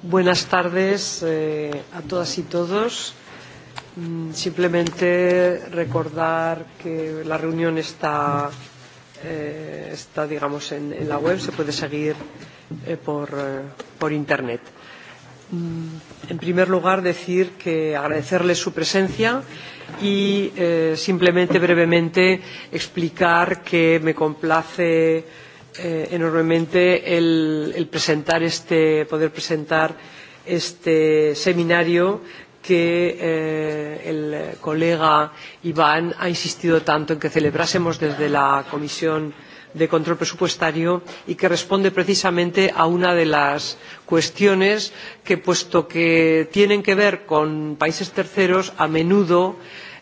Buenas tardes eh, a todas y todos. Mm, simplemente recordar que la reunión está, eh, está digamos, en, en la web, se puede seguir eh, por, eh, por Internet. Mm, en primer lugar, decir que agradecerles su presencia y simplemente brevemente explicar que me complace Eh, enormemente el, el presentar este, poder presentar este seminario que eh, el colega Iván ha insistido tanto en que celebrásemos desde la Comisión de Control Presupuestario y que responde precisamente a una de las cuestiones que, puesto que tienen que ver con países terceros, a menudo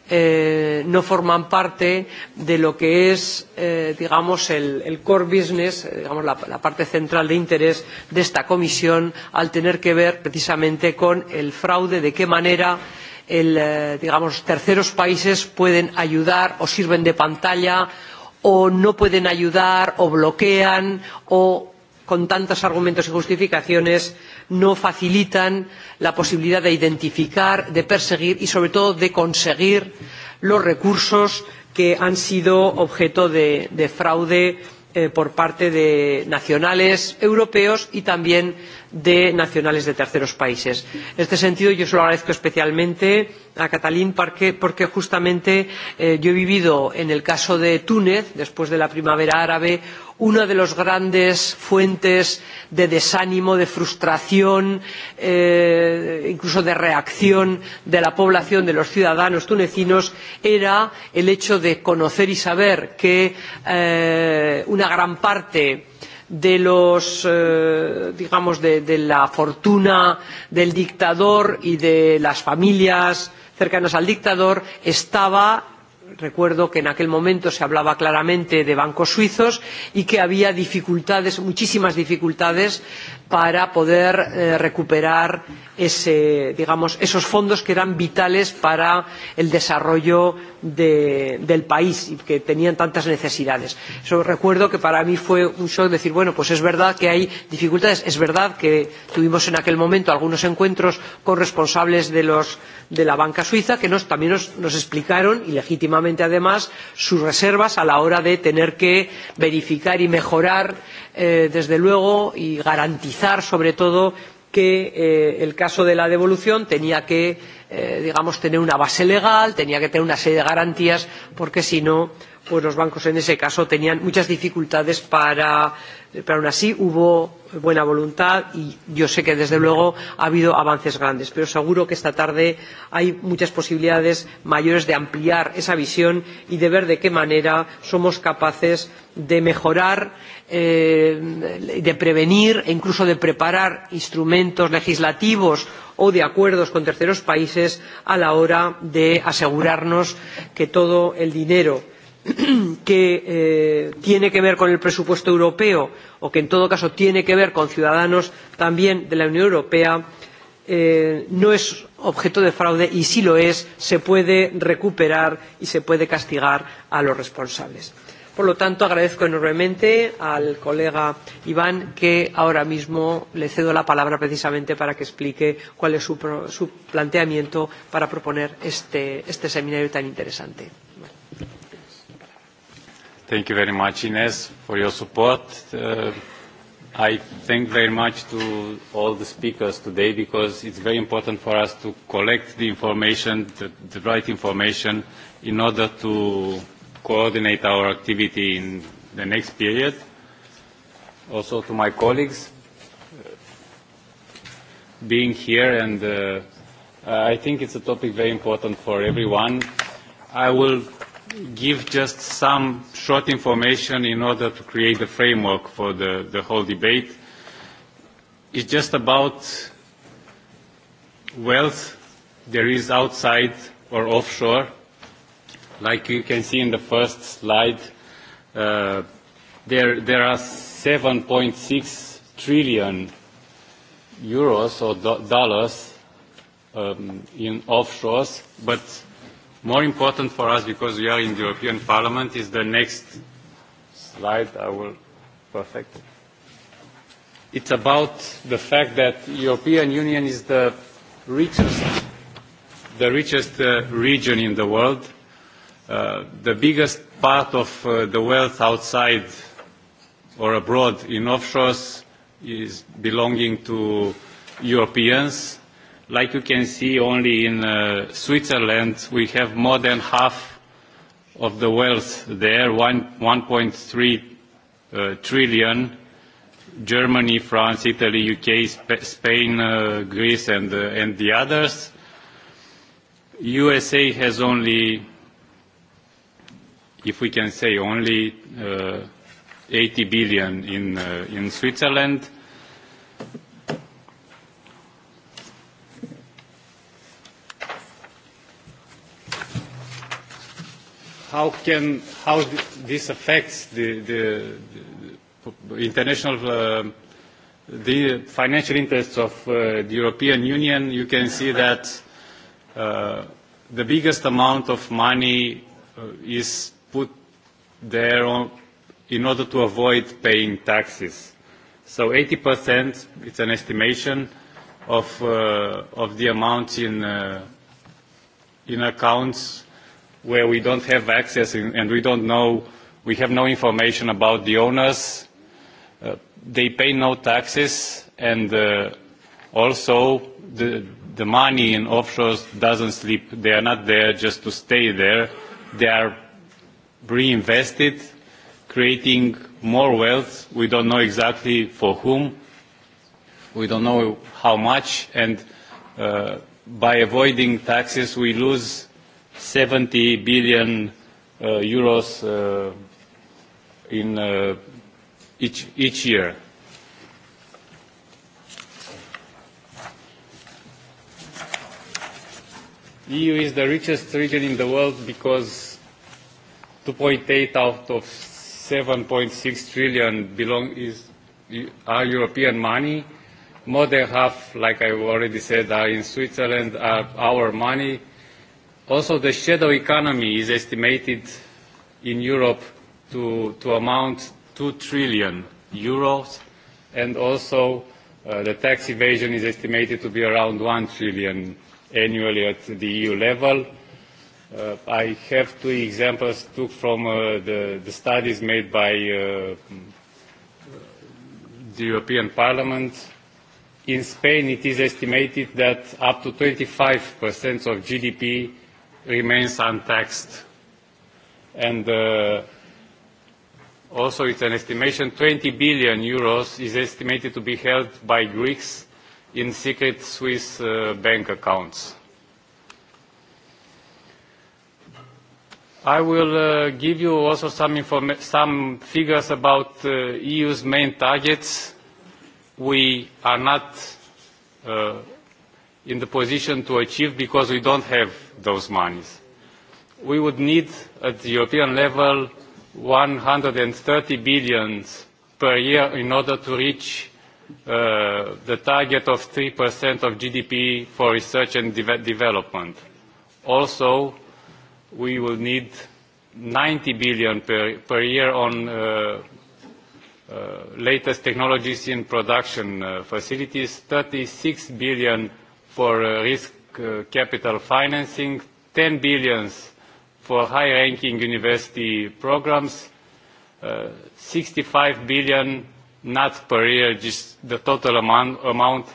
eh, no forman parte de lo que es eh, digamos el, core business eh, digamos la, parte central de interés de esta comisión al tener que ver precisamente con el fraude de qué manera el, eh, digamos terceros países pueden ayudar o sirven de pantalla o no pueden ayudar o bloquean o con tantos argumentos y justificaciones no facilitan la posibilidad de identificar de perseguir y sobre todo de conseguir los recursos que han sido objeto de, fraude eh, por parte de nacionales europeos y también de nacionales de terceros países. En este sentido, yo se lo agradezco especialmente a Catalín porque, porque justamente eh, yo he vivido, en el caso de Túnez, después de la primavera árabe, una de las grandes fuentes de desánimo, de frustración, eh, incluso de reacción de la población, de los ciudadanos tunecinos, era el hecho de conocer y saber que eh, una gran parte de los eh, digamos de, la fortuna del dictador y de las familias cercanas al dictador estaba recuerdo que en aquel momento se hablaba claramente de bancos suizos y que había dificultades muchísimas dificultades para poder eh, recuperar ese, digamos, esos fondos que eran vitales para el desarrollo de, del país y que tenían tantas necesidades. Eso recuerdo que para mí fue un shock decir, bueno, pues es verdad que hay dificultades, es verdad que tuvimos en aquel momento algunos encuentros con responsables de, los, de la banca suiza que nos, también nos, nos explicaron, y legítimamente además, sus reservas a la hora de tener que verificar y mejorar, eh, desde luego, y garantizar sobre todo que eh, el caso de la devolución tenía que eh, digamos tener una base legal tenía que tener una serie de garantías porque si no pues los bancos en ese caso tenían muchas dificultades para eh, pero aun así hubo buena voluntad y yo sé que desde luego ha habido avances grandes pero seguro que esta tarde hay muchas posibilidades mayores de ampliar esa visión y de ver de qué manera somos capaces de mejorar eh, de prevenir e incluso de preparar instrumentos legislativos o de acuerdos con terceros países a la hora de asegurarnos que todo el dinero que eh, tiene que ver con el presupuesto europeo o que en todo caso tiene que ver con ciudadanos también de la unión europea eh, no es objeto de fraude y si lo es se puede recuperar y se puede castigar a los responsables. Por lo tanto, agradezco enormemente al colega Iván que ahora mismo le cedo la palabra precisamente para que explique cuál es su, pro, su planteamiento para proponer este, este seminario tan interesante. Thank you very much, Ines, for your support. Uh, I thank very much to all the speakers today because it's very important for us to collect the information, the, the right information, in order to coordinate our activity in the next period. Also to my colleagues uh, being here and uh, I think it's a topic very important for everyone. I will give just some short information in order to create a framework for the, the whole debate. It's just about wealth there is outside or offshore Like you can see in the first slide, uh, there, there are 7.6 trillion euros or do dollars um, in offshores, but more important for us because we are in the European Parliament is the next slide. I will perfect it. It's about the fact that the European Union is the richest, the richest uh, region in the world Uh, the biggest part of uh, the wealth outside or abroad in offshore is belonging to Europeans. Like you can see, only in uh, Switzerland we have more than half of the wealth there, 1.3 trillion. Germany, France, Italy, UK, Spain, Greece, and, and the others. USA has only if we can say only 80 uh, billion uh, in, Switzerland. How can how this affects the, the, international uh, the financial interests of the European Union? You can see that the biggest amount of money is put there on, in order to avoid paying taxes. So 80% it's an estimation of, uh, of the amount in, uh, in accounts where we don't have access in, and we don't know, we have no information about the owners. Uh, they pay no taxes and uh, also the, the money in offshores doesn't sleep. They are not there just to stay there. They are reinvested, creating more wealth. We don't know exactly for whom. We don't know how much. And uh, by avoiding taxes, we lose 70 billion uh, euros uh, in uh, each, each year. EU is the richest region in the world because 2.8 out of 7.6 trillion belong is are European money. More than half, like I already said, are in Switzerland, are our money. Also, the shadow economy is estimated in Europe to, to amount 2 trillion euros, and also uh, the tax evasion is estimated to be around 1 trillion annually at the EU level Uh, I have two examples took from uh, the, the studies made by uh, the European Parliament. In Spain, it is estimated that up to 25% of GDP remains untaxed. And uh, also it's an estimation 20 billion euros is estimated to be held by Greeks in secret Swiss uh, bank accounts I will uh, give you also some, figures about uh, EU's main targets. We are not uh, in the position to achieve because we don't have those monies. We would need at the European level 130 billion per year in order to reach the target of 3% of GDP for research and development. Also, we will need 90 billion per, per year on uh, uh, latest technologies in production uh, facilities, 36 billion for uh, risk uh, capital financing, 10 billion for high-ranking university programs, 65 uh, billion not per year, just the total amount, amount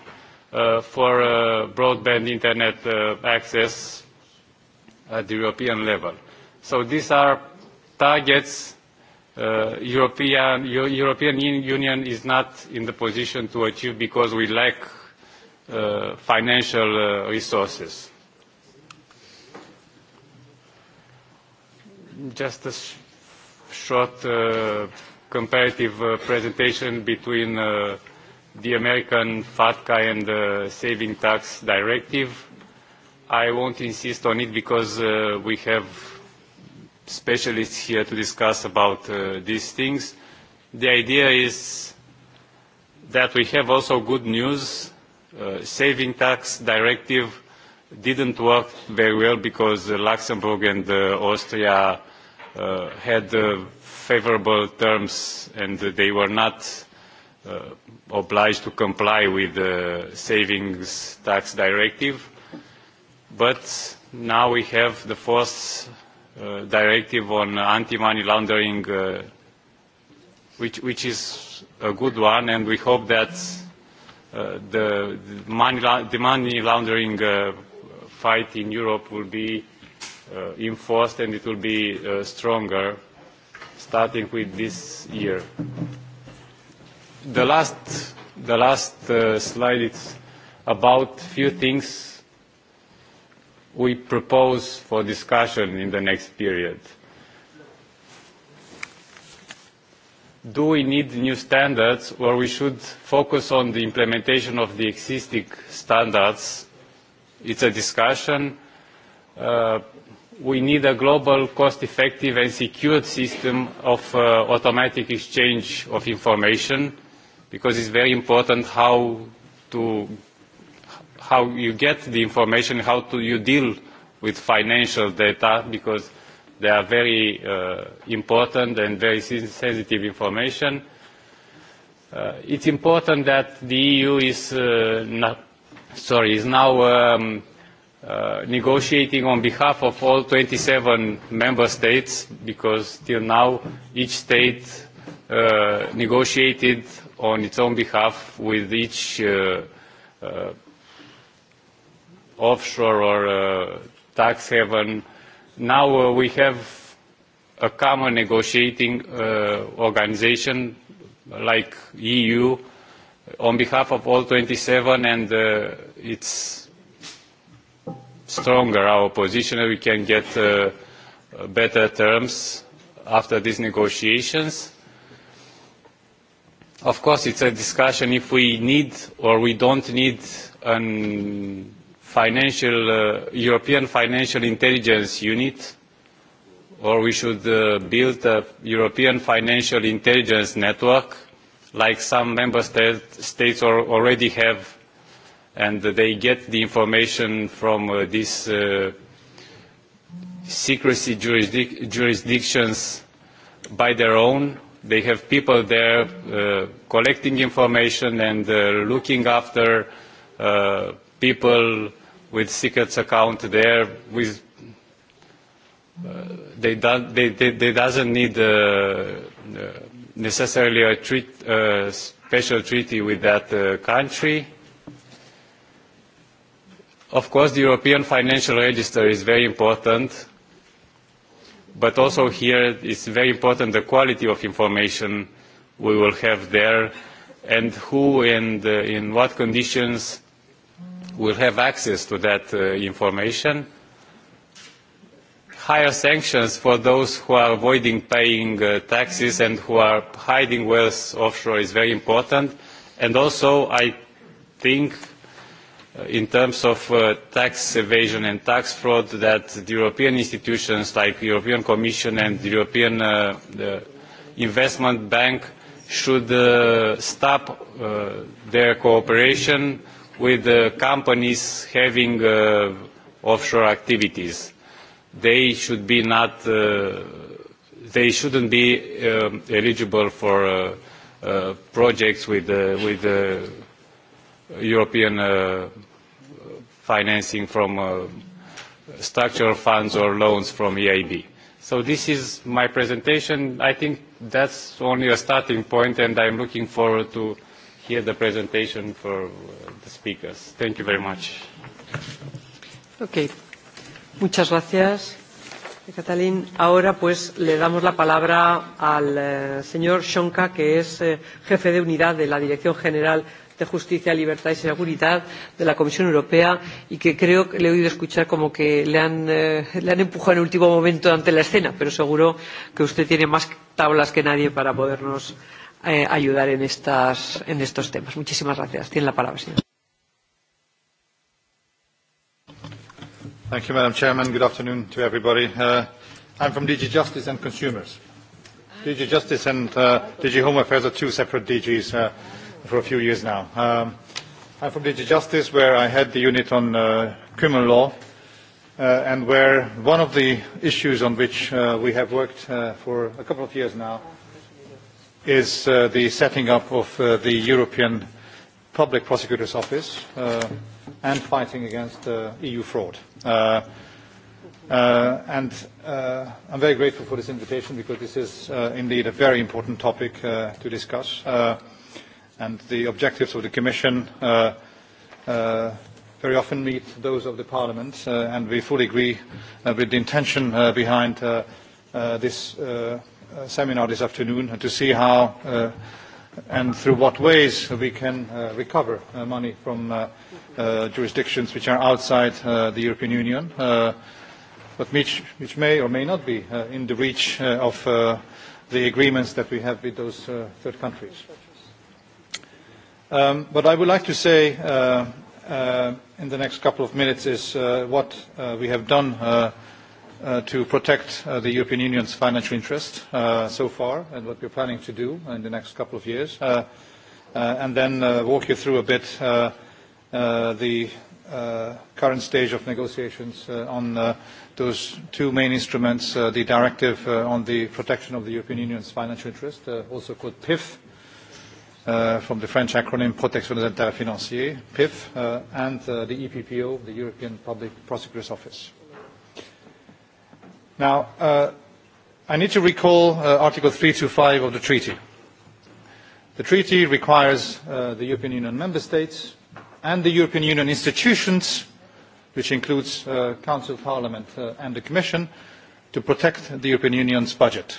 for broadband internet access at the European level. So these are targets uh, European, European Union is not in the position to achieve because we lack uh, financial uh, resources. Just a short uh, comparative presentation between the American FATCA and the Saving Tax Directive i won't insist on it because uh, we have specialists here to discuss about uh, these things. The idea is that we have also good news. Uh, saving tax directive didn't work very well because uh, Luxembourg and uh, Austria uh, had favorable terms and they were not obliged to comply with the savings tax directive but now we have the fourth uh, directive on anti-money laundering, uh, which, which is a good one, and we hope that uh, the, money, laundering fight in Europe will be enforced and it will be stronger, starting with this year. The last, the last slide is about few things we propose for discussion in the next period. Do we need new standards or we should focus on the implementation of the existing standards? It's a discussion. Uh, we need a global, cost-effective and secured system of uh, automatic exchange of information because it's very important how to how you get the information, how to you deal with financial data because they are very uh, important and very sensitive information. Uh, it's important that the EU is, uh, not, sorry, is now um, uh, negotiating on behalf of all 27 member states because till now each state uh, negotiated on its own behalf with each uh, uh, offshore or uh, tax haven. Now uh, we have a common negotiating uh, organization like EU on behalf of all 27 and it's stronger our position and we can get better terms after these negotiations. Of course, it's a discussion if we need or we don't need an financial, uh, European Financial Intelligence Unit, or we should uh, build a European Financial Intelligence Network, like some member states already have, and they get the information from uh, these secrecy jurisdictions by their own. They have people there collecting information and looking after people with secrets account there with uh, they, don't they, they, they doesn't need uh, uh, necessarily a treat, uh, special treaty with that uh, country. Of course, the European Financial Register is very important, but also here it's very important the quality of information we will have there and who and uh, in what conditions will have access to that uh, information higher sanctions for those who are avoiding paying uh, taxes and who are hiding wealth offshore is very important and also i think uh, in terms of tax evasion and tax fraud that the european institutions like the european commission and the european investment bank should stop their cooperation with the companies having uh, offshore activities. They should be not uh, they shouldn't be um, eligible for uh, uh, projects with with European financing from structural funds or loans from EIB. So this is my presentation. I think that's only a starting point and I'm looking forward to hear the presentation for uh, the speakers. Thank you very much. Okay. Muchas gracias, Catalín. Ahora pues le damos la palabra al eh, señor Shonka, que es eh, jefe de unidad de la Dirección General de Justicia, Libertad y Seguridad de la Comisión Europea y que creo que le he oído escuchar como que le han, eh, le han empujado en el último momento ante la escena, pero seguro que usted tiene más tablas que nadie para podernos Eh, ayudar en, estas, en estos temas. Muchísimas gracias. Tiene la palabra, señor. Thank you, Madam Chairman. Good afternoon to everybody. Uh, I'm from DG Justice and Consumers. DG Justice and uh, DG Home Affairs are two separate DGs uh, for a few years now. Um, I'm from DG Justice, where I had the unit on uh, criminal law, uh, and where one of the issues on which uh, we have worked uh, for a couple of years now is uh, the setting up of uh, the European Public Prosecutor's Office uh, and fighting against uh, EU fraud. Uh, and I'm very grateful for this invitation because this is indeed a very important topic to discuss. And the objectives of the Commission very often meet those of the Parliament, and we fully agree with the intention behind this Uh, seminar this afternoon and to see how uh, and through what ways we can uh, recover uh, money from uh, uh, jurisdictions which are outside uh, the European Union, uh, but which, which may or may not be uh, in the reach uh, of uh, the agreements that we have with those uh, third countries. Um, what I would like to say uh, uh, in the next couple of minutes is uh, what uh, we have done uh, Uh, to protect uh, the European Union's financial interest uh, so far and what we're planning to do in the next couple of years, and then walk you through a bit the current stage of negotiations on those two main instruments, the directive on the protection of the European Union's financial interest, also called PIF, from the French acronym Protection des intérêts financiers, PIF, and the EPPO, the European Public Prosecutor's Office. Now, uh, I need to recall uh, Article 325 of the treaty. The treaty requires uh, the European Union member states and the European Union institutions, which includes uh, Council, Parliament uh, and the Commission, to protect the European Union's budget.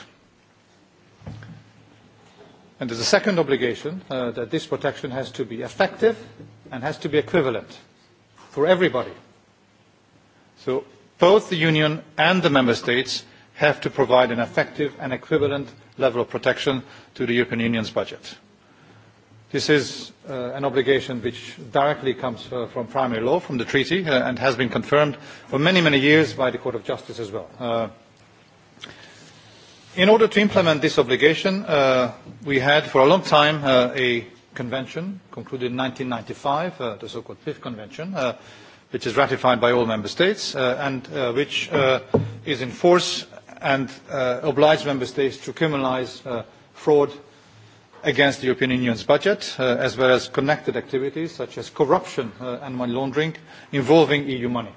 And there's a second obligation that this protection has to be effective and has to be equivalent for everybody. So both the union and the member states have to provide an effective and equivalent level of protection to the european union's budget. this is uh, an obligation which directly comes uh, from primary law from the treaty uh, and has been confirmed for many many years by the court of justice as well. in order to implement this obligation we had for a long time a convention concluded in one thousand nine hundred and ninety five the so called fifth convention which is ratified by all member states uh, and uh, which uh, is in force and obliges member states to criminalise fraud against the European Union's budget, as well as connected activities such as corruption and money laundering involving EU money.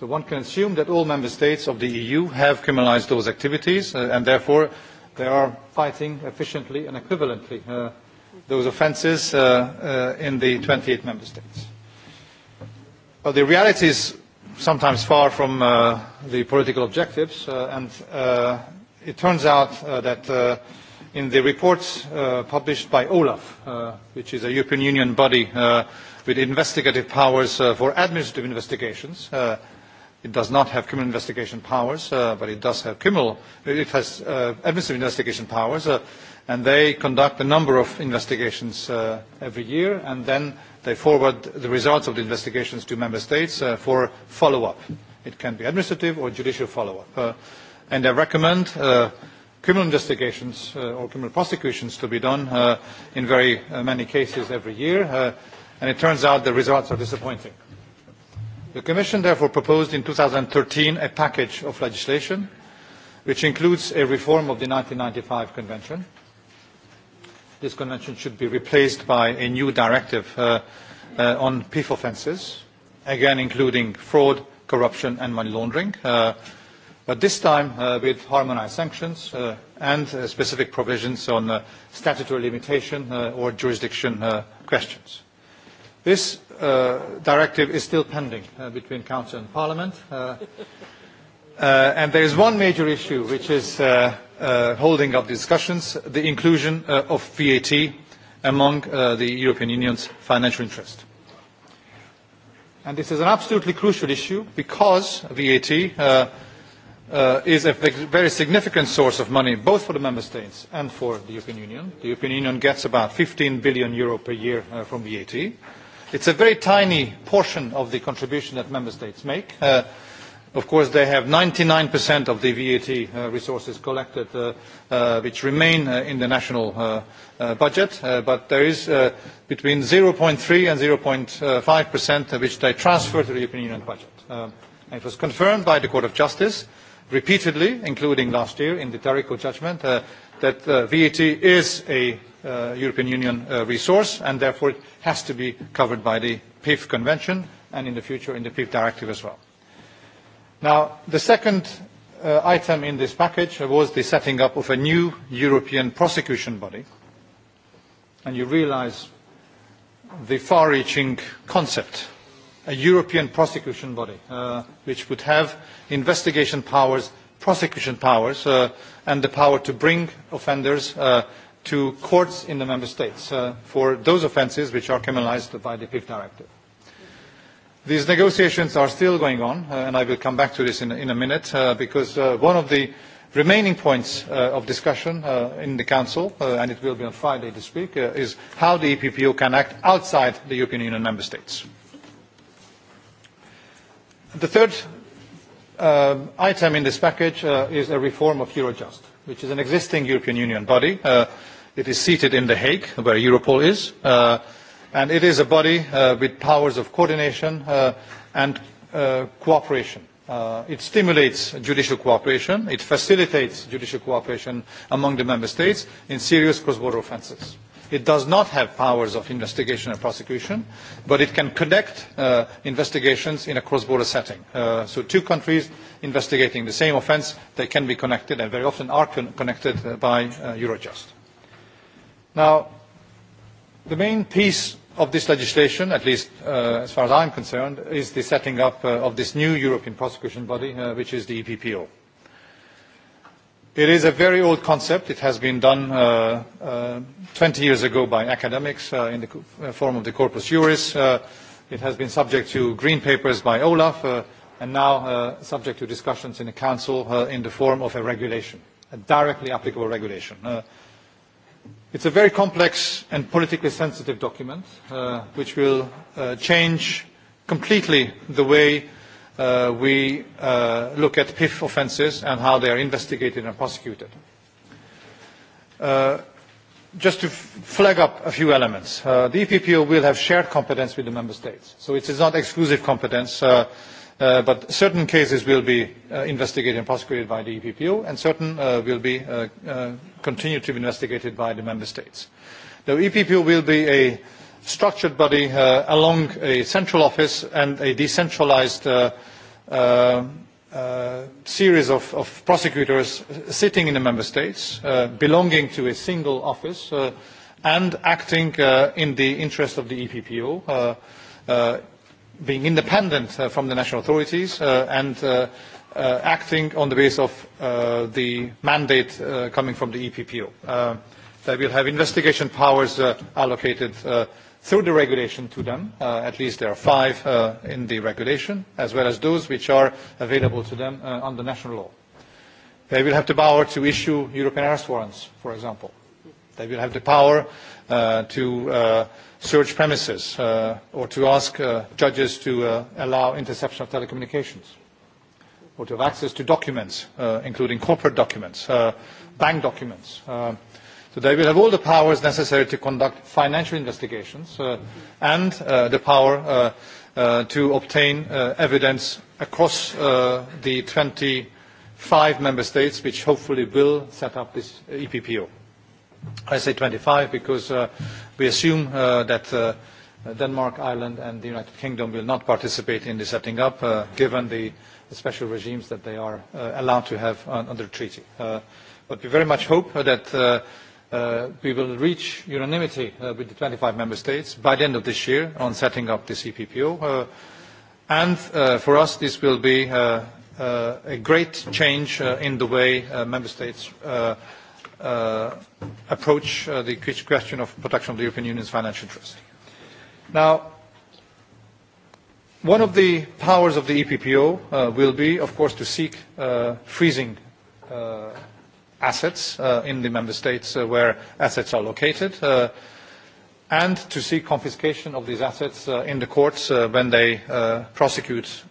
So one can assume that all member states of the EU have criminalised those activities and therefore they are fighting efficiently and equivalently those offences in the 28 member states. Well, the reality is sometimes far from uh, the political objectives, uh, and uh, it turns out uh, that uh, in the reports uh, published by Olaf, which is a European Union body with investigative powers for administrative investigations, it does not have criminal investigation powers, but it does have criminal, it has administrative investigation powers and they conduct a number of investigations uh, every year and then they forward the results of the investigations to member states uh, for follow up it can be administrative or judicial follow up uh, and they recommend criminal investigations or criminal prosecutions to be done in very many cases every year and it turns out the results are disappointing the commission therefore proposed in 2013 a package of legislation which includes a reform of the 1995 convention this convention should be replaced by a new directive uh, uh, on PIF offences, again including fraud, corruption and money laundering, uh, but this time with harmonised sanctions and specific provisions on statutory limitation or jurisdiction questions. This directive is still pending between Council and Parliament, and there is one major issue which is Uh, holding up discussions the inclusion uh, of VAT among uh, the European Union's financial interests. this is an absolutely crucial issue because VAT is a very significant source of money both for the member states and for the european union. the european union gets about eur billion Euro per year from vat. it is a very tiny portion of the contribution that member states make Of course, they have 99% of the VAT uh, resources collected, uh, uh, which remain in the national budget, but there is between 0.3 and 0.5% which they transfer to the European Union budget. it was confirmed by the Court of Justice repeatedly, including last year in the Tarico judgment, that VAT is a European Union resource and therefore it has to be covered by the PIF Convention and in the future in the PIF Directive as well. Now, the second uh, item in this package was the setting up of a new European prosecution body. And you realize the far-reaching concept, a European prosecution body, uh, which would have investigation powers, prosecution powers, uh, and the power to bring offenders to courts in the member states for those offences which are criminalized by the fifth directive. These negotiations are still going on, uh, and I will come back to this in, in a minute, uh, because uh, one of the remaining points of discussion in the Council, and it will be on Friday this week, is how the EPPO can act outside the European Union member states. The third item in this package is a reform of Eurojust, which is an existing European Union body. It is seated in The Hague, where Europol is and it is a body uh, with powers of coordination uh, and uh, cooperation. It stimulates judicial cooperation, it facilitates judicial cooperation among the Member States in serious cross border offences. It does not have powers of investigation and prosecution, but it can connect investigations in a cross border setting. so two countries investigating the same offence, they can be connected and very often are connected by Eurojust. Now the main piece of this legislation, at least uh, as far as I'm concerned, is the setting up uh, of this new European prosecution body, uh, which is the EPPO. It is a very old concept. It has been done uh, uh, 20 years ago by academics uh, in the uh, form of the Corpus Juris. it has been subject to green papers by Olaf and now uh, subject to discussions in the Council in the form of a regulation, a directly applicable regulation. It's a very complex and politically sensitive document uh, which will uh, change completely the way uh, we look at PIF offences and how they are investigated and prosecuted. Just to flag up a few elements, the EPPO will have shared competence with the Member States, so it is not exclusive competence Uh, but certain cases will be uh, investigated and prosecuted by the EPPO, and certain uh, will be continued to be investigated by the member states. The EPPO will be a structured body along a central office and a decentralized series of prosecutors sitting in the member states, belonging to a single office, and acting in the interest of the EPPO being independent uh, from the national authorities uh, and uh, acting on the basis of the mandate coming from the EPPO. They will have investigation powers allocated through the regulation to them. At least there are five in the regulation, as well as those which are available to them under national law. They will have the power to issue European arrest warrants, for example. They will have the power to search premises uh, or to ask uh, judges to uh, allow interception of telecommunications or to have access to documents, uh, including corporate documents, uh, bank documents. Um, so they will have all the powers necessary to conduct financial investigations uh, and the power to obtain evidence across the 25 member states, which hopefully will set up this EPPO. I say 25 because uh, We assume uh, that uh, Denmark, Ireland and the United Kingdom will not participate in the setting up, uh, given the special regimes that they are allowed to have under the treaty. But we very much hope that we will reach unanimity with the 25 member states by the end of this year on setting up the CPPO. and for us, this will be a great change in the way member states Uh, approach uh, the question of protection of the European Union's financial interest. Now, one of the powers of the EPPO uh, will be, of course, to seek freezing assets in the member states where assets are located and to seek confiscation of these assets in the courts when they prosecute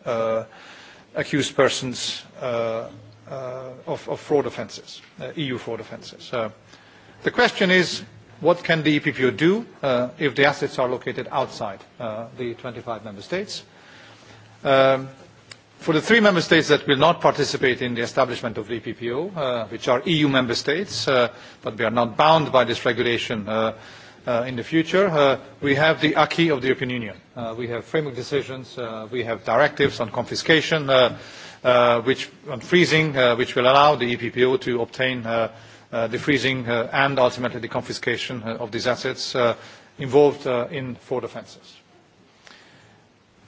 accused persons Uh, of, of fraud offences, uh, EU fraud offences. Uh, the question is what can the EPPO do if the assets are located outside the 25 member states? Um, for the three member states that will not participate in the establishment of the EPPO, which are EU member states, but we are not bound by this regulation in the future, we have the acquis of the European Union. We have framework decisions, we have directives on confiscation, Uh, which on freezing uh, which will allow the EPPO to obtain uh, the freezing and ultimately the confiscation of these assets involved in four defences.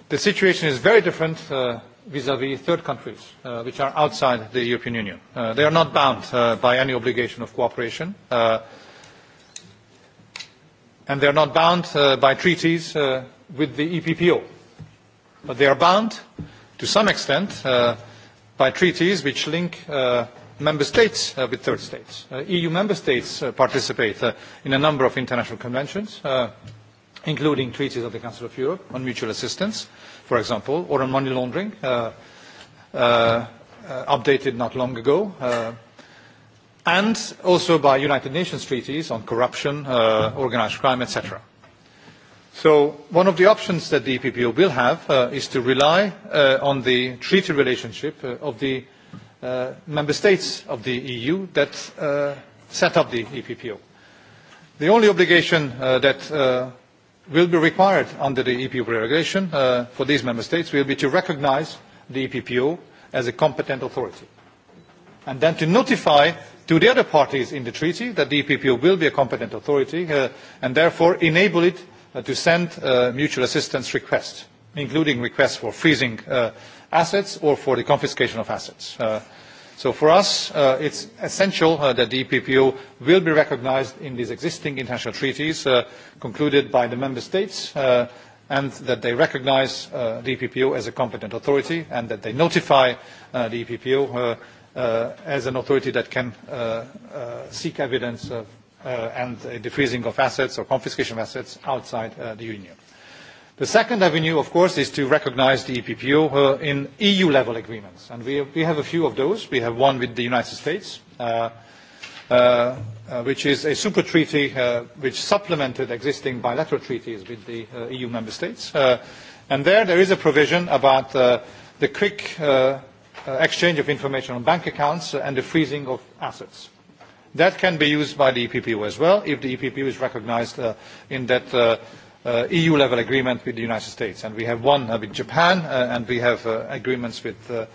The situation is very different vis-à-vis third countries which are outside the European Union. they are not bound by any obligation of cooperation and they are not bound by treaties with the EPPO. But they are bound to some extent uh, by treaties which link uh, member states uh, with third states. EU member states participate in a number of international conventions, including treaties of the Council of Europe on mutual assistance, for example, or on money laundering, updated not long ago, and also by United Nations treaties on corruption, organised crime, etc. So one of the options that the EPPO will have uh, is to rely uh, on the treaty relationship uh, of the member states of the EU that set up the EPPO. The only obligation that will be required under the EPPO regulation for these member states will be to recognize the EPPO as a competent authority and then to notify to the other parties in the treaty that the EPPO will be a competent authority and therefore enable it Uh, to send uh, mutual assistance requests, including requests for freezing uh, assets or for the confiscation of assets. So for us, uh, it's essential uh, that the EPPO will be recognized in these existing international treaties uh, concluded by the member states and that they recognize the EPPO as a competent authority and that they notify the EPPO as an authority that can seek evidence of Uh, and the freezing of assets or confiscation of assets outside uh, the Union. The second avenue, of course, is to recognize the EPPO uh, in EU-level agreements. And we have, a few of those. We have one with the United States, which is a super treaty which supplemented existing bilateral treaties with the EU member states. And there, there is a provision about the quick exchange of information on bank accounts and the freezing of assets. That can be used by the EPPO as well if the EPPU is recognized uh, in that uh, uh, EU level agreement with the United States. And we have one with Japan and we have agreements with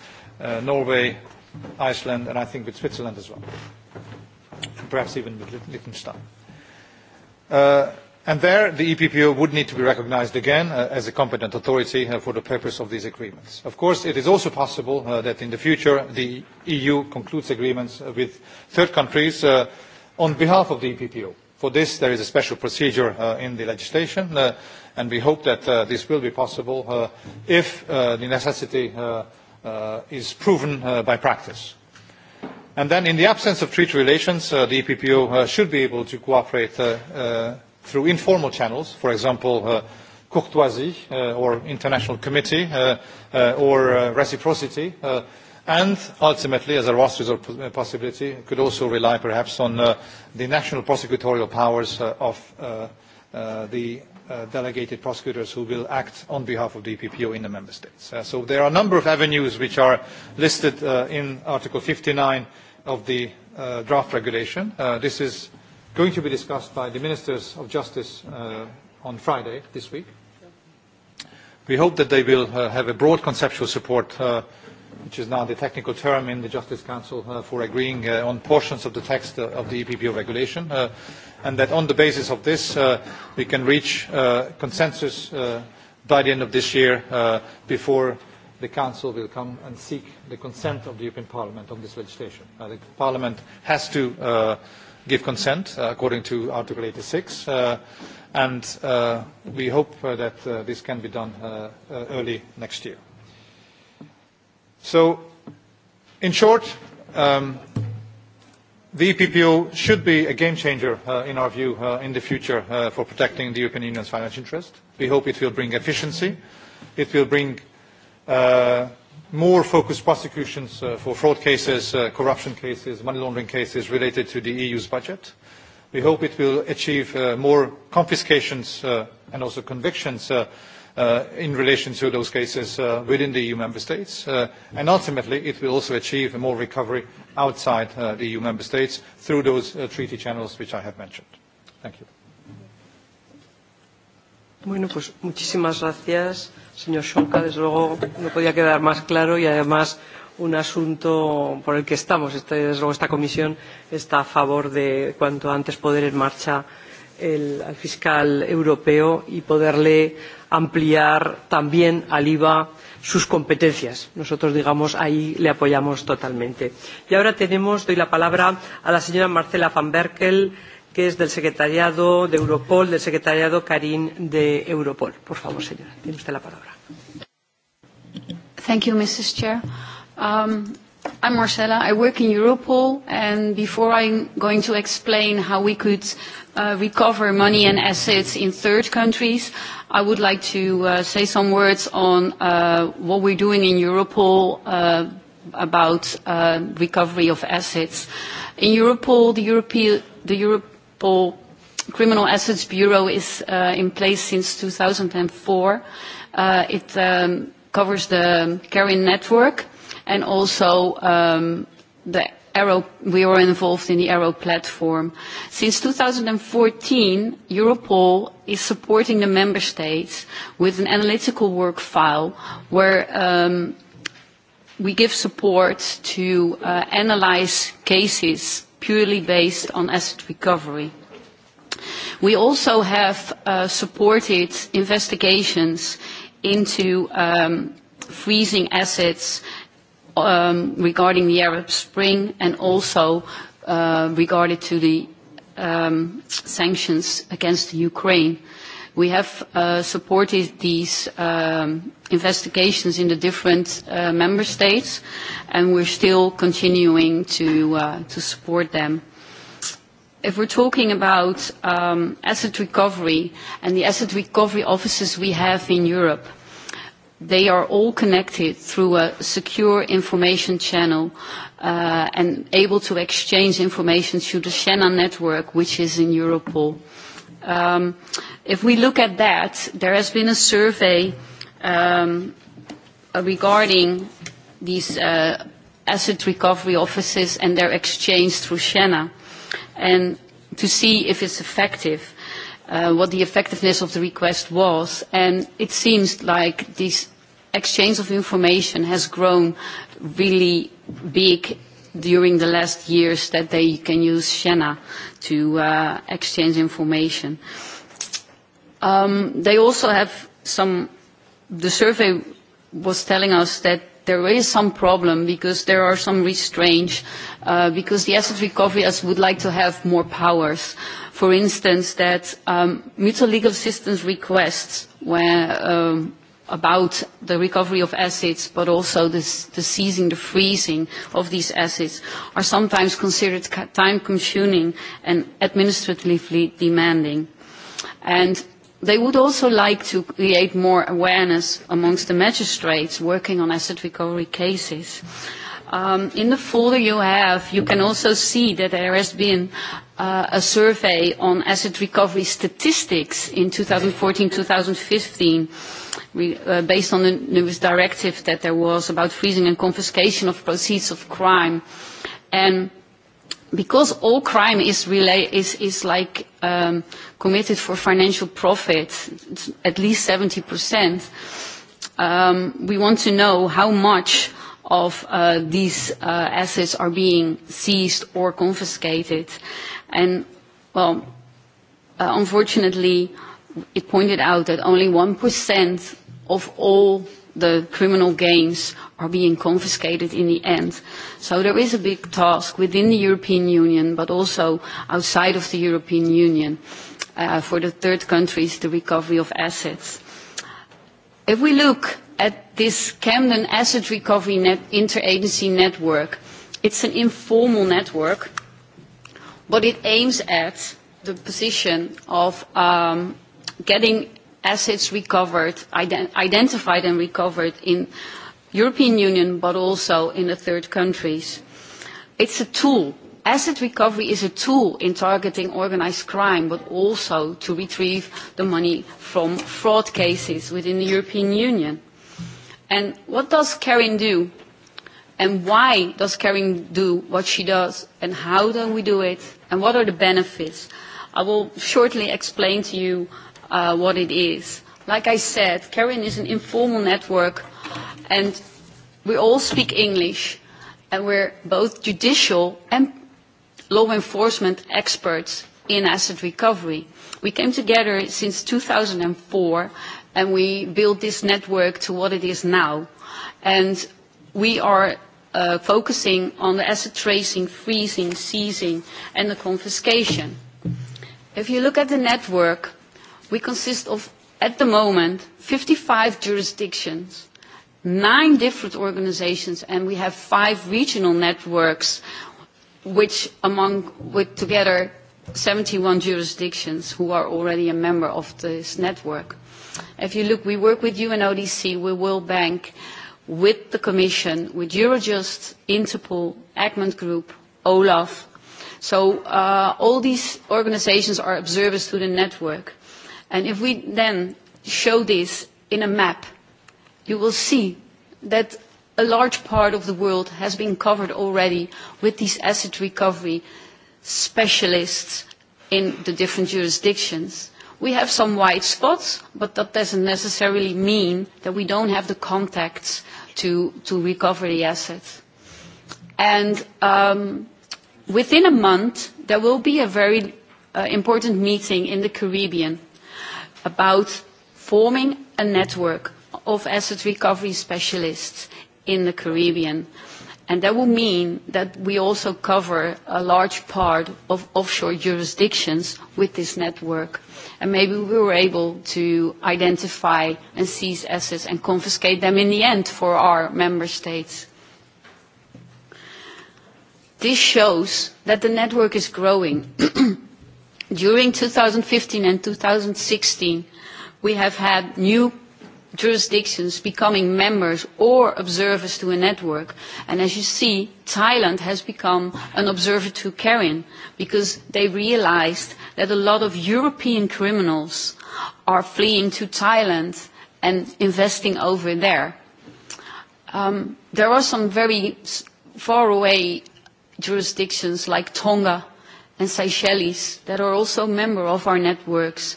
Norway, Iceland and I think with Switzerland as well. And perhaps even with Liechtenstein and there the eppo would need to be recognised again uh, as a competent authority uh, for the purpose of these agreements. of course it is also possible uh, that in the future the eu concludes agreements with third countries on behalf of the eppo. for this there is a special procedure in the legislation and we hope that this will be possible if the necessity is proven by practice. and then in the absence of treaty relations the eppo should be able to cooperate through informal channels, for example, uh, courtoisie uh, or international committee uh, uh, or reciprocity, and ultimately, as a last resort possibility, could also rely perhaps on the national prosecutorial powers of the delegated prosecutors who will act on behalf of the EPPO in the member states. So there are a number of avenues which are listed in Article 59 of the draft regulation. This is going to be discussed by the Ministers of Justice uh, on Friday this week. We hope that they will uh, have a broad conceptual support, uh, which is now the technical term in the Justice Council, uh, for agreeing uh, on portions of the text uh, of the EPPO regulation, uh, and that on the basis of this uh, we can reach uh, consensus uh, by the end of this year uh, before the Council will come and seek the consent of the European Parliament on this legislation. Uh, the Parliament has to uh, give consent uh, according to Article six uh, and uh, we hope that this can be done early next year. So, in short, um, the EPPO should be a game changer, in our view, in the future for protecting the European Union's financial interest. We hope it will bring efficiency. It will bring more focused prosecutions uh, for fraud cases, uh, corruption cases, money laundering cases related to the EU's budget. We hope it will achieve uh, more confiscations and also convictions in relation to those cases within the EU member states. And ultimately, it will also achieve more recovery outside the EU member states through those treaty channels which I have mentioned. Thank you. Bueno, pues muchísimas gracias, señor Shonka. Desde luego no podía quedar más claro y además un asunto por el que estamos. Este, desde luego esta comisión está a favor de cuanto antes poder en marcha el, al fiscal europeo y poderle ampliar también al IVA sus competencias. Nosotros, digamos, ahí le apoyamos totalmente. Y ahora tenemos, doy la palabra a la señora Marcela van Berkel, que es del secretariado de Europol, del secretariado Karim de Europol. Por favor, señora, tiene usted la palabra. Thank you, Mrs. Chair. Um, I'm Marcella. I work in Europol, and before I'm going to explain how we could uh, recover money and assets in third countries, I would like to uh, say some words on uh, what we're doing in Europol uh, about uh, recovery of assets. In Europol, the European the Europe Europol Criminal Assets Bureau is uh, in place since 2004. Uh, it um, covers the Carrion network and also um, the Aero, we were involved in the Aero platform. Since 2014, Europol is supporting the member states with an analytical work file where um, we give support to uh, analyze cases purely based on asset recovery. We also have uh, supported investigations into um, freezing assets um, regarding the Arab Spring and also uh, regarding to the um, sanctions against Ukraine. We have uh, supported these um, investigations in the different uh, member states, and we're still continuing to, uh, to support them. If we're talking about um, asset recovery and the asset recovery offices we have in Europe, they are all connected through a secure information channel uh, and able to exchange information through the Shannon network, which is in Europol. Um, if we look at that, there has been a survey um, regarding these uh, asset recovery offices and their exchange through Shenna, and to see if it's effective. Uh, what the effectiveness of the request was. And it seems like this exchange of information has grown really big during the last years that they can use Shenna to uh, exchange information. Um, they also have some, the survey was telling us that there is some problem because there are some restraints uh, because the asset recovery as would like to have more powers. For instance, that um, mutual legal assistance requests where, um, about the recovery of assets but also the seizing, the freezing of these assets are sometimes considered time consuming and administratively demanding. And they would also like to create more awareness amongst the magistrates working on asset recovery cases. Um, in the folder you have, you can also see that there has been Uh, a survey on asset recovery statistics in 2014-2015 uh, based on the newest directive that there was about freezing and confiscation of proceeds of crime. And because all crime is, relay, is, is like um, committed for financial profit, at least 70%, um, we want to know how much of uh, these uh, assets are being seized or confiscated and well, uh, unfortunately, it pointed out that only 1% of all the criminal gains are being confiscated in the end. So there is a big task within the European Union, but also outside of the European Union, uh, for the third countries, the recovery of assets. If we look at this Camden Asset Recovery Net Interagency Network, it's an informal network but it aims at the position of um, getting assets recovered, identified and recovered in European Union, but also in the third countries. It's a tool. Asset recovery is a tool in targeting organized crime, but also to retrieve the money from fraud cases within the European Union. And what does KARIN do? and why does Karen do what she does and how do we do it and what are the benefits? I will shortly explain to you uh, what it is. Like I said, Karen is an informal network and we all speak English and we're both judicial and law enforcement experts in asset recovery. We came together since 2004 and we built this network to what it is now. And we are Uh, focusing on the asset tracing, freezing, seizing and the confiscation. If you look at the network, we consist of, at the moment, 55 jurisdictions, nine different organizations, and we have five regional networks, which among, with together 71 jurisdictions who are already a member of this network. If you look, we work with UNODC, with World Bank, with the Commission, with Eurojust, Interpol, Egmont Group, Olaf. So uh, all these organizations are observers to the network. And if we then show this in a map, you will see that a large part of the world has been covered already with these asset recovery specialists in the different jurisdictions. We have some white spots, but that doesn't necessarily mean that we don't have the contacts to, recover the assets. And um, within a month, there will be a very uh, important meeting in the Caribbean about forming a network of asset recovery specialists in the Caribbean and that will mean that we also cover a large part of offshore jurisdictions with this network and maybe we were able to identify and seize assets and confiscate them in the end for our member states. This shows that the network is growing. During 2015 and 2016, we have had new jurisdictions becoming members or observers to a network and as you see thailand has become an observer to Karen because they realised that a lot of european criminals are fleeing to thailand and investing over there. Um, there are some very far away jurisdictions like tonga and seychelles that are also members of our networks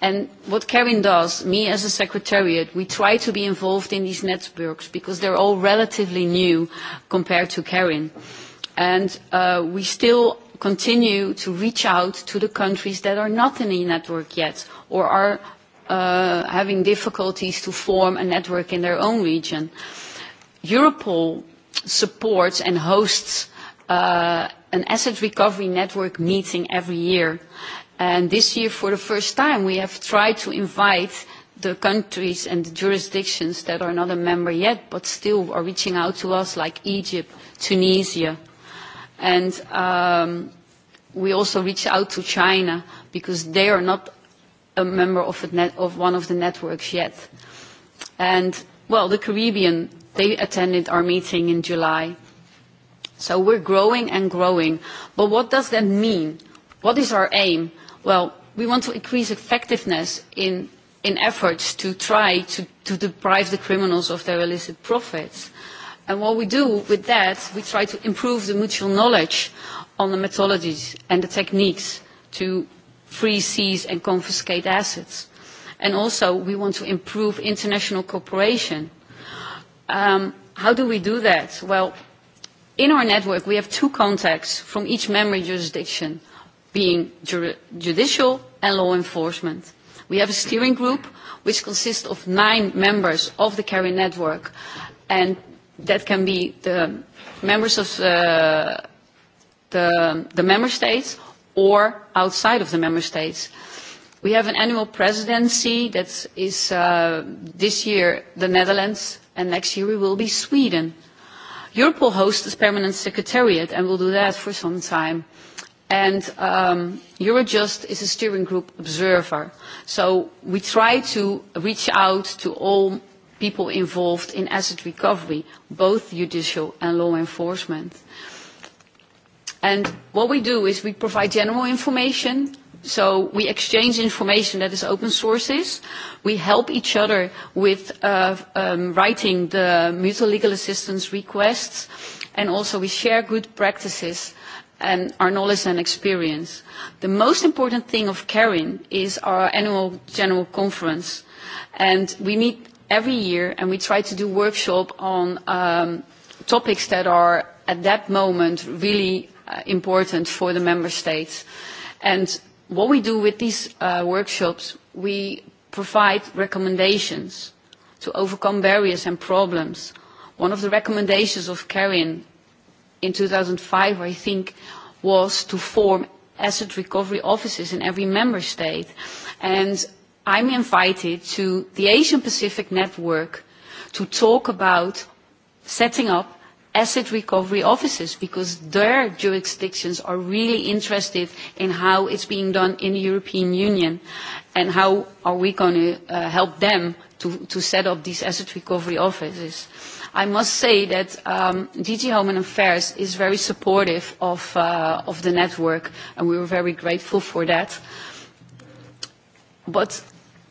And what Karin does, me as a secretariat, we try to be involved in these networks because they're all relatively new compared to Karen. And uh, we still continue to reach out to the countries that are not in the network yet or are uh, having difficulties to form a network in their own region. Europol supports and hosts uh, an asset recovery network meeting every year And this year, for the first time, we have tried to invite the countries and the jurisdictions that are not a member yet, but still are reaching out to us, like Egypt, Tunisia. And um, we also reach out to China, because they are not a member of, a net, of one of the networks yet. And, well, the Caribbean, they attended our meeting in July. So we're growing and growing. But what does that mean? What is our aim? well, we want to increase effectiveness in, in efforts to try to, deprive the criminals of their illicit profits. And what we do with that, we try to improve the mutual knowledge on the methodologies and the techniques to free, seize and confiscate assets. And also we want to improve international cooperation. Um, how do we do that? Well, in our network we have two contacts from each member jurisdiction – being judicial and law enforcement. We have a steering group which consists of nine members of the carry network and that can be the members of uh, the, the member states or outside of the member states. We have an annual presidency that is uh, this year the Netherlands and next year we will be Sweden. Europol hosts a permanent secretariat and will do that for some time and um, Eurojust is a steering group observer. So we try to reach out to all people involved in asset recovery, both judicial and law enforcement. And what we do is we provide general information, so we exchange information that is open sources. We help each other with uh, um, writing the mutual legal assistance requests, and also we share good practices and our knowledge and experience. The most important thing of CARIN is our annual general conference. And we meet every year and we try to do workshop on um, topics that are at that moment really uh, important for the member states. And what we do with these uh, workshops, we provide recommendations to overcome barriers and problems. One of the recommendations of CARIN in 2005, I think, was to form asset recovery offices in every member state. And I'm invited to the Asian Pacific Network to talk about setting up asset recovery offices because their jurisdictions are really interested in how it's being done in the European Union and how are we going to uh, help them to, to set up these asset recovery offices. I must say that um, DG Home and Affairs is very supportive of, uh, of the network, and we were very grateful for that. But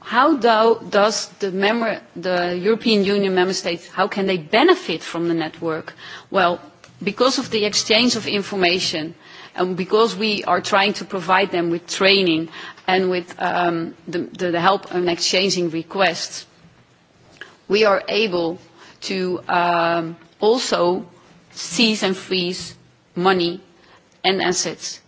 how do, does the, member, the European Union member states, how can they benefit from the network? Well, because of the exchange of information, and because we are trying to provide them with training and with um, the, the help and exchanging requests, we are able to um, also seize and freeze money and assets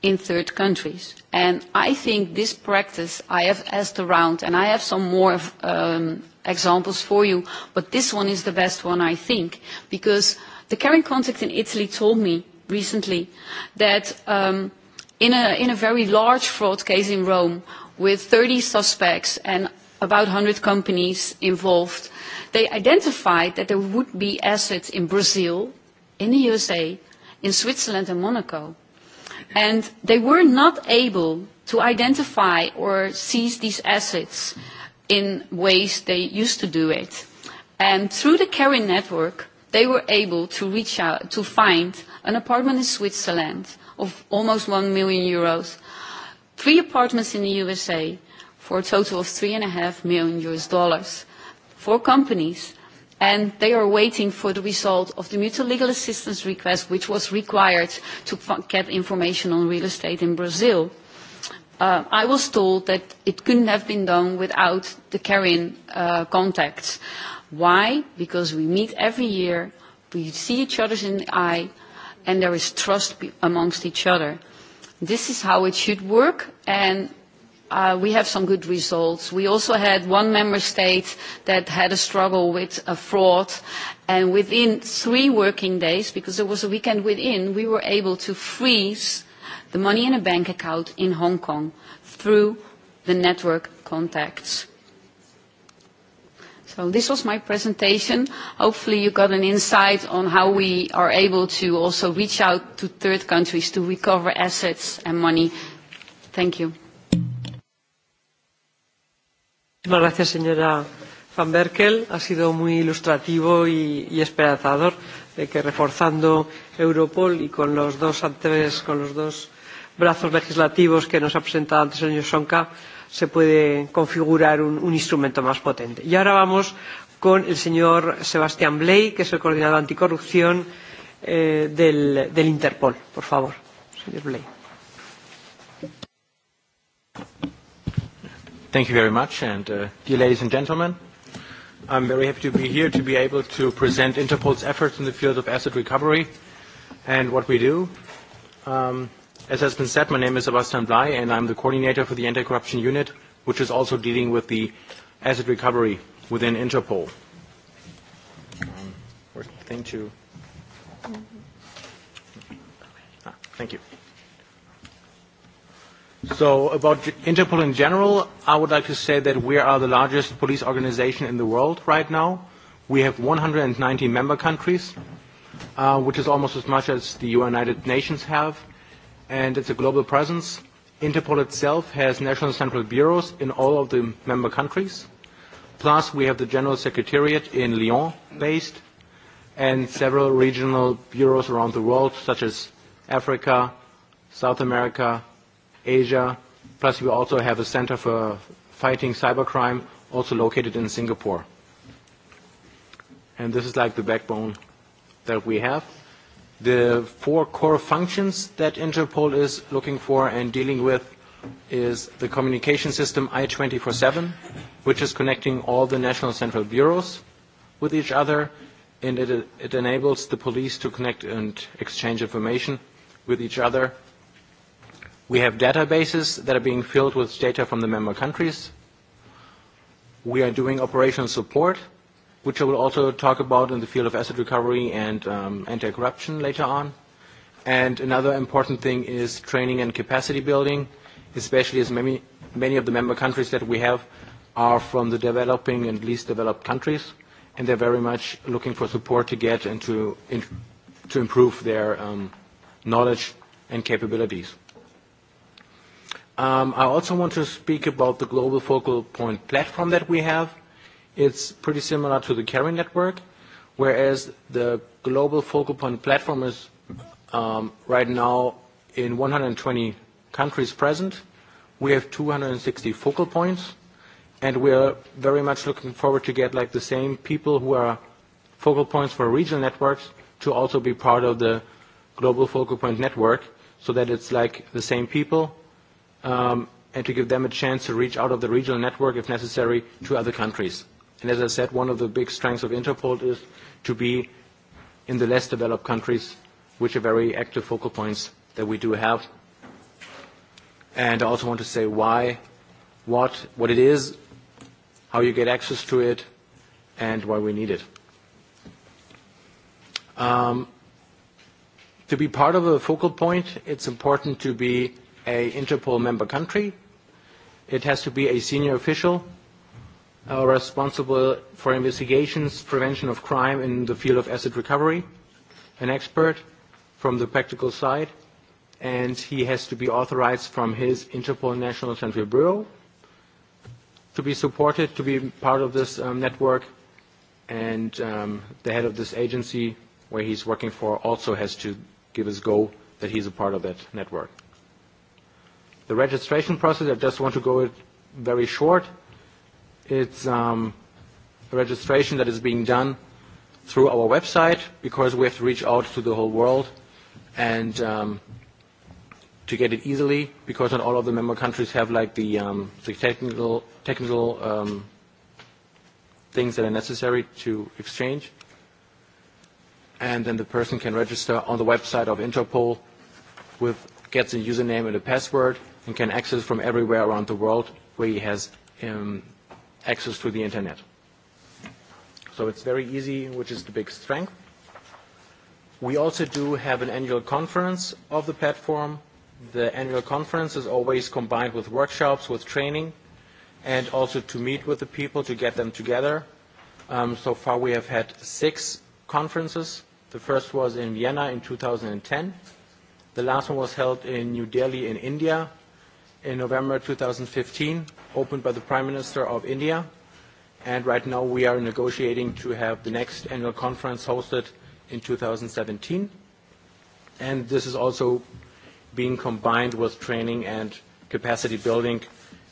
in third countries. And I think this practice, I have asked around, and I have some more um, examples for you, but this one is the best one, I think, because the current contact in Italy told me recently that um, in, a, in a very large fraud case in Rome with 30 suspects and about 100 companies involved, they identified that there would be assets in Brazil, in the USA, in Switzerland and Monaco. And they were not able to identify or seize these assets in ways they used to do it. And through the carry network, they were able to reach out to find an apartment in Switzerland of almost 1 million euros, three apartments in the USA for a total of three and a half million US dollars for companies and they are waiting for the result of the mutual legal assistance request which was required to get information on real estate in Brazil. Uh, I was told that it couldn't have been done without the carrying uh, contacts. Why? Because we meet every year, we see each other in the eye, and there is trust amongst each other. This is how it should work, and Uh, we have some good results. We also had one member state that had a struggle with a fraud, and within three working days, because there was a weekend within, we were able to freeze the money in a bank account in Hong Kong through the network contacts. So this was my presentation. Hopefully you got an insight on how we are able to also reach out to third countries to recover assets and money. Thank you. Gracias, señora Van Berkel. Ha sido muy ilustrativo y, esperanzador de que reforzando Europol y con los dos antes, con los dos brazos legislativos que nos ha presentado antes el señor Sonka, se puede configurar un, instrumento más potente. Y ahora vamos con el señor Sebastián Bley, que es el coordinador anticorrupción eh, del, del Interpol. Por favor, señor Bley. Thank you very much. And uh, dear ladies and gentlemen, I'm very happy to be here to be able to present Interpol's efforts in the field of asset recovery and what we do. Um, as has been said, my name is Sebastian Bley and I'm the coordinator for the anti-corruption unit, which is also dealing with the asset recovery within Interpol. Um, ah, thank you. So about Interpol in general, I would like to say that we are the largest police organization in the world right now. We have 190 member countries, uh, which is almost as much as the United Nations have, and it's a global presence. Interpol itself has national central bureaus in all of the member countries. Plus, we have the General Secretariat in Lyon based and several regional bureaus around the world, such as Africa, South America, Asia. Plus, we also have a center for fighting cybercrime, also located in Singapore. And this is like the backbone that we have. The four core functions that Interpol is looking for and dealing with is the communication system I-24-7, which is connecting all the national central bureaus with each other, and it, it enables the police to connect and exchange information with each other We have databases that are being filled with data from the member countries. We are doing operational support, which I will also talk about in the field of asset recovery and um, anti-corruption later on. And another important thing is training and capacity building, especially as many, many of the member countries that we have are from the developing and least developed countries, and they're very much looking for support to get and to, in, to improve their um, knowledge and capabilities. Um, I also want to speak about the global focal point platform that we have. It's pretty similar to the carry network, whereas the global focal point platform is um, right now in 120 countries present. We have 260 focal points, and we are very much looking forward to get like the same people who are focal points for regional networks to also be part of the global focal point network so that it's like the same people um, and to give them a chance to reach out of the regional network, if necessary, to other countries. And as I said, one of the big strengths of Interpol is to be in the less developed countries, which are very active focal points that we do have. And I also want to say why, what, what it is, how you get access to it, and why we need it. Um, to be part of a focal point, it's important to be a Interpol member country. It has to be a senior official uh, responsible for investigations, prevention of crime in the field of asset recovery, an expert from the practical side, and he has to be authorized from his Interpol National Central Bureau to be supported, to be part of this um, network, and um, the head of this agency where he's working for also has to give his go that he's a part of that network. The registration process, I just want to go it very short. It's um, a registration that is being done through our website because we have to reach out to the whole world and um, to get it easily because not all of the member countries have like the, um, the technical, technical um, things that are necessary to exchange. And then the person can register on the website of Interpol with gets a username and a password and can access from everywhere around the world where he has um, access to the internet. So it's very easy, which is the big strength. We also do have an annual conference of the platform. The annual conference is always combined with workshops, with training, and also to meet with the people, to get them together. Um, so far we have had six conferences. The first was in Vienna in 2010. The last one was held in New Delhi in India in November 2015, opened by the Prime Minister of India. And right now we are negotiating to have the next annual conference hosted in 2017. And this is also being combined with training and capacity building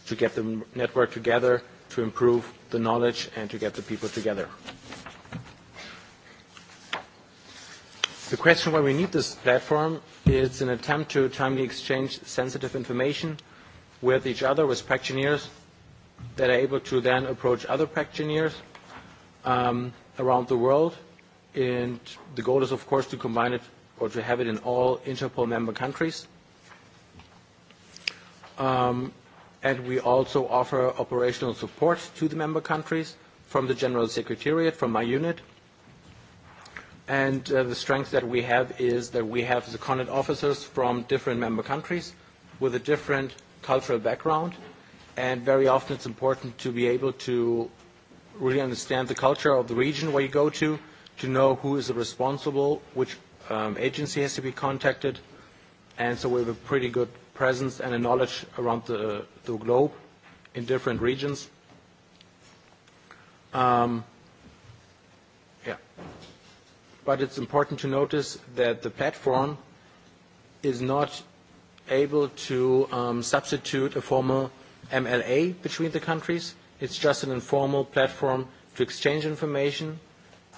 to get the network together, to improve the knowledge, and to get the people together. The question why we need this platform is an attempt to timely exchange sensitive information with each other, with practitioners that are able to then approach other practitioners um, around the world. And the goal is, of course, to combine it or to have it in all Interpol member countries. Um, and we also offer operational support to the member countries from the General Secretariat, from my unit. And uh, the strength that we have is that we have the seconded officers from different member countries with a different cultural background, and very often it's important to be able to really understand the culture of the region where you go to, to know who is responsible, which um, agency has to be contacted, and so we have a pretty good presence and a knowledge around the, the globe in different regions. Um, yeah. But it's important to notice that the platform is not able to um, substitute a formal MLA between the countries. It's just an informal platform to exchange information,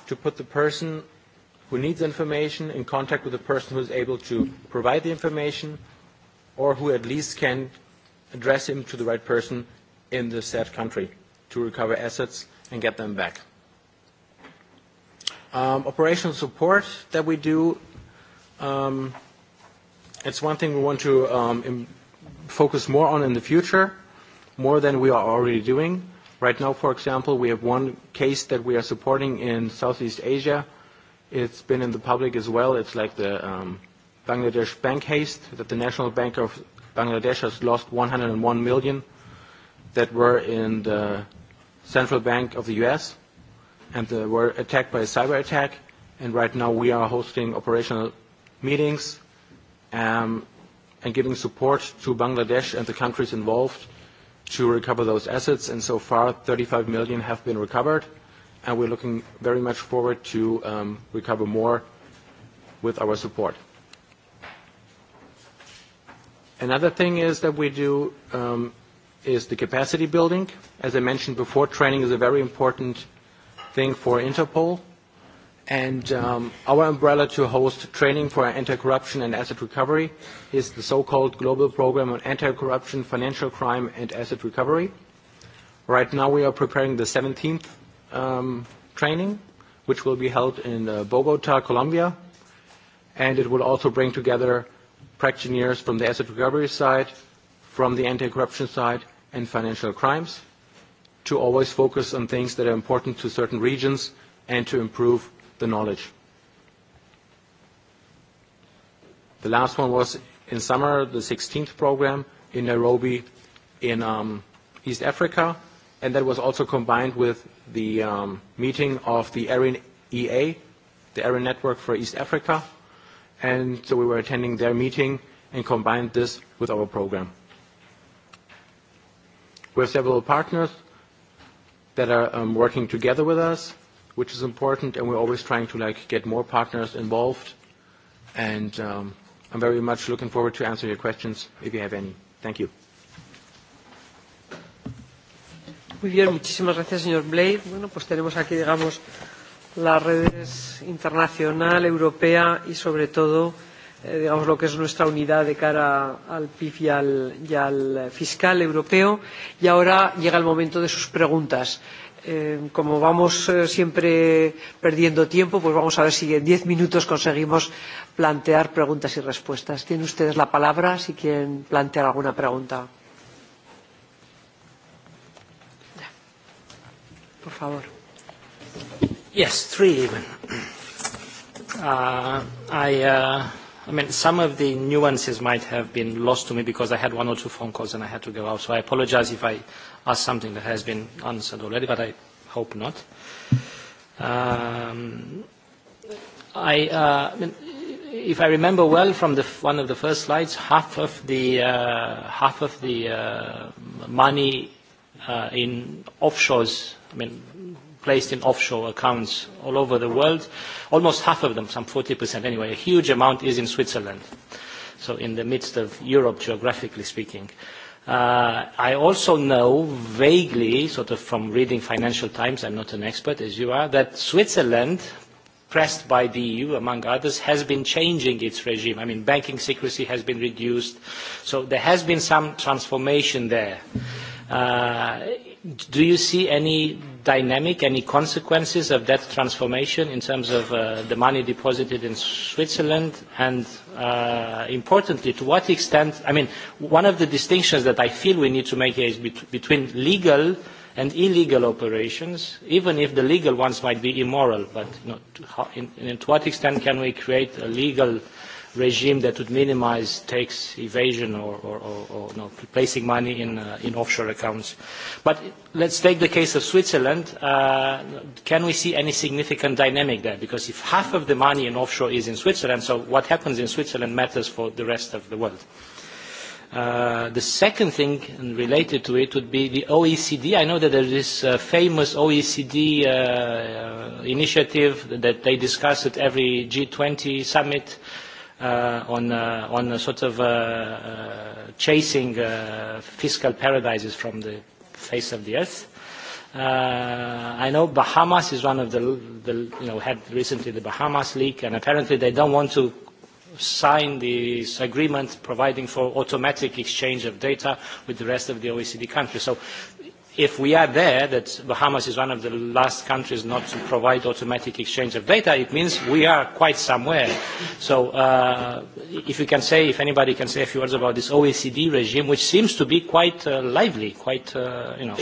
to put the person who needs information in contact with the person who is able to provide the information or who at least can address him to the right person in the said country to recover assets and get them back. Um, operational support that we do um, it's one thing we want to um, focus more on in the future, more than we are already doing. Right now, for example, we have one case that we are supporting in Southeast Asia. It's been in the public as well. It's like the um, Bangladesh bank haste that the National Bank of Bangladesh has lost 101 million that were in the central bank of the U.S. and they uh, were attacked by a cyber attack. And right now we are hosting operational meetings um, and giving support to Bangladesh and the countries involved to recover those assets. And so far, 35 million have been recovered, and we're looking very much forward to um, recover more with our support. Another thing is that we do um, is the capacity building. As I mentioned before, training is a very important thing for Interpol And um, our umbrella to host training for anti-corruption and asset recovery is the so-called Global Program on Anti-Corruption, Financial Crime and Asset Recovery. Right now we are preparing the 17th um, training, which will be held in uh, Bogota, Colombia. And it will also bring together practitioners from the asset recovery side, from the anti-corruption side, and financial crimes to always focus on things that are important to certain regions and to improve the knowledge. The last one was in summer, the 16th program in Nairobi in um, East Africa, and that was also combined with the um, meeting of the ARIN EA, the ARIN Network for East Africa, and so we were attending their meeting and combined this with our program. We have several partners that are um, working together with us, which is important, and we're always trying to like get more partners involved. And um, I'm very much looking forward to answer your questions if you have any. Thank you. Muy bien, muchísimas gracias, señor Blade. Bueno, pues tenemos aquí, digamos, las redes internacional, europea y, sobre todo, eh, digamos, lo que es nuestra unidad de cara al PIB y al, y al fiscal europeo. Y ahora llega el momento de sus preguntas. Eh, como vamos eh, siempre perdiendo tiempo, pues vamos a ver si en diez minutos conseguimos plantear preguntas y respuestas. Tienen ustedes la palabra si quieren plantear alguna pregunta. Por favor. Yes, three even. Uh, I, uh, I mean, some of the nuances might have been lost to me because I had one or two phone calls and I had to go out, so I apologize if I ask something that has been answered already, but I hope not. Um, I, uh, I mean, if I remember well from the, one of the first slides, half of the, uh, half of the uh, money uh, in offshores, I mean, placed in offshore accounts all over the world, almost half of them, some 40% anyway, a huge amount is in Switzerland. So in the midst of Europe, geographically speaking. Uh, Uh, I also know vaguely, sort of from reading Financial Times, I'm not an expert as you are, that Switzerland, pressed by the EU among others, has been changing its regime. I mean, banking secrecy has been reduced. So there has been some transformation there. Uh, do you see any dynamic, any consequences of that transformation in terms of uh, the money deposited in Switzerland? And uh, importantly, to what extent, I mean, one of the distinctions that I feel we need to make here is between legal and illegal operations, even if the legal ones might be immoral, but to, to what extent can we create a legal regime that would minimize tax evasion or, or, or, placing money in, uh, in offshore accounts. But let's take the case of Switzerland. Uh, can we see any significant dynamic there? Because if half of the money in offshore is in Switzerland, so what happens in Switzerland matters for the rest of the world. Uh, the second thing related to it would be the OECD. I know that there is this uh, famous OECD initiative that they discuss at every G20 summit Uh, on, uh, sort of uh, uh, chasing fiscal paradises from the face of the earth. I know Bahamas is one of the, the, you know, had recently the Bahamas leak, and apparently they don't want to sign this agreement providing for automatic exchange of data with the rest of the OECD countries. So if we are there that Bahamas is one of the last countries not to provide automatic exchange of data, it means we are quite somewhere. So uh, if you can say, if anybody can say a few words about this OECD regime, which seems to be quite uh, lively, quite, uh, you know,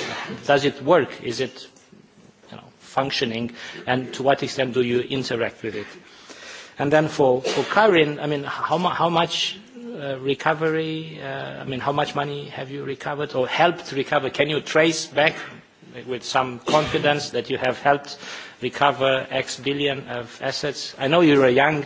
does it work? Is it you know, functioning? And to what extent do you interact with it? And then for, for Karin, I mean, how, how much Uh, recovery? Uh, I mean, how much money have you recovered or helped recover? Can you trace back with some confidence that you have helped recover X billion of assets? I know you're a young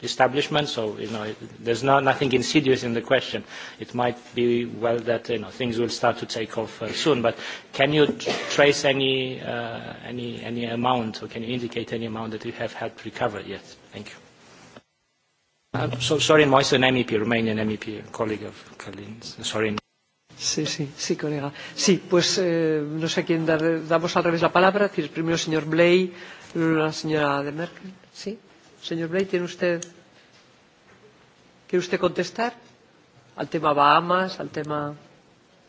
establishment, so you know there's not nothing insidious in the question. It might be well that you know things will start to take off uh, soon. But can you trace any uh, any any amount, or can you indicate any amount that you have helped recover yet? Thank you. Uh, so, sorry, Moise, an MEP, Romanian MEP, colleague of Kalin. Uh, sorry. Sí, sí, sí, colega. Sí, pues eh, no sé a quién dar, damos al revés la palabra. Primero el señor Bley, la señora de Merkel. Sí, señor Bley, ¿tiene usted, ¿quiere usted contestar al tema Bahamas, al tema...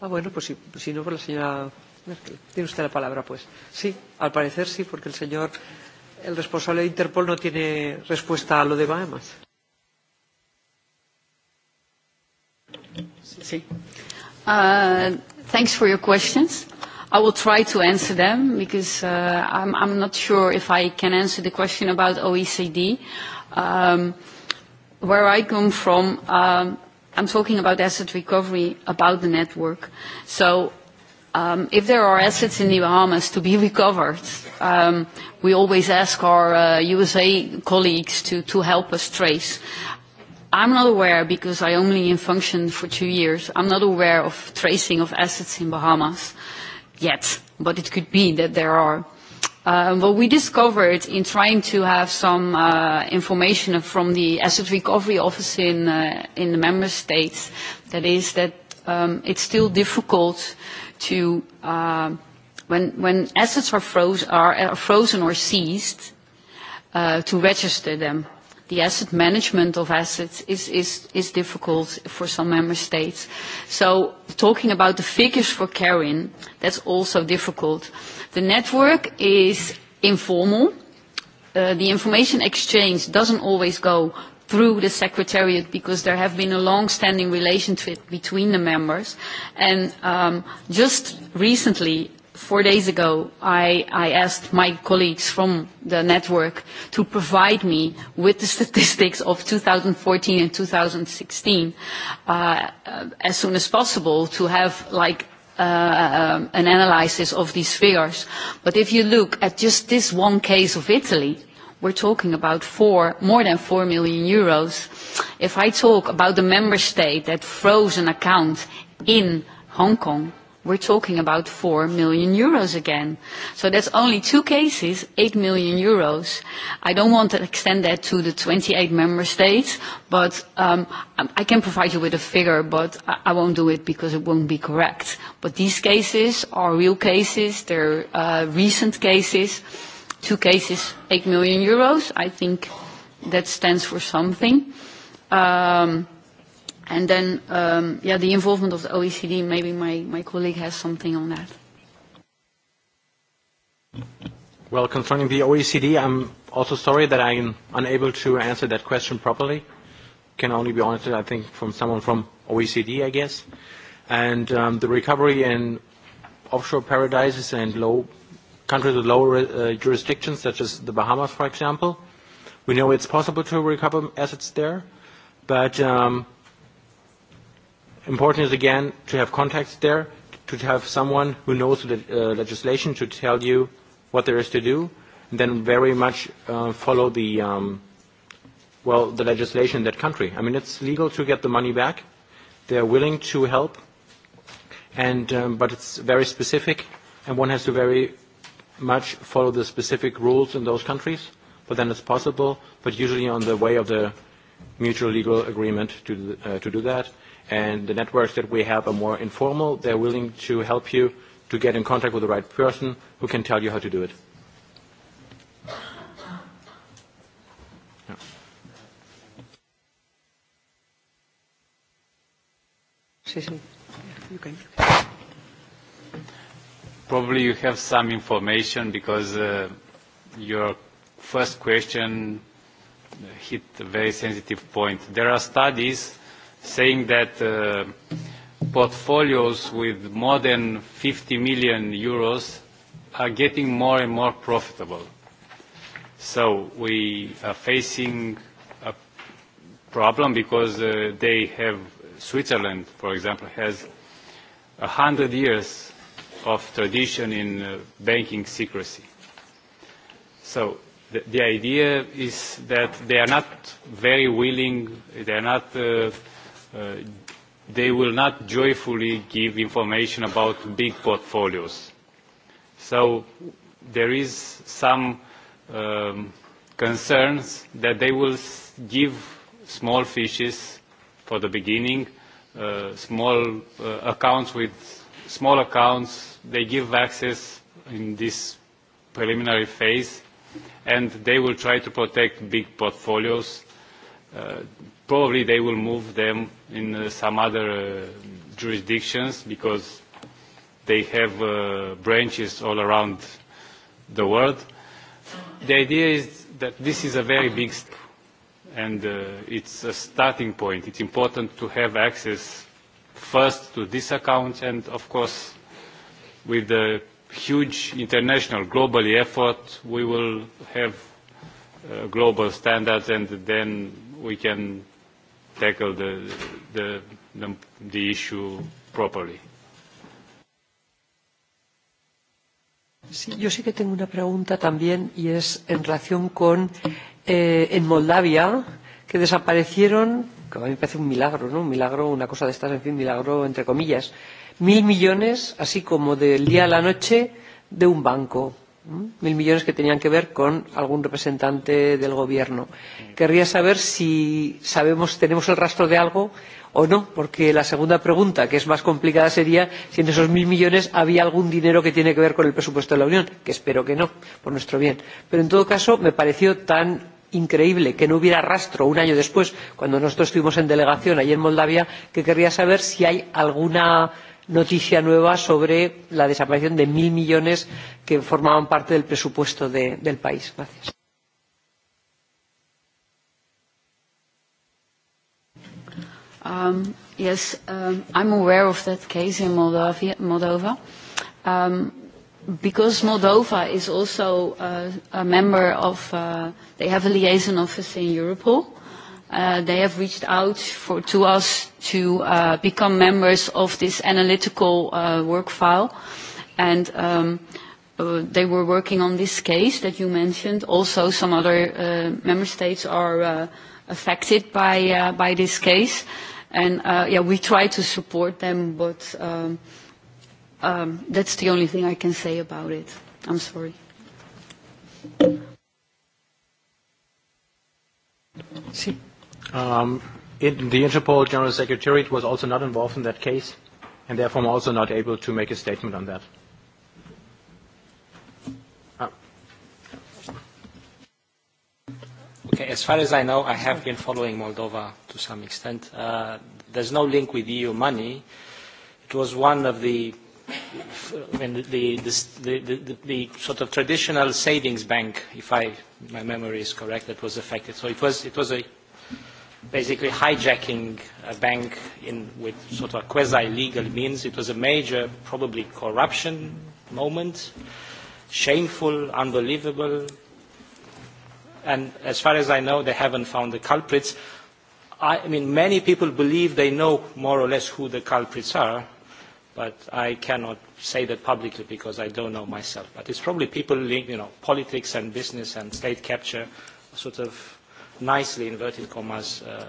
Ah, bueno, pues si, si no, pues la señora Merkel. Tiene usted la palabra, pues. Sí, al parecer sí, porque el señor, el responsable de Interpol no tiene respuesta a lo de Bahamas. Sí. Uh, thanks for your questions. I will try to answer them because uh, I'm, not sure if I can answer the question about OECD. Um, where I come from, um, I'm talking about asset recovery, about the network. So um, if there are assets in the Bahamas to be recovered, we always ask our USA uh, colleagues to help us trace. I'm not aware, because I only in function for two years, I'm not aware of tracing of assets in Bahamas yet, but it could be that there are. Um, uh, what we discovered in trying to have some uh, information from the asset recovery office in, uh, in the member states, that is that um, it's still difficult to, uh, when, when assets are, froze, are, are frozen or seized, uh, to register them the asset management of assets is, is, difficult for some member states. So talking about the figures for carrying, that's also difficult. The network is informal. Uh, the information exchange doesn't always go through the secretariat because there have been a long-standing relationship between the members. And um, just recently, four days ago, I, I asked my colleagues from the network to provide me with the statistics of 2014 and 2016 uh, as soon as possible to have like uh, um, an analysis of these figures. But if you look at just this one case of Italy, we're talking about four, more than 4 million euros. If I talk about the member state that froze an account in Hong Kong, we're talking about 4 million euros again. So that's only two cases, 8 million euros. I don't want to extend that to the 28 member states, but um, um, I can provide you with a figure, but I won't do it because it won't be correct. But these cases are real cases, they're uh, recent cases. Two cases, 8 million euros. I think that stands for something. Um, And then, um, yeah, the involvement of the OECD, maybe my, my colleague has something on that. Well, concerning the OECD, I'm also sorry that I'm unable to answer that question properly. Can only be answered, I think, from someone from OECD, I guess. And um, the recovery in offshore paradises and low countries with lower uh, jurisdictions, such as the Bahamas, for example, we know it's possible to recover assets there, but um, important is again to have contacts there, to have someone who knows the uh, legislation to tell you what there is to do, and then very much uh, follow the um, well the legislation in that country. I mean, it's legal to get the money back. They are willing to help, and um, but it's very specific, and one has to very much follow the specific rules in those countries. But then it's possible, but usually on the way of the mutual legal agreement to, uh, to do that. And the networks that we have are more informal. They're willing to help you to get in contact with the right person who can tell you how to do it. Probably you have some information because uh, your first question hit a very sensitive point. There are studies saying that uh, portfolios with more than 50 million euros are getting more and more profitable. So we are facing a problem because uh, they have, Switzerland, for example, has 100 years of tradition in uh, banking secrecy. So the, idea is that they are not very willing, they are not, uh, uh, they will not joyfully give information about big portfolios. So there is some um, concerns that they will give small fishes for the beginning, uh, small uh, accounts with small accounts, they give access in this preliminary phase and they will try to protect big portfolios. Uh, probably they will move them in uh, some other uh, jurisdictions because they have branches all around the world. The idea is that this is a very big step and it's a starting point. It's important to have access first to this account and of course with the huge international global effort we will have uh, global standards and then we can tackle the the the, the issue properly sí, yo sí que tengo una pregunta también y es en relación con eh, en Moldavia que desaparecieron que a mí me parece un milagro no un milagro una cosa de estas en fin milagro entre comillas mil millones, así como del día a la noche, de un banco. ¿Mm? Mil millones que tenían que ver con algún representante del gobierno. Querría saber si sabemos, tenemos el rastro de algo o no, porque la segunda pregunta, que es más complicada, sería si en esos mil millones había algún dinero que tiene que ver con el presupuesto de la Unión, que espero que no, por nuestro bien. Pero en todo caso, me pareció tan increíble que no hubiera rastro un año después, cuando nosotros estuvimos en delegación allí en Moldavia, que querría saber si hay alguna noticia nueva sobre la desaparición de mil millones que formaban parte del presupuesto del país. Gracias. Um, yes, um, I'm aware of that case in Moldavia, Moldova. Um, because Moldova is also uh, a member of, uh, they have a liaison office in Europol. Uh, they have reached out for, to us to uh, become members of this analytical uh, work file. And um, uh, they were working on this case that you mentioned. Also, some other uh, member states are uh, affected by, uh, by this case. And uh, yeah, we try to support them, but um, um, that's the only thing I can say about it. I'm sorry. Sí. Um, the Interpol General Secretariat was also not involved in that case, and therefore I'm also not able to make a statement on that. Uh. as far as I know, I have been following Moldova to some extent. Uh, there's no link with EU money. It was one of the the, sort of traditional savings bank, if I, my memory is correct, that was affected. So it was, it was a basically hijacking a bank in, with sort of a quasi-legal means. It was a major, probably corruption moment, shameful, unbelievable. And as far as I know, they haven't found the culprits. I mean, many people believe they know more or less who the culprits are, but I cannot say that publicly because I don't know myself. But it's probably people you know, politics and business and state capture, sort of nicely inverted commas uh,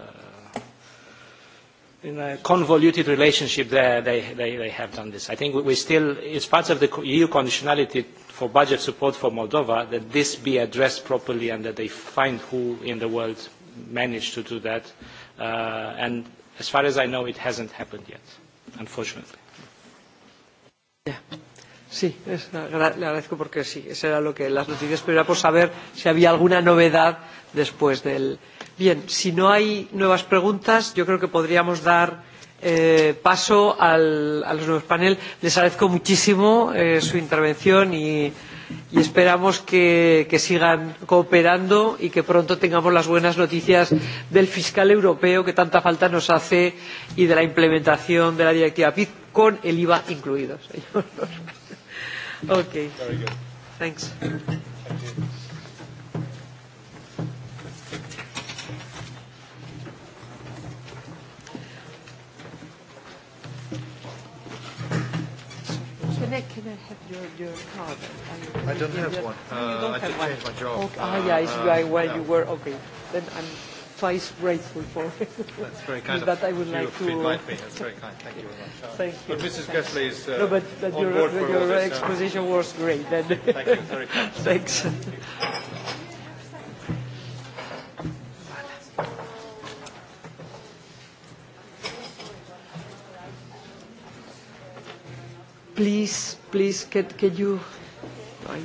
in a convoluted relationship there they, they, they have done this. I think we still, it's part of the EU conditionality for budget support for Moldova that this be addressed properly and that they find who in the world managed to do that. Uh, and as far as I know, it hasn't happened yet, unfortunately. Yeah. Sí, es, le agradezco porque sí, eso era lo que las noticias, pero era por saber si había alguna novedad después del. Bien, si no hay nuevas preguntas, yo creo que podríamos dar eh, paso al, a los nuevos paneles. Les agradezco muchísimo eh, su intervención y, y esperamos que, que sigan cooperando y que pronto tengamos las buenas noticias del fiscal europeo que tanta falta nos hace y de la implementación de la directiva PIF con el IVA incluido. Señor. Okay. Very good. Thanks. Thank you. Can I, have your, card? I, don't have one. you don't uh, I have one. My job. Okay. Ah, yeah, it's where you were. Okay. Then I'm twice grateful for. That's very kind but of I would you like to invite me. Uh, That's very kind. Thank you very much. Thank you. But Mrs. Gressley is uh, no, but, but on your, board for your this, uh, exposition uh, was great. Then. Thank you. Very kind. Thanks. Thank Please, please, can, can you... Oh,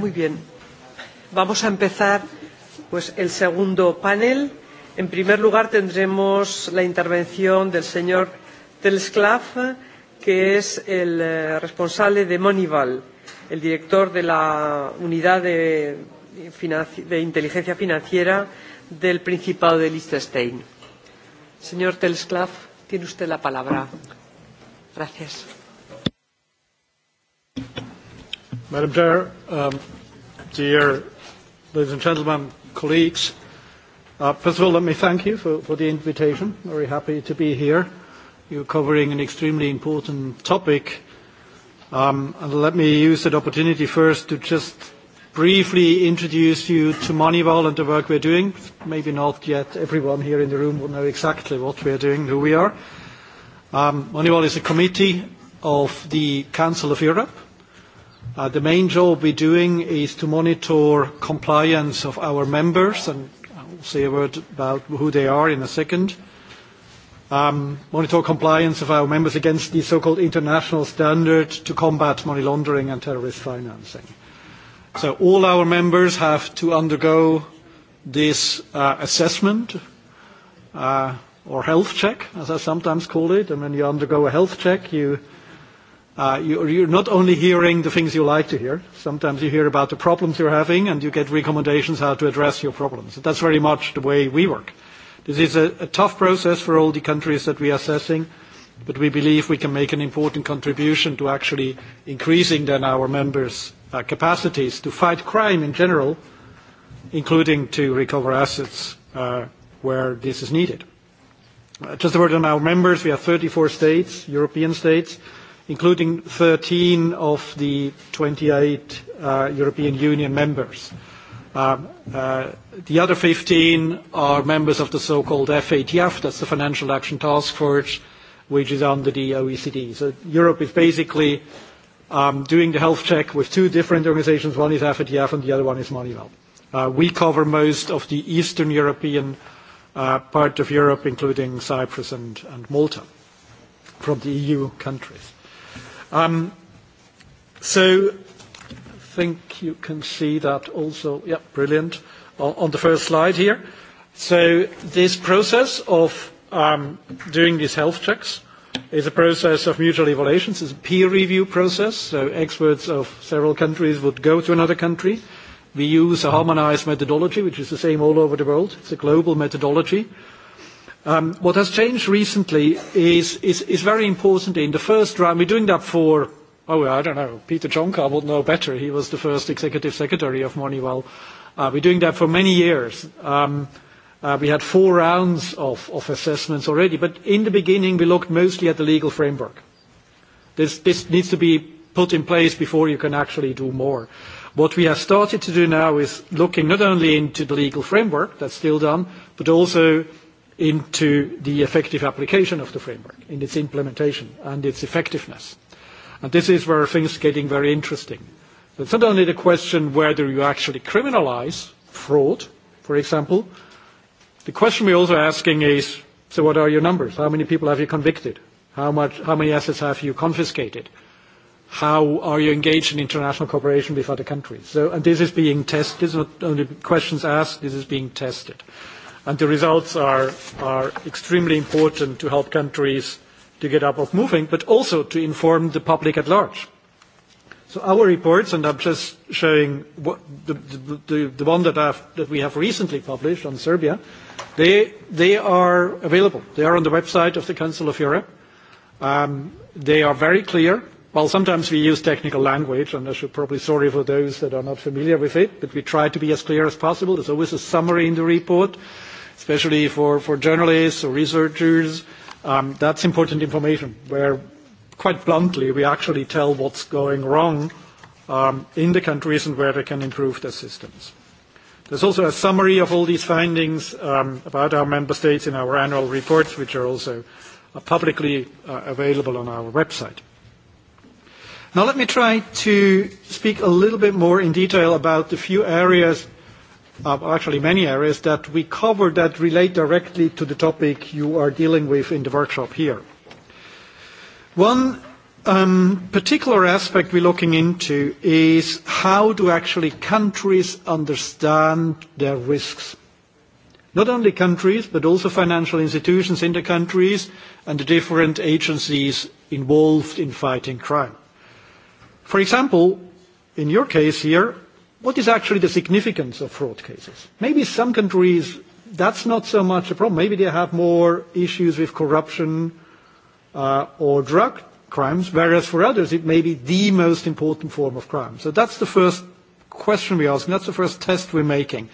Muy bien. Vamos a empezar el segundo panel. En primer lugar, tendremos la intervención del señor Telsclav, que es el eh, responsable de Monival, el director de la unidad de, inteligencia financiera del Principado de Liechtenstein. Señor Telesclaf, tiene usted la palabra. Madam Chair, um, dear ladies and gentlemen, colleagues, uh, first of all, let me thank you for, for the invitation. Very happy to be here. You're covering an extremely important topic. Um, and let me use that opportunity first to just briefly introduce you to Moneyval and the work we're doing. Maybe not yet everyone here in the room will know exactly what we're doing, who we are. Um, Moneyval is a committee of the Council of Europe, Uh, the main job we're doing is to monitor compliance of our members, and will say a word about who they are in a second. Um, monitor compliance of our members against the so-called international standard to combat money laundering and terrorist financing. So all our members have to undergo this uh, assessment uh, or health check, as I sometimes call it. And when you undergo a health check, you Uh, you, you're not only hearing the things you like to hear, sometimes you hear about the problems you're having and you get recommendations how to address your problems. That's very much the way we work. This is a, tough process for all the countries that we are assessing, but we believe we can make an important contribution to actually increasing then our members' uh, capacities to fight crime in general, including to recover assets uh, where this is needed. just a word on our members. We have 34 states, European states including 13 of the 28 uh, European Union members. Um, uh, the other 15 are members of the so-called FATF, that's the Financial Action Task Force, which is under the OECD. So Europe is basically um, doing the health check with two different organizations. One is FATF and the other one is Moneyval. Uh, we cover most of the Eastern European part of Europe, including Cyprus and Malta, from the EU countries. Um, so I think you can see that also. Yeah, brilliant. on the first slide here. So this process of um, doing these health checks is a process of mutual evaluations. It's a peer review process. So experts of several countries would go to another country. We use a harmonized methodology, which is the same all over the world. It's a global methodology Um, what has changed recently is, is, is very important. In the first round, we're doing that for, oh, I don't know, Peter Jonker would know better. He was the first executive secretary of Moneywell. Uh, we're doing that for many years. Um, uh, we had four rounds of, of assessments already, but in the beginning, we looked mostly at the legal framework. This, this needs to be put in place before you can actually do more. What we have started to do now is looking not only into the legal framework, that's still done, but also into the effective application of the framework, in its implementation and its effectiveness. And this is where things are getting very interesting. It's not only the question whether you actually criminalize fraud, for example. The question we're also asking is, so what are your numbers? How many people have you convicted? How, much, how many assets have you confiscated? How are you engaged in international cooperation with other countries? So, and this is being tested. This is not only questions asked, this is being tested and the results are, are extremely important to help countries to get up and moving, but also to inform the public at large. So our reports, and I'm just showing what the, the, the one that, I've, that we have recently published on Serbia, they, they are available. They are on the website of the Council of Europe. Um, they are very clear. Well, sometimes we use technical language, and I should probably sorry for those that are not familiar with it, but we try to be as clear as possible. There's always a summary in the report especially for, for journalists or researchers. Um, that's important information where, quite bluntly, we actually tell what's going wrong um, in the countries and where they can improve their systems. There's also a summary of all these findings um, about our member states in our annual reports, which are also uh, publicly uh, available on our website. Now let me try to speak a little bit more in detail about the few areas uh, actually many areas that we cover that relate directly to the topic you are dealing with in the workshop here. One um, particular aspect we're looking into is how do actually countries understand their risks. Not only countries, but also financial institutions in the countries and the different agencies involved in fighting crime. For example, in your case here, what is actually the significance of fraud cases? Maybe some countries, that's not so much a problem. Maybe they have more issues with corruption uh, or drug crimes, whereas for others it may be the most important form of crime. So that's the first question we ask, and that's the first test we're making.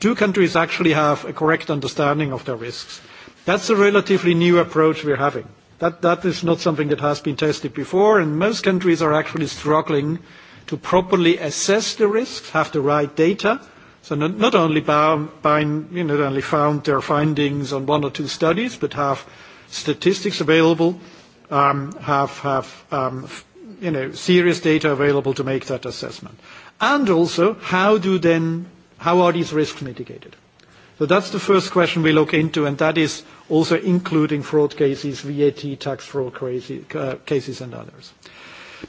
Do countries actually have a correct understanding of their risks? That's a relatively new approach we're having. That, that is not something that has been tested before, and most countries are actually struggling to properly assess the risks, have the right data. So not, only only found their findings on one or two studies, but have statistics available, um, have, um, you know, serious data available to make that assessment. And also, how do then, how are these risks mitigated? So that's the first question we look into, and that is also including fraud cases, VAT, tax fraud uh, cases, and others.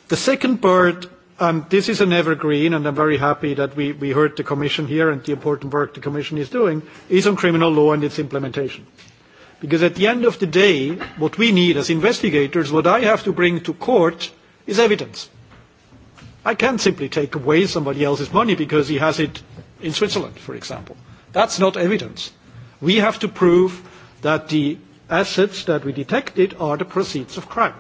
The second part Um, this is an evergreen, and I'm very happy that we, we heard the Commission here and the important work the Commission is doing, is on criminal law and its implementation. Because at the end of the day, what we need as investigators, what I have to bring to court, is evidence. I can't simply take away somebody else's money because he has it in Switzerland, for example. That's not evidence. We have to prove that the assets that we detected are the proceeds of crime.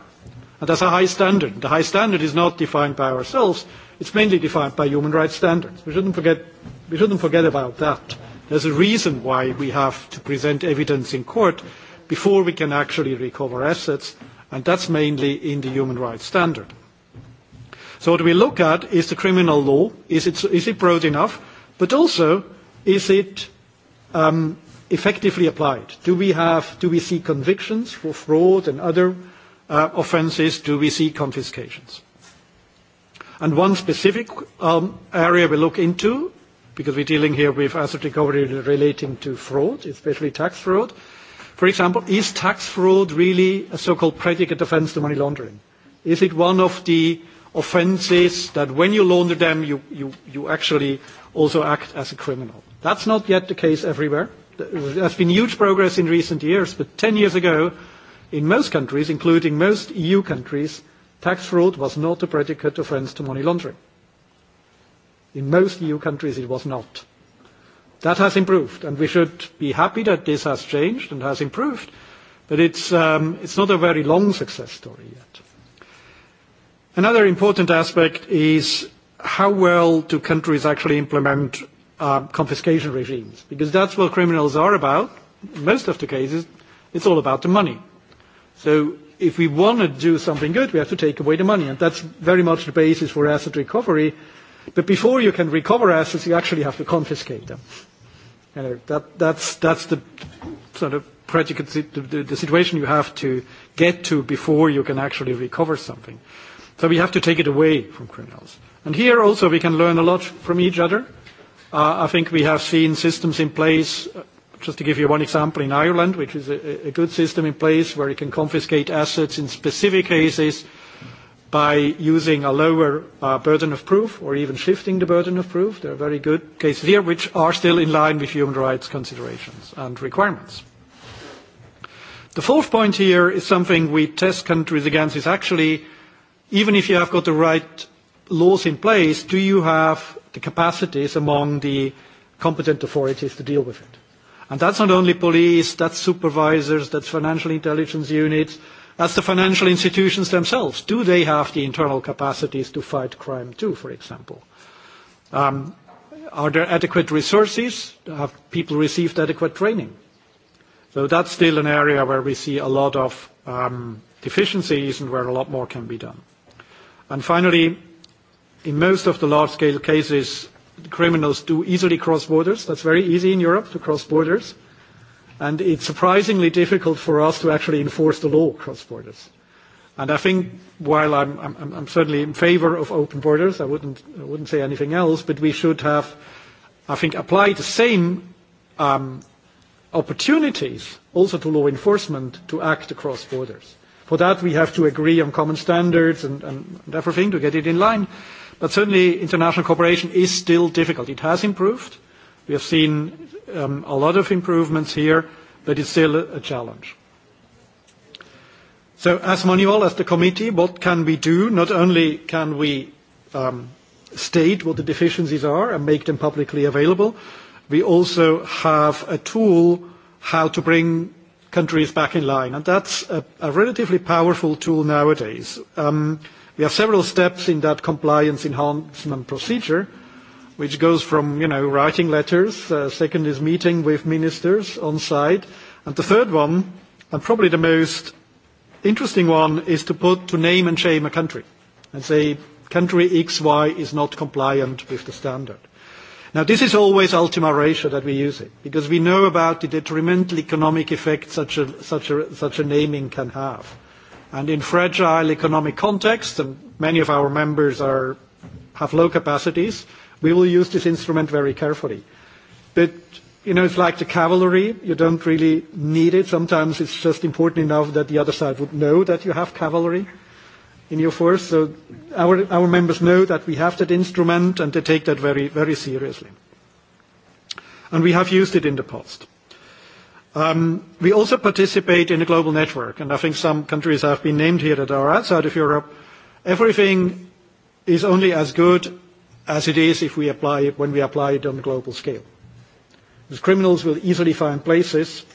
And that's a high standard. The high standard is not defined by ourselves. It's mainly defined by human rights standards. We shouldn't forget, forget about that. There's a reason why we have to present evidence in court before we can actually recover assets, and that's mainly in the human rights standard. So what we look at is the criminal law. Is it, broad enough? But also, is it um, effectively applied? Do we, have, do we see convictions for fraud and other offences uh, offenses do we see confiscations. And one specific um, area we look into, because we're dealing here with asset recovery relating to fraud, especially tax fraud. For example, is tax fraud really a so-called predicate offense to money laundering? Is it one of the offenses that when you launder them, you, you, you actually also act as a criminal? That's not yet the case everywhere. There's been huge progress in recent years, but 10 years ago, In most countries, including most EU countries, tax fraud was not a predicate offence to money laundering. In most EU countries, it was not. That has improved, and we should be happy that this has changed and has improved, but it's, um, it's not a very long success story yet. Another important aspect is how well do countries actually implement um, confiscation regimes, because that's what criminals are about. In most of the cases, it's all about the money. So if we want to do something good, we have to take away the money, and that's very much the basis for asset recovery. But before you can recover assets, you actually have to confiscate them. that, that's, that's the sort of predicate, the, the situation you have to get to before you can actually recover something. So we have to take it away from criminals. And here also we can learn a lot from each other. Uh, I think we have seen systems in place uh, just to give you one example, in Ireland, which is a, good system in place where you can confiscate assets in specific cases by using a lower uh, burden of proof or even shifting the burden of proof. There are very good cases here which are still in line with human rights considerations and requirements. The fourth point here is something we test countries against is actually, even if you have got the right laws in place, do you have the capacities among the competent authorities to deal with it? And that's not only police, that's supervisors, that's financial intelligence units, that's the financial institutions themselves. Do they have the internal capacities to fight crime too, for example? Um, are there adequate resources? Have people received adequate training? So that's still an area where we see a lot of um, deficiencies and where a lot more can be done. And finally, in most of the large-scale cases, criminals do easily cross borders. That's very easy in Europe to cross borders. And it's surprisingly difficult for us to actually enforce the law across borders. And I think while I'm, I'm, I'm certainly in favor of open borders, I wouldn't, I wouldn't say anything else, but we should have, I think, apply the same um, opportunities also to law enforcement to act across borders. For that, we have to agree on common standards and, and everything to get it in line. But certainly international cooperation is still difficult. It has improved. We have seen um, a lot of improvements here, but it is still a, challenge. So as Manuel, as the committee, what can we do? Not only can we um, state what the deficiencies are and make them publicly available, we also have a tool how to bring countries back in line. And that's is a relatively powerful tool nowadays. Um, We have several steps in that compliance enhancement procedure, which goes from, you know, writing letters, uh, second is meeting with ministers on site, and the third one, and probably the most interesting one, is to put to name and shame a country and say, country XY is not compliant with the standard. Now, this is always ultima ratio that we use it, because we know about the detrimental economic effect such a naming can have. And in fragile economic context, and many of our members are, have low capacities, we will use this instrument very carefully. But, you know, it's like the cavalry. You don't really need it. Sometimes it's just important enough that the other side would know that you have cavalry in your force. So our, our members know that we have that instrument and they take that very, very seriously. And we have used it in the past. Um, we also participate in a global network, and I think some countries have been named here that are outside of Europe. Everything is only as good as it is if we apply it, when we apply it on a global scale. criminals will easily find places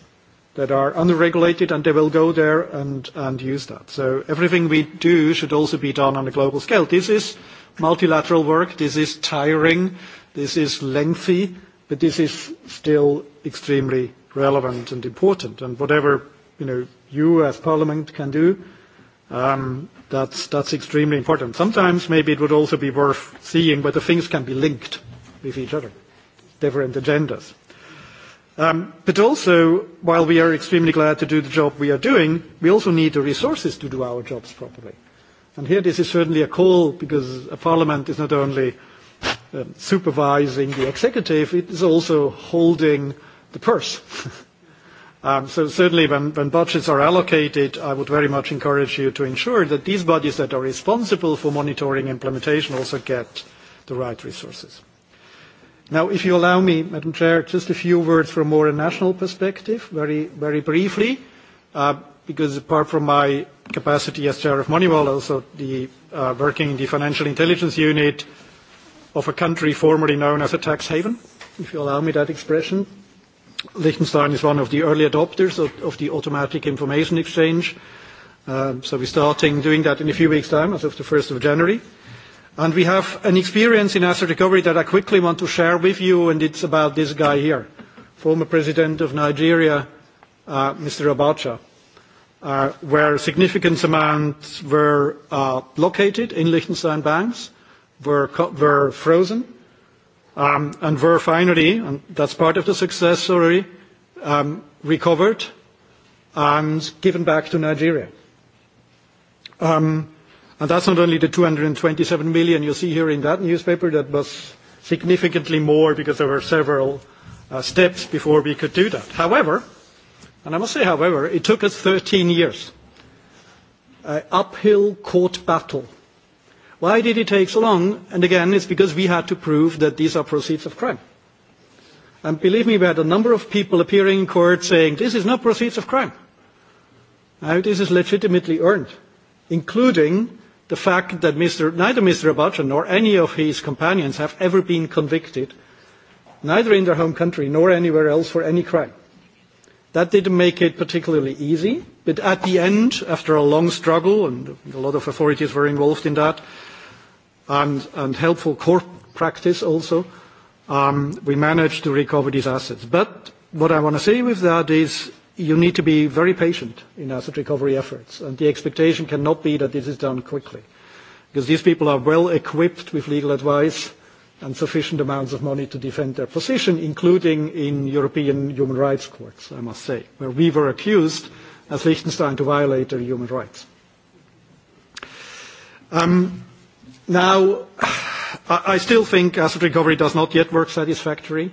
that are unregulated, and they will go there and, and use that. So everything we do should also be done on a global scale. This is multilateral work. This is tiring. This is lengthy, but this is still extremely relevant and important. And whatever you know you as Parliament can do, um, that's that's extremely important. Sometimes maybe it would also be worth seeing whether things can be linked with each other, different agendas. Um, but also, while we are extremely glad to do the job we are doing, we also need the resources to do our jobs properly. And here this is certainly a call because a parliament is not only um, supervising the executive, it is also holding the purse. Um, so certainly when, when budgets are allocated, I would very much encourage you to ensure that these bodies that are responsible for monitoring implementation also get the right resources. Now, if you allow me, Madam Chair, just a few words from more a national perspective, very, very briefly, uh, because apart from my capacity as Chair of Moneyval, also the, uh, working in the Financial Intelligence Unit of a country formerly known as a tax haven, if you allow me that expression, Liechtenstein is one of the early adopters of, the automatic information exchange. Um, so we're starting doing that in a few weeks' time, as of the 1st of January. And we have an experience in asset recovery that I quickly want to share with you, and it's about this guy here, former president of Nigeria, uh, Mr. Abacha, uh, where significant amounts were uh, located in Liechtenstein banks, were, were frozen, Um, and were finally, and that's part of the success story, um, recovered and given back to Nigeria. Um, and that's not only the 227 million you see here in that newspaper, that was significantly more because there were several uh, steps before we could do that. However, and I must say however, it took us 13 years, an uh, uphill court battle Why did it take so long? And again, it's because we had to prove that these are proceeds of crime. And believe me, we had a number of people appearing in court saying, this is not proceeds of crime. Now, this is legitimately earned, including the fact that Mr., neither Mr. Abacha nor any of his companions have ever been convicted, neither in their home country nor anywhere else for any crime. That didn't make it particularly easy, but at the end, after a long struggle, and a lot of authorities were involved in that, and, and helpful court practice also, um, we managed to recover these assets. But what I want to say with that is you need to be very patient in asset recovery efforts, and the expectation cannot be that this is done quickly, because these people are well equipped with legal advice and sufficient amounts of money to defend their position, including in European human rights courts, I must say, where we were accused as Liechtenstein to violate their human rights. Um, Now, I still think asset recovery does not yet work satisfactory.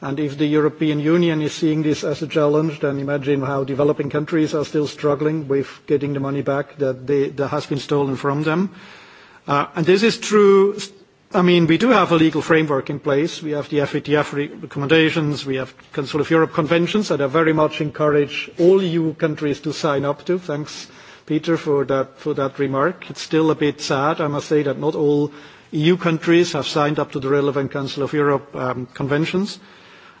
And if the European Union is seeing this as a challenge, then imagine how developing countries are still struggling with getting the money back that, they, that has been stolen from them. Uh, and this is true. I mean, we do have a legal framework in place. We have the FATF recommendations. We have Council of Europe conventions that are very much encourage all EU countries to sign up to, thanks Peter, for that, for that remark. It's still a bit sad, I must say, that not all EU countries have signed up to the relevant Council of Europe um, conventions.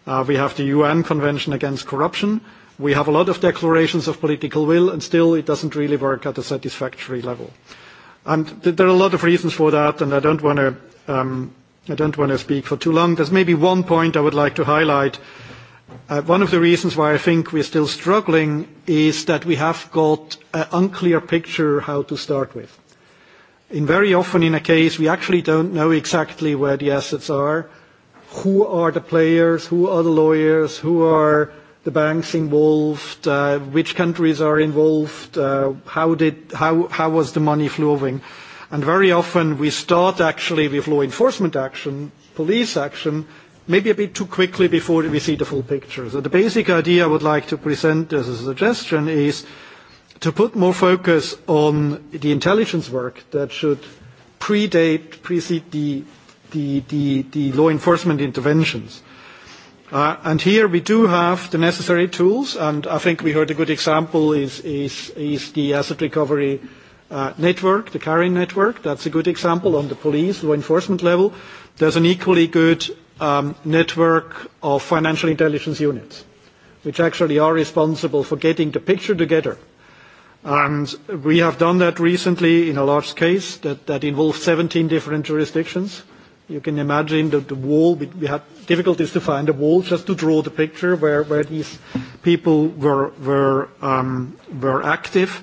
Uh, we have the UN Convention Against Corruption. We have a lot of declarations of political will, and still it doesn't really work at a satisfactory level. And there are a lot of reasons for that, and I don't want to um, I don't want to speak for too long. There's maybe one point I would like to highlight Uh, one of the reasons why I think we're still struggling is that we have got an unclear picture how to start with. In very often in a case, we actually don't know exactly where the assets are, who are the players, who are the lawyers, who are the banks involved, uh, which countries are involved, uh, how, did, how, how was the money flowing. And very often we start actually with law enforcement action, police action, maybe a bit too quickly before we see the full picture. So the basic idea I would like to present as a suggestion is to put more focus on the intelligence work that should predate, precede the, law enforcement interventions. Uh, and here we do have the necessary tools, and I think we heard a good example is, the asset recovery uh, network, the CARIN network. That's a good example on the police, law enforcement level. There's an equally good Um, network of financial intelligence units, which actually are responsible for getting the picture together. And we have done that recently in a large case that, that involved 17 different jurisdictions. You can imagine that the wall, we had difficulties to find a wall just to draw the picture where, where these people were, were, um, were active,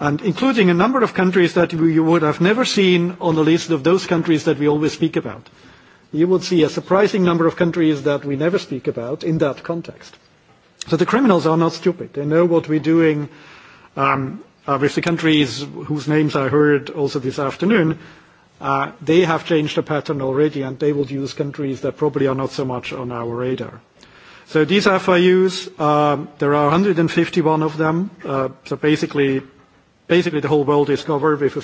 and including a number of countries that you would have never seen on the list of those countries that we always speak about you would see a surprising number of countries that we never speak about in that context. So the criminals are not stupid. They know what we're doing with um, the countries whose names I heard also this afternoon. Uh, they have changed the pattern already, and they will use countries that probably are not so much on our radar. So these FIUs, um, there are 151 of them. Uh, so basically, basically the whole world is covered with a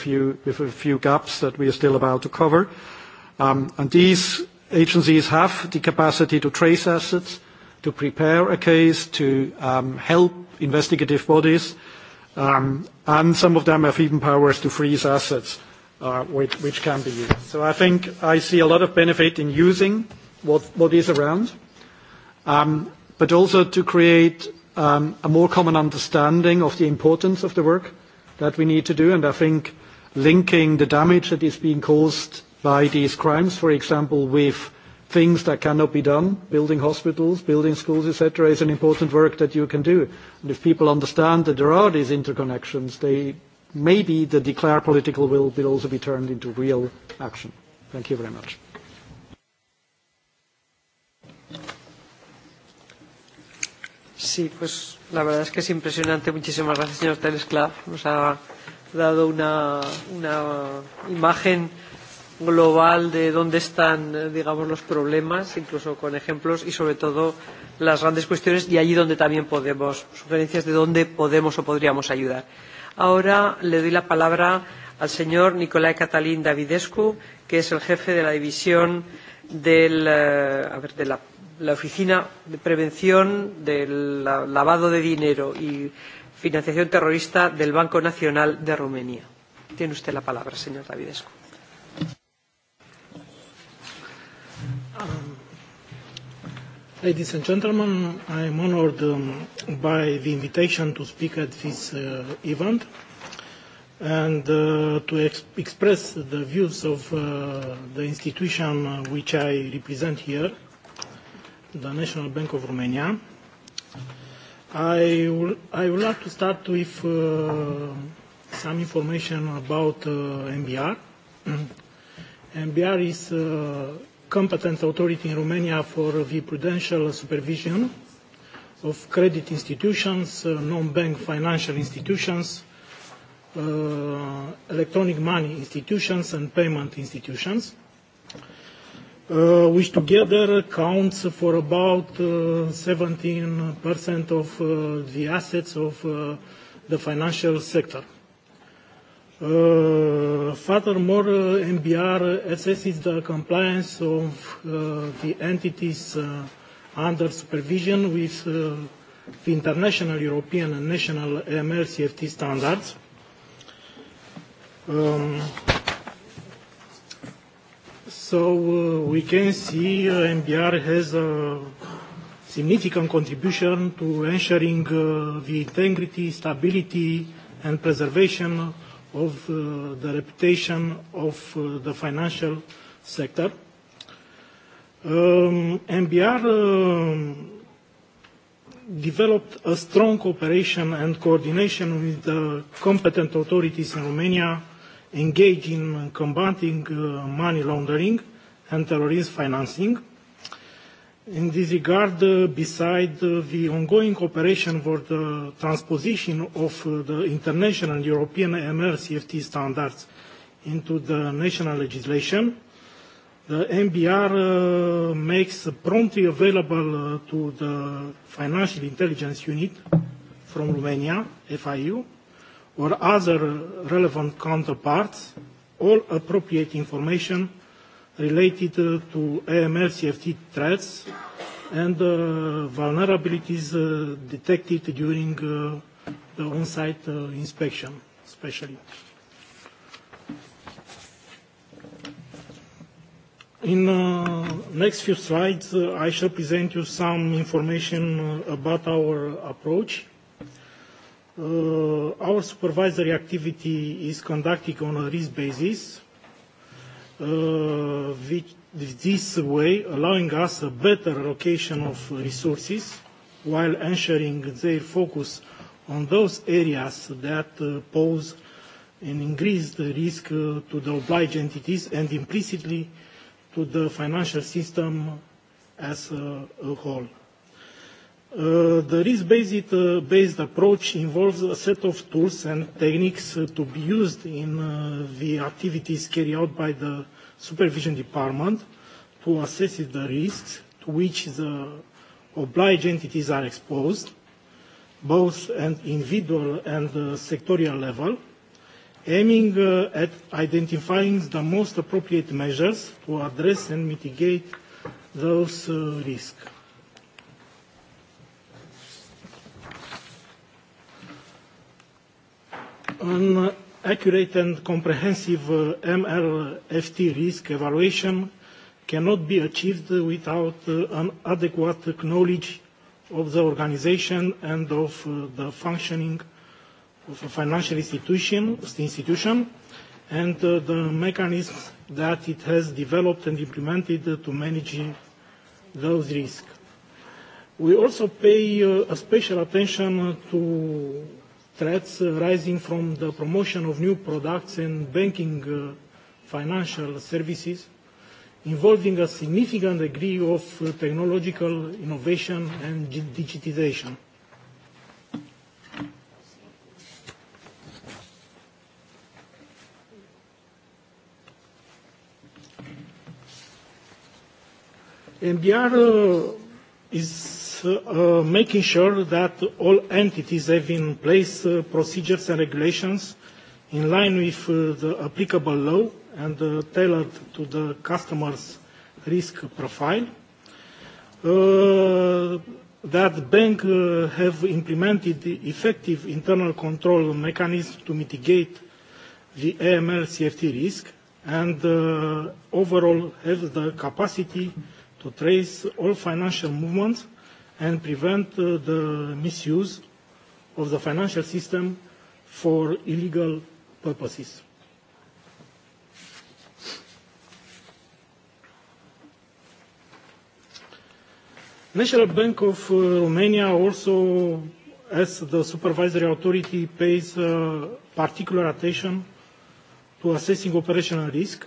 few gaps that we are still about to cover. Um, these agencies have the capacity to trace assets, to prepare a case, to um, help investigative bodies, um, and some of them have even powers to freeze assets, uh, which, can be used. So I think I see a lot of benefit in using what, what is around, but also to create a more common understanding of the importance of the work that we need to do. And I think linking the damage that is being caused by these crimes, for example, with things that cannot be done, building hospitals, building schools, etc., is an important work that you can do. And if people understand that there are these interconnections, they, maybe the declared political will will also be turned into real action. Thank you very much. Sí, pues la verdad es que es impresionante. Muchísimas gracias, Nos ha dado una imagen global de dónde están, digamos, los problemas, incluso con ejemplos y sobre todo las grandes cuestiones y allí donde también podemos, sugerencias de dónde podemos o podríamos ayudar. Ahora le doy la palabra al señor Nicolae Catalín Davidescu, que es el jefe de la división del, eh, a ver, de la, la Oficina de Prevención del Lavado de Dinero y Financiación Terrorista del Banco Nacional de Rumanía. Tiene usted la palabra, señor Davidescu. ladies and gentlemen, I am honored um, by the invitation to speak at this uh, event and uh, to express the views of uh, the institution which I represent here, the National Bank of Romania. I, I would like to start with some information about uh, MBR. MBR is uh, competent authority in Romania for the prudential supervision of credit institutions, uh, non-bank financial institutions, uh, electronic money institutions and payment institutions, uh, which together counts for about 17% uh, of uh, the assets of the financial sector. Uh, furthermore, uh, MBR assesses the compliance of uh, the entities uh, under supervision with uh, the international European and national AML CFT standards. Um, so we can see MBR has a significant contribution to ensuring the integrity, stability and preservation of uh, the reputation of uh, the financial sector. Um, MBR um, developed a strong cooperation and coordination with the competent authorities in Romania engaged in combating uh, money laundering and terrorist financing. In this regard, uh, beside uh, the ongoing cooperation for the transposition of uh, the international European MR CFT standards into the national legislation, the MBR uh, makes promptly available uh, to the Financial Intelligence Unit from Romania, FIU, or other relevant counterparts, all appropriate information related to AML CFT threats and uh, vulnerabilities uh, detected during uh, the on-site inspection, especially. In the next few slides, I shall present you some information about our approach. Our supervisory activity is conducted on a risk basis with uh, this way allowing us a better allocation of resources while ensuring their focus on those areas that uh, pose an increased risk uh, to the obliged entities and implicitly to the financial system as a whole. Uh, the risk-based uh, based approach involves a set of tools and techniques uh, to be used in the activities carried out by the supervision department to assess the risks to which the obliged entities are exposed, both at individual and sectorial level, aiming at identifying the most appropriate measures to address and mitigate those risks. an accurate and comprehensive uh, MLFT risk evaluation cannot be achieved without uh, an adequate knowledge of the organization and of uh, the functioning of a financial institution, institution and the mechanisms that it has developed and implemented to manage those risks. We also pay a special attention to threats arising from the promotion of new products and banking uh, financial services involving a significant degree of uh, technological innovation and digitization. MBR uh, is Uh, uh, making sure that all entities have in place uh, procedures and regulations in line with the applicable law and tailored to the customer's risk profile. That bank have implemented effective internal control mechanism to mitigate the AML CFT risk and overall have the capacity to trace all financial movements and prevent uh, the misuse of the financial system for illegal purposes. National Bank of uh, Romania also, as the supervisory authority, pays uh, particular attention to assessing operational risk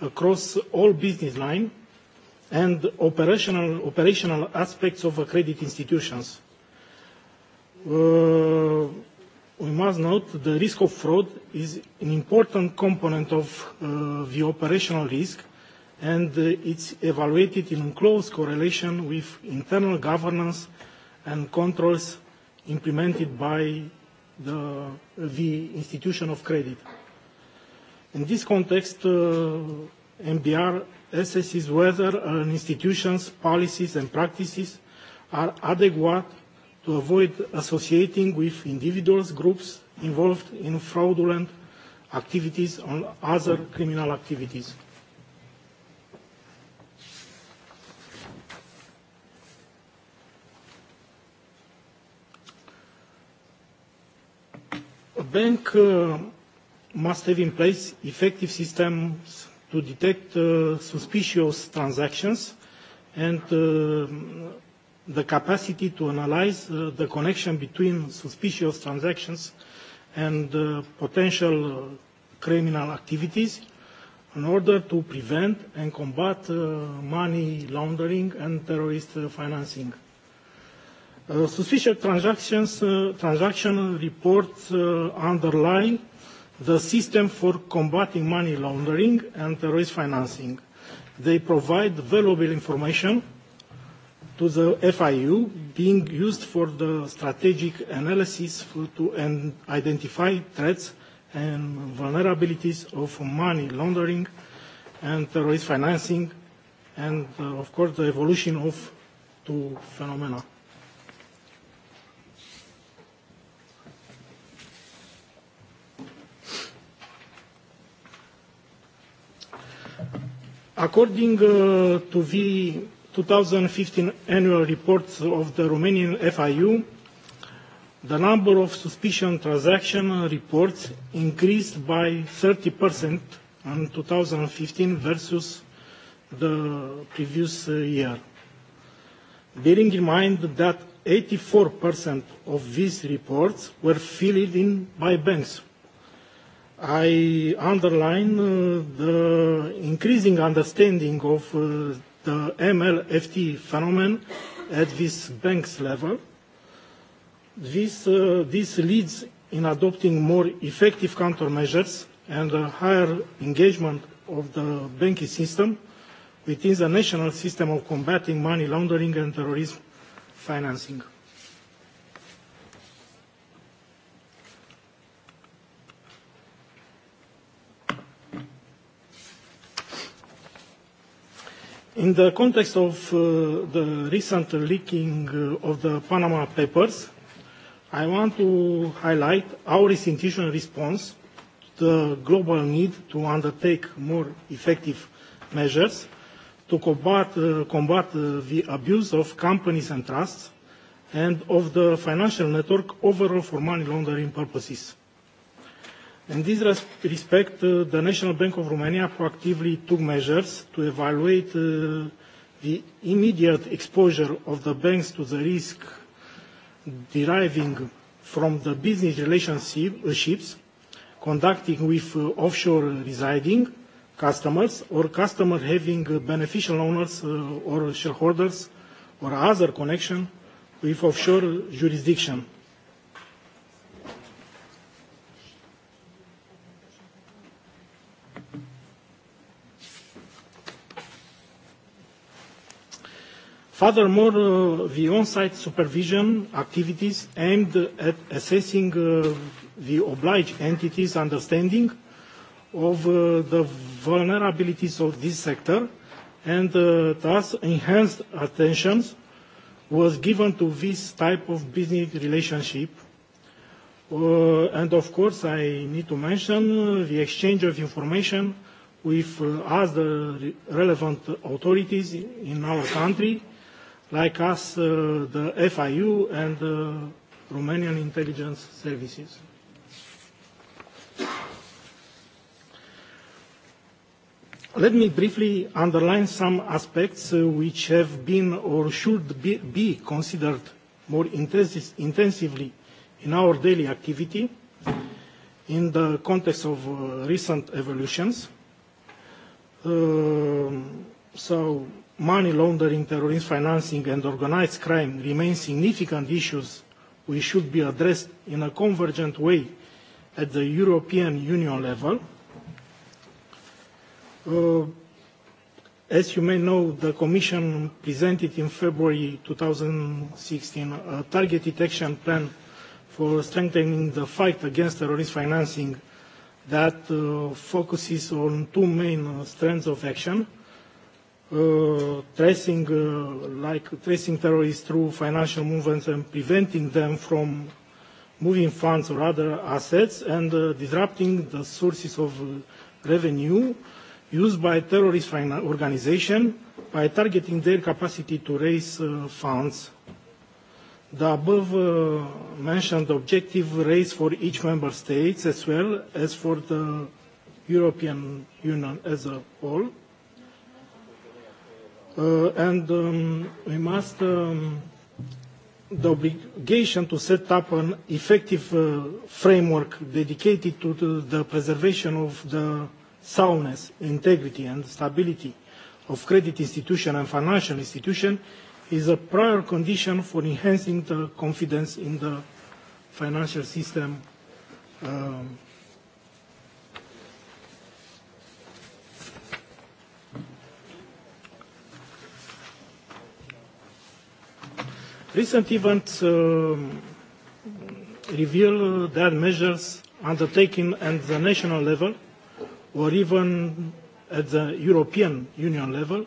across all business lines and operational, operational aspects of credit institutions. Uh, we must note the risk of fraud is an important component of uh, the operational risk and uh, it's evaluated in close correlation with internal governance and controls implemented by the, uh, the institution of credit. In this context, uh, MBR assesses whether an institution's policies and practices are adequate to avoid associating with individuals, groups involved in fraudulent activities or other criminal activities. A bank uh, must have in place effective systems to detect uh, suspicious transactions and uh, the capacity to analyze uh, the connection between suspicious transactions and uh, potential uh, criminal activities in order to prevent and combat uh, money laundering and terrorist uh, financing. Suspicious transactions transaction reports underline the system for combating money laundering and terrorist financing. They provide valuable information to the FIU being used for the strategic analysis for, to and identify threats and vulnerabilities of money laundering and terrorist financing and uh, of course the evolution of two phenomena. According uh, to the 2015 annual reports of the Romanian FIU, the number of suspicion transaction reports increased by 30% in 2015 versus the previous uh, year. Bearing in mind that 84% of these reports were filled in by banks. I underline uh, the increasing understanding of uh, the MLFT phenomenon at this bank's level. This, uh, this leads in adopting more effective countermeasures and a higher engagement of the banking system within the national system of combating money laundering and terrorism financing. In the context of uh, the recent leaking uh, of the Panama Papers, I want to highlight our institutional response to the global need to undertake more effective measures to combat, uh, combat the abuse of companies and trusts and of the financial network overall for money laundering purposes. In this respect, uh, the National Bank of Romania proactively took measures to evaluate uh, the immediate exposure of the banks to the risk deriving from the business relationships conducting with uh, offshore residing customers or customers having beneficial owners or shareholders or other connection with offshore jurisdiction Furthermore, uh, the on-site supervision activities aimed at assessing uh, the obliged entities' understanding of uh, the vulnerabilities of this sector and thus enhanced attention was given to this type of business relationship. And of course, I need to mention the exchange of information with other relevant authorities in our country like us, uh, the FIU and the Romanian intelligence services. Let me briefly underline some aspects uh, which have been or should be considered more intensively in our daily activity in the context of uh, recent evolutions. Um, so money laundering, terrorist financing and organised crime remain significant issues which should be addressed in a convergent way at the European Union level. Uh, as you may know, the Commission presented in February 2016 a targeted action plan for strengthening the fight against terrorist financing that uh, focuses on two main uh, strands of action – Uh, tracing uh, like tracing terrorists through financial movements and preventing them from moving funds or other assets and uh, disrupting the sources of revenue used by terrorist organization by targeting their capacity to raise funds. The above mentioned objective raised for each member state as well as for the European Union as a whole Uh, and um, we must um, the obligation to set up an effective uh, framework dedicated to the, the preservation of the soundness, integrity and stability of credit institution and financial institution is a prior condition for enhancing the confidence in the financial system um, Recent events um, reveal that measures undertaken at the national level or even at the European Union level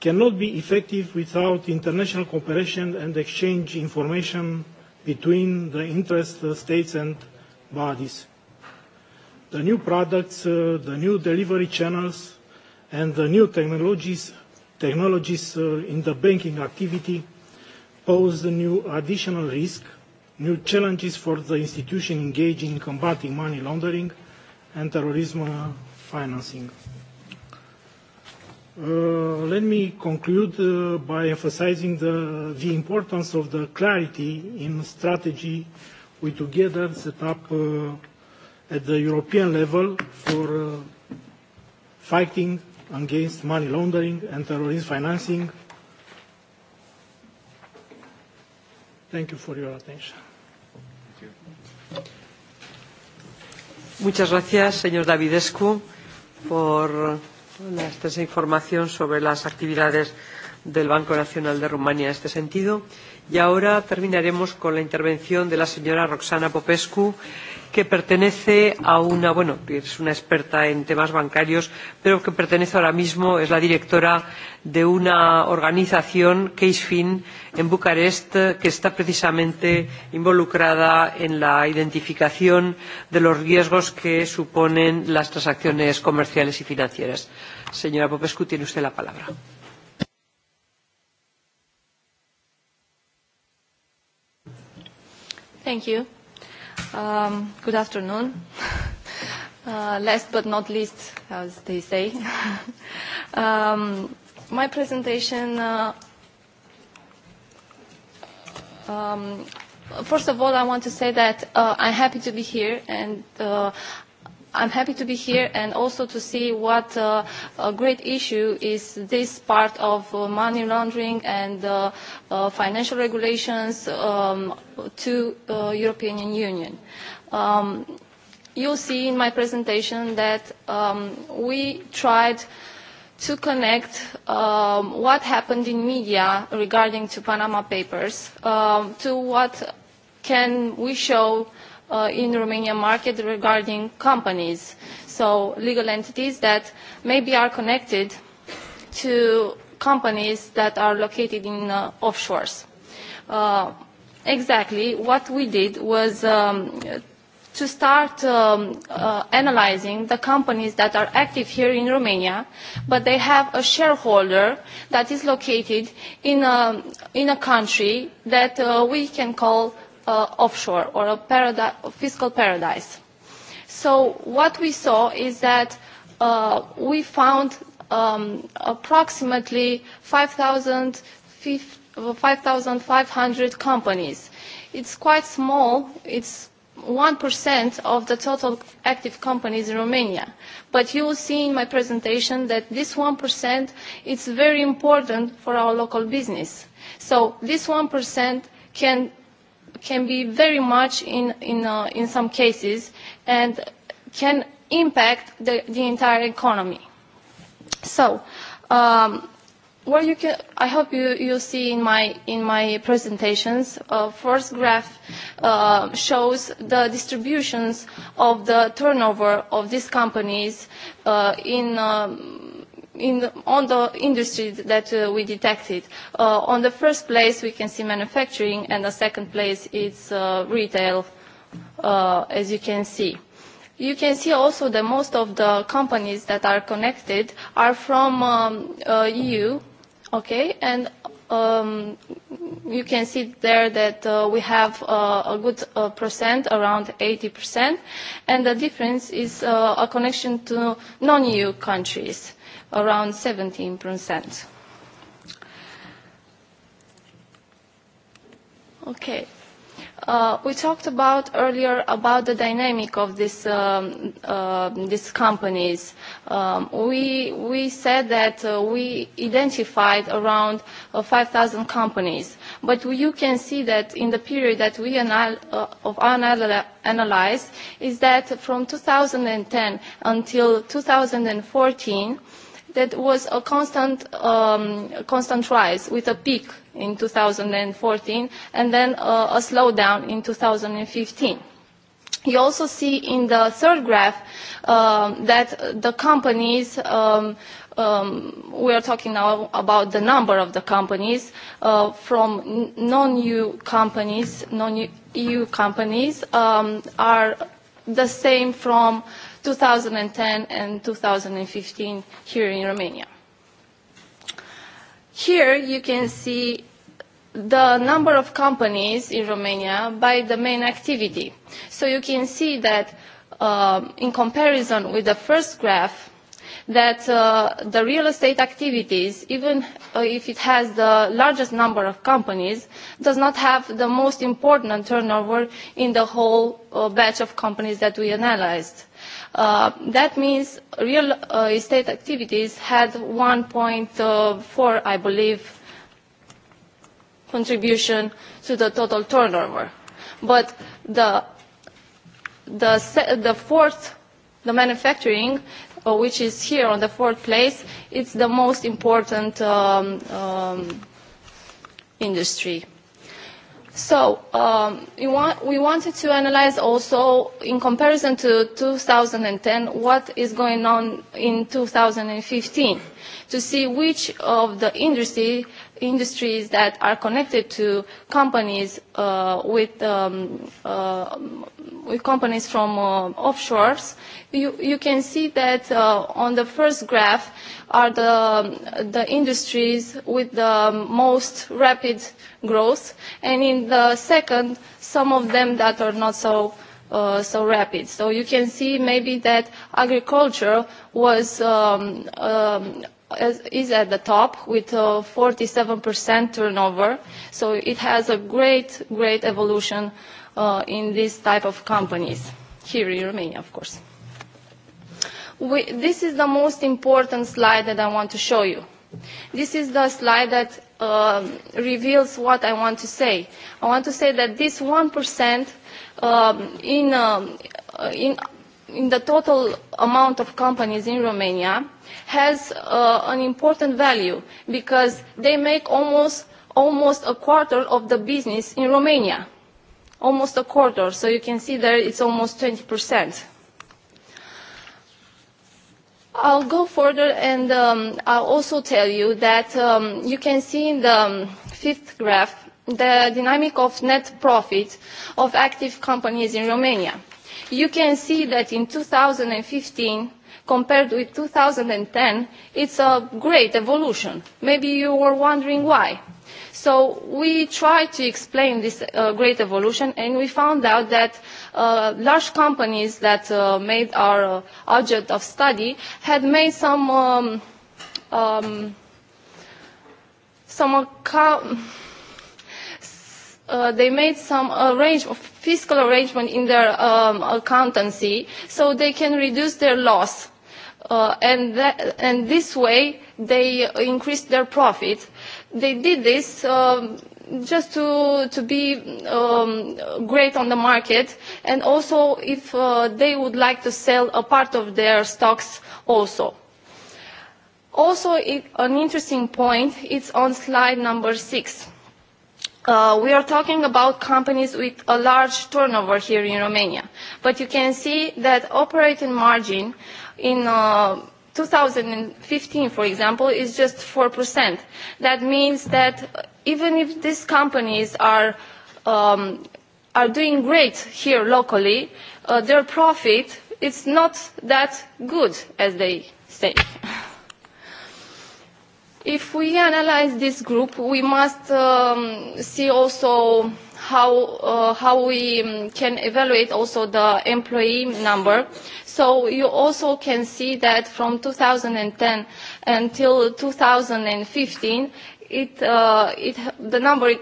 cannot be effective without international cooperation and exchange information between the interest states and bodies. The new products, uh, the new delivery channels and the new technologies, technologies uh, in the banking activity pose a new additional risk, new challenges for the institution engaged in combating money laundering and terrorism uh, financing. Uh, let me conclude uh, by emphasizing the, the importance of the clarity in strategy we together set up uh, at the European level for fighting against money laundering and terrorism financing Thank you for your attention. Muchas gracias, señor Davidescu, por la extensa información sobre las actividades del Banco Nacional de Rumanía en este sentido. Y ahora terminaremos con la intervención de la señora Roxana Popescu, que pertenece a una bueno es una experta en temas bancarios pero que pertenece ahora mismo es la directora de una organización CaseFin en Bucarest que está precisamente involucrada en la identificación de los riesgos que suponen las transacciones comerciales y financieras. Señora Popescu tiene usted la palabra. Um, good afternoon. Uh, last but not least, as they say. um, my presentation, uh, um, first of all, I want to say that uh, I'm happy to be here and uh, I'm happy to be here and also to see what uh, a great issue is this part of uh, money laundering and uh, uh financial regulations um, to uh, European Union. Um, you'll see in my presentation that um, we tried to connect um, what happened in media regarding to Panama Papers um, to what can we show uh, in Romanian market regarding companies. So legal entities that maybe are connected to companies that are located in uh, offshores. Uh, exactly what we did was um, to start um, uh, analyzing the companies that are active here in Romania, but they have a shareholder that is located in a, um, in a country that uh, we can call Uh, offshore or a fiscal paradise. So what we saw is that uh, we found um, approximately 5,500 companies. It's quite small. It's 1% of the total active companies in Romania. But you will see in my presentation that this 1% is very important for our local business. So this 1% can can be very much in, in, uh, in some cases and can impact the, the entire economy. So, um, what you can, I hope you, you see in my, in my presentations, uh, first graph uh, shows the distributions of the turnover of these companies uh, in um, in the, on the industry that uh, we detected. Uh, on the first place, we can see manufacturing, and the second place is uh, retail, uh, as you can see. You can see also that most of the companies that are connected are from um, uh, EU, okay, and um, you can see there that uh, we have uh, a good uh, percent, around 80%, and the difference is uh, a connection to non-EU countries around 17%. Okay. Uh, we talked about earlier about the dynamic of this, um, um, these companies. Um, we, we said that uh, we identified around 5,000 uh, companies, but you can see that in the period that we anal is that from 2010 until 2014, that was a um, constant, rise with a peak in 2014 and then a slowdown in 2015. You also see in the third graph um, that the companies, um, we are talking now about the number of the companies, uh, from non-EU companies, non-EU companies are the same from 2010 and 2015 here in Romania. Here you can see the number of companies in Romania by the main activity. So you can see that um, in comparison with the first graph, that uh, the real estate activities, even uh, if it has the largest number of companies, does not have the most important turnover in the whole uh, batch of companies that we analyzed. Uh, that means real uh, estate activities had 1.4, uh, I believe, contribution to the total turnover. But the, the, the fourth, the manufacturing, which is here on the fourth place, it's the most important um, um, industry. So um, you want, we wanted to analyze also, in comparison to 2010, what is going on in 2015 to see which of the industry industries that are connected to companies uh, with, um, uh, with companies from uh, offshores, you, you can see that uh, on the first graph are the, the industries with the most rapid growth, and in the second, some of them that are not so uh, so rapid. So you can see maybe that agriculture was um, um, is at the top with a uh, 47% turnover. So it has a great, great evolution uh, in this type of companies here in Romania, of course. this is the most important slide that I want to show you. This is the slide that um, reveals what I want to say. I want to say that this 1% um, in, um, in in the total amount of companies in Romania has uh, an important value because they make almost almost a quarter of the business in Romania. Almost a quarter, so you can see there it's almost 20%. I'll go further and um, I'll also tell you that um, you can see in the um, fifth graph the dynamic of net profit of active companies in Romania you can see that in 2015 compared with 2010 it's a great evolution maybe you were wondering why so we tried to explain this uh, great evolution and we found out that uh, large companies that uh, made our uh, object of study had made some um, um some account uh, they made some arrange of fiscal arrangement in their um, accountancy so they can reduce their loss uh, and that, and this way they increased their profit they did this um, just to to be um, great on the market and also if uh, they would like to sell a part of their stocks also also it, an interesting point it's on slide number six. Uh, we are talking about companies with a large turnover here in Romania. But you can see that operating margin in uh, 2015, for example, is just 4%. That means that even if these companies are, um, are doing great here locally, uh, their profit is not that good, as they say. If we analyze this group, we must um, see also how, uh, how we um, can evaluate also the employee number. So you also can see that from 2010 until 2015, it, uh, it, the number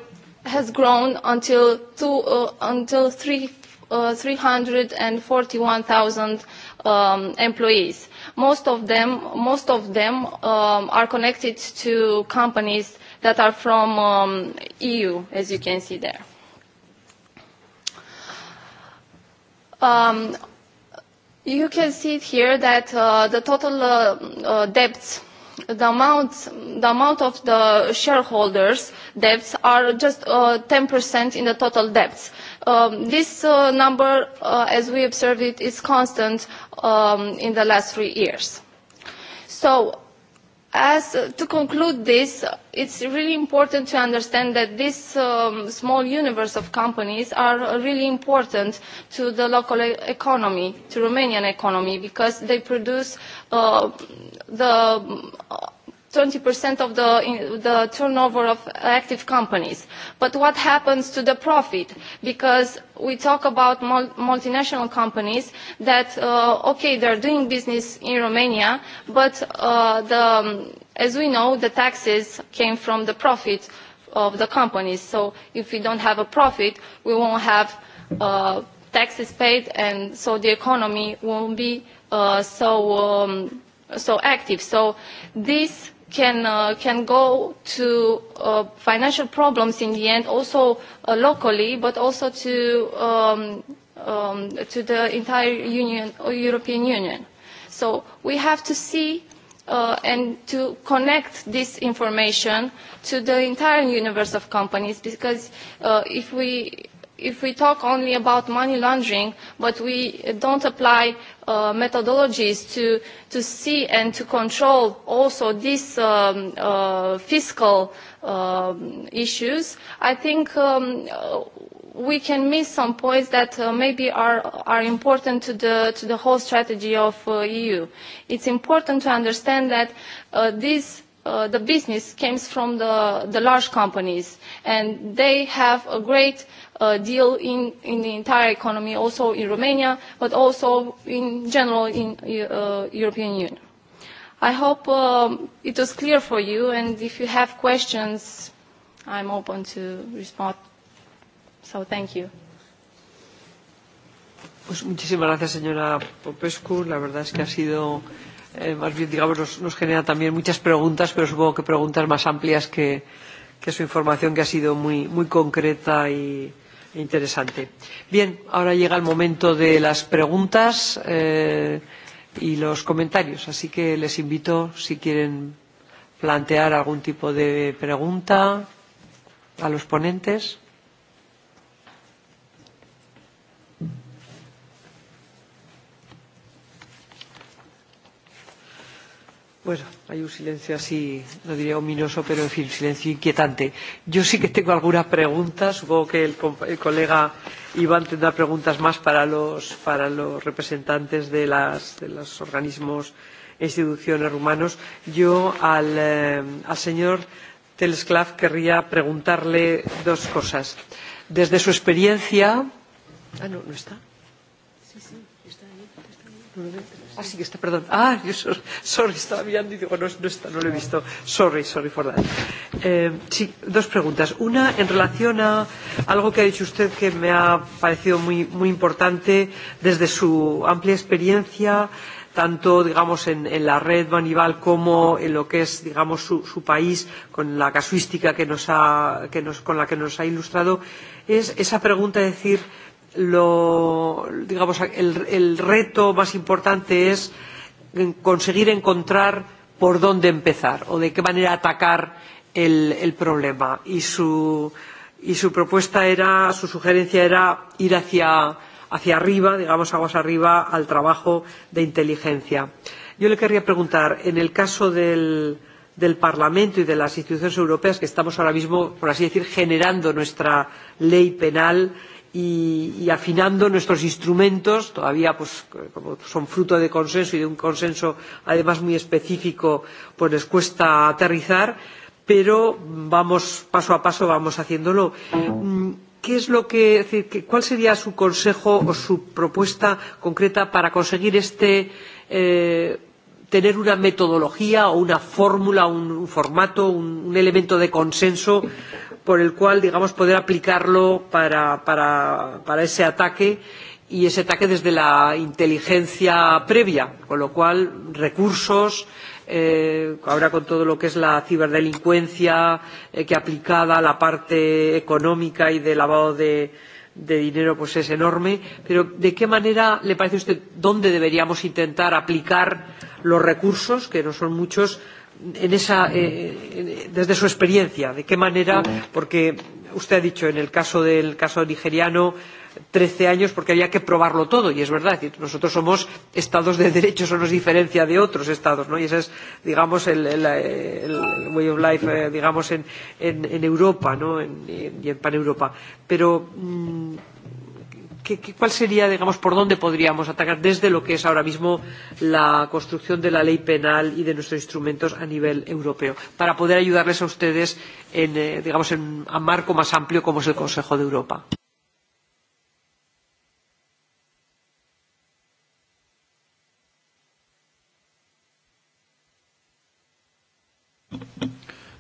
has grown until, two, uh, until three, uh, 341,000 um, employees. Most of them, most of them um, are connected to companies that are from um, EU, as you can see there. Um, you can see here that uh, the total uh, uh, debts the amount, amount of the shareholders' debts are just 10% uh, in the total debts. Um, this uh, number, uh, as we observed it, is constant um, in the last three years. So As uh, to conclude this, it's really important to understand that this um, small universe of companies are really important to the local e economy, to Romanian economy, because they produce uh, the 20% of the, the turnover of active companies. But what happens to the profit? Because we talk about mul multinational companies that, uh, okay, they're doing business in Romania, but uh, the, as we know, the taxes came from the profit of the companies. So if we don't have a profit, we won't have uh, taxes paid, and so the economy won't be uh, so, um, so active. So this can uh, can go to uh, financial problems in the end also uh, locally but also to um, um, to the entire union or uh, European Union so we have to see uh, and to connect this information to the entire universe of companies because uh, if we if we talk only about money laundering, but we don't apply uh, methodologies to, to see and to control also these um, uh, fiscal um, issues, I think um, uh, we can miss some points that uh, maybe are, are important to the, to the whole strategy of uh, EU. It's important to understand that uh, these Uh, the business came from the, the large companies and they have a great uh, deal in, in the entire economy, also in Romania, but also in general in uh, European Union. I hope um, it was clear for you, and if you have questions, I'm open to respond. So thank you. Pues muchísimas gracias, señora Popescu. La verdad es que ha sido eh, más bien digamos nos, genera también muchas preguntas pero supongo que preguntas más amplias que, que su información que ha sido muy, muy concreta y e interesante. bien ahora llega el momento de las preguntas eh, y los comentarios así que les invito si quieren plantear algún tipo de pregunta a los ponentes. Bueno, hay un silencio así, no diría ominoso, pero en fin, silencio inquietante. Yo sí que tengo algunas preguntas. Supongo que el, el colega Iván tendrá preguntas más para los, para los representantes de, las, de los organismos e instituciones rumanos. Yo al, eh, al señor Telesclav querría preguntarle dos cosas. Desde su experiencia... Ah, no, no está. Sí, sí, está ahí. Está ahí. Ah, que perdón. Ah, yo, sorry, estaba mirando y digo, oh, no, no está, no lo he visto. Sorry, sorry for Eh, sí, dos preguntas. Una, en relación a algo que ha dicho usted que me ha parecido muy, muy importante desde su amplia experiencia tanto digamos en, en la red Banival como en lo que es digamos su, su país con la casuística que nos ha, que nos, con la que nos ha ilustrado es esa pregunta de decir lo, digamos, el, reto más importante es conseguir encontrar por dónde empezar o de qué manera atacar el, problema. Y su, y su propuesta era, su sugerencia era ir hacia, hacia arriba, digamos aguas arriba, al trabajo de inteligencia. Yo le querría preguntar, en el caso del, del Parlamento y de las instituciones europeas, que estamos ahora mismo, por así decir, generando nuestra ley penal, y, afinando nuestros instrumentos todavía pues como son fruto de consenso y de un consenso además muy específico pues les cuesta aterrizar pero vamos paso a paso vamos haciéndolo mm, qué cuál sería su consejo o su propuesta concreta para conseguir este eh, tener una metodología o una fórmula un, formato un elemento de consenso por el cual digamos poder aplicarlo para, para, para ese ataque y ese ataque desde la inteligencia previa con lo cual recursos eh, ahora con todo lo que es la ciberdelincuencia eh, que aplicada a la parte económica y de lavado de, de dinero pues es enorme pero de qué manera le parece a usted dónde deberíamos intentar aplicar los recursos que no son muchos en esa, eh, eh, desde su experiencia, de qué manera, porque usted ha dicho en el caso del caso nigeriano trece años porque había que probarlo todo y es verdad nosotros somos estados de derecho eso nos diferencia de otros estados ¿no? y ese es digamos el, el, el way of life eh, digamos en, en, en Europa ¿no? en, y en pan Europa pero mm, ¿Qué, cuál sería, digamos, por dónde podríamos atacar desde lo que es ahora mismo la construcción de la ley penal y de nuestros instrumentos a nivel europeo para poder ayudarles a ustedes en, eh, digamos, en un marco más amplio como es el Consejo de Europa?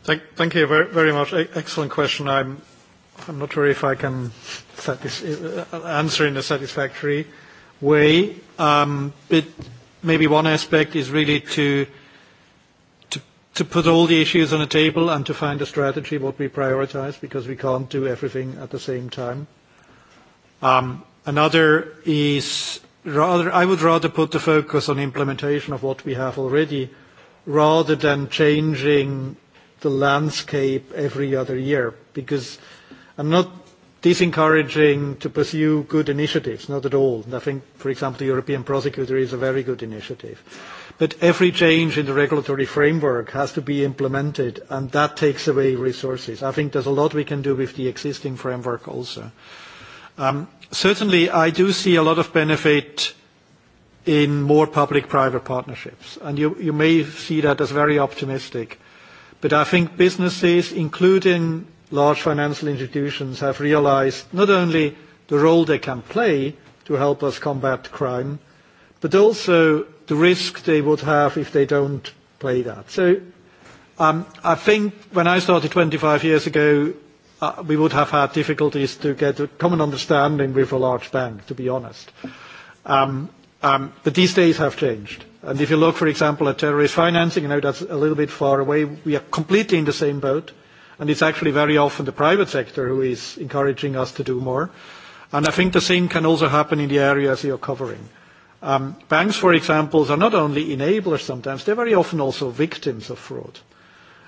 Thank, thank you very, much. E-, excellent question. I'm, I'm not if I can Uh, answer in a satisfactory way. Um, but maybe one aspect is really to, to, to put all the issues on the table and to find a strategy what we prioritize because we can't do everything at the same time. Um, another is rather, I would rather put the focus on implementation of what we have already rather than changing the landscape every other year because I'm not disencouraging to pursue good initiatives, not at all. I think, for example, the European prosecutor is a very good initiative. But every change in the regulatory framework has to be implemented, and that takes away resources. I think there's a lot we can do with the existing framework also. Um, certainly, I do see a lot of benefit in more public-private partnerships, and you, you may see that as very optimistic. But I think businesses, including large financial institutions have realized not only the role they can play to help us combat crime, but also the risk they would have if they don't play that. So um, I think when I started 25 years ago, uh, we would have had difficulties to get a common understanding with a large bank, to be honest. Um, um, but these days have changed. And if you look, for example, at terrorist financing, you know that's a little bit far away. We are completely in the same boat and it's actually very often the private sector who is encouraging us to do more. And I think the same can also happen in the areas you're covering. Um, banks, for example, are not only enablers sometimes, they're very often also victims of fraud.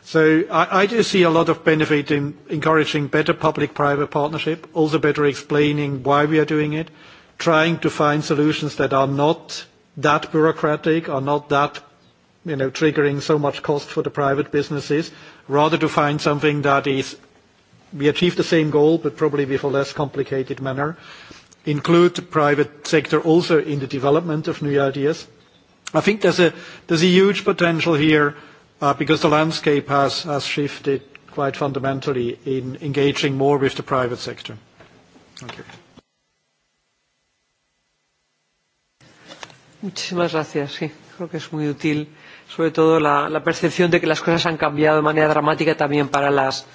So I, I do see a lot of benefit in encouraging better public-private partnership, also better explaining why we are doing it, trying to find solutions that are not that bureaucratic, are not that you know, triggering so much cost for the private businesses, rather to find something that is we achieve the same goal but probably with a less complicated manner include the private sector also in the development of new ideas i think there's a there's a huge potential here uh, because the landscape has has shifted quite fundamentally in engaging more with the private sector thank you Muchísimas gracias. Sí, creo que es muy útil sobre todo la, la percepción de que las cosas han cambiado de manera dramática también para, las,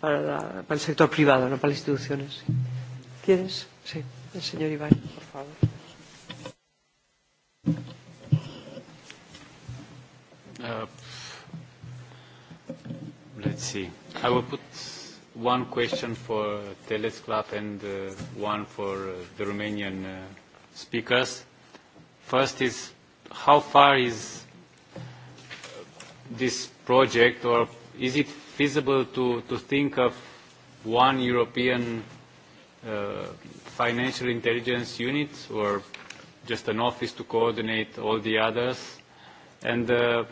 para, la, para el sector privado, no para las instituciones. ¿Quieres? Sí, el señor Iván, por favor. Uh, let's see. I will put one question for Teles Club and uh, one for uh, the Romanian uh, speakers. First is, how far is this project or is it feasible to, to think of one European uh, financial intelligence unit or just an office to coordinate all the others? And uh,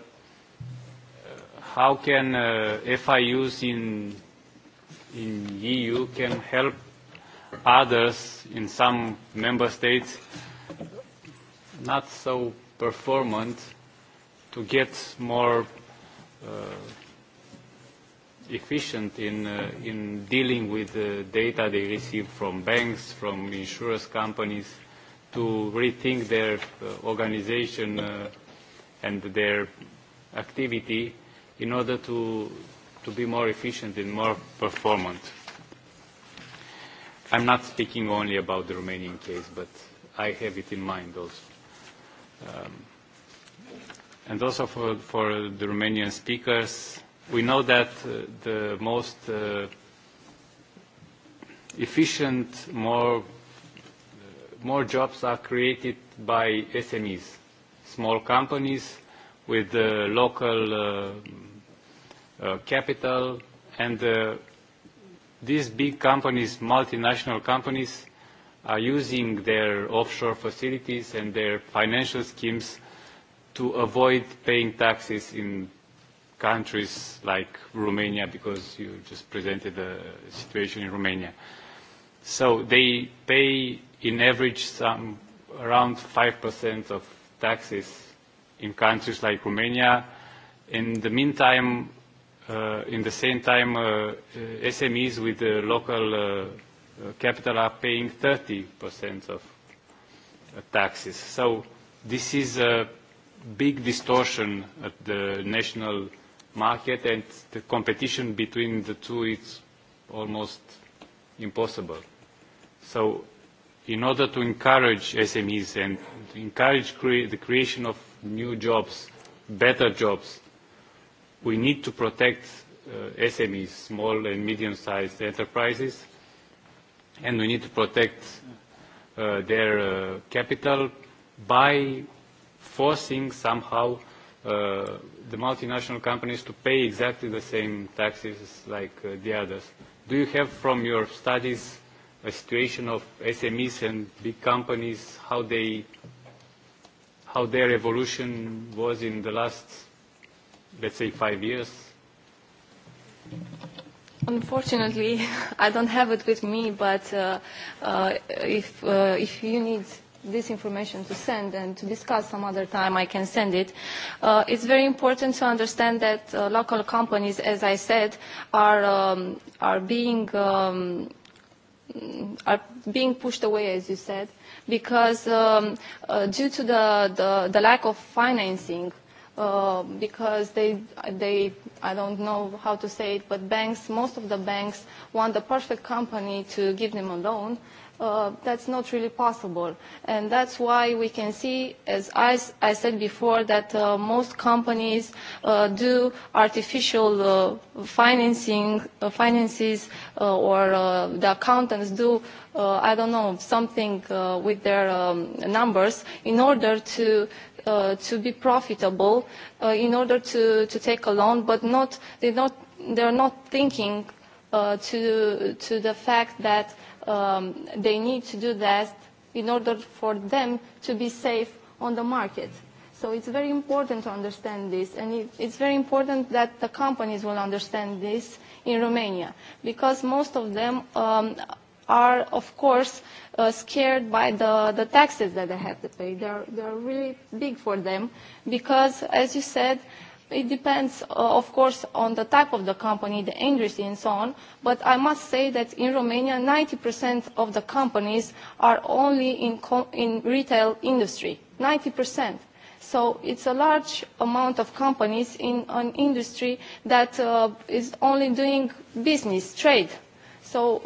how can uh, FIUs in, in EU can help others in some member states not so performant to get more Uh, efficient in, uh, in dealing with the data they receive from banks, from insurance companies, to rethink their uh, organization uh, and their activity in order to, to be more efficient and more performant. I'm not speaking only about the Romanian case, but I have it in mind also. Um, and also for, for the Romanian speakers. We know that uh, the most uh, efficient, more, uh, more jobs are created by SMEs, small companies with uh, local uh, uh, capital and uh, these big companies, multinational companies, are using their offshore facilities and their financial schemes to avoid paying taxes in countries like Romania, because you just presented the situation in Romania. So they pay in average some around 5% of taxes in countries like Romania. In the meantime, uh, in the same time, uh, uh, SMEs with the local capital are paying 30% of taxes. So this is a big distortion at the national market and the competition between the two is almost impossible. So in order to encourage SMEs and encourage cre the creation of new jobs, better jobs, we need to protect uh, SMEs, small and medium-sized enterprises, and we need to protect uh, their uh, capital by forcing somehow uh, the multinational companies to pay exactly the same taxes like uh, the others. Do you have from your studies a situation of SMEs and big companies, how they how their evolution was in the last, let's say, five years? Unfortunately, I don't have it with me, but uh, uh, if, uh, if you need this information to send and to discuss some other time, I can send it. Uh, it's very important to understand that uh, local companies, as I said, are, um, are, being, um, are being pushed away, as you said, because um, uh, due to the, the, the lack of financing, Uh, because they, they, I don't know how to say it, but banks, most of the banks want the perfect company to give them a loan, Uh, that's not really possible. And that's why we can see, as I, I said before, that uh, most companies uh, do artificial financing, finances or the accountants do, I don't know, something with their um, numbers in order to to be profitable in order to, to take a loan, but not, they not, they're not thinking to, to the fact that um, they need to do that in order for them to be safe on the market. So it's very important to understand this, and it, it's very important that the companies will understand this in Romania, because most of them um, are, of course, uh, scared by the, the taxes that they have to pay. They're, they're really big for them, because, as you said, It depends, uh, of course, on the type of the company, the industry, and so on. But I must say that in Romania, 90% of the companies are only in, co in retail industry. 90%. So it's a large amount of companies in an industry that uh, is only doing business, trade. So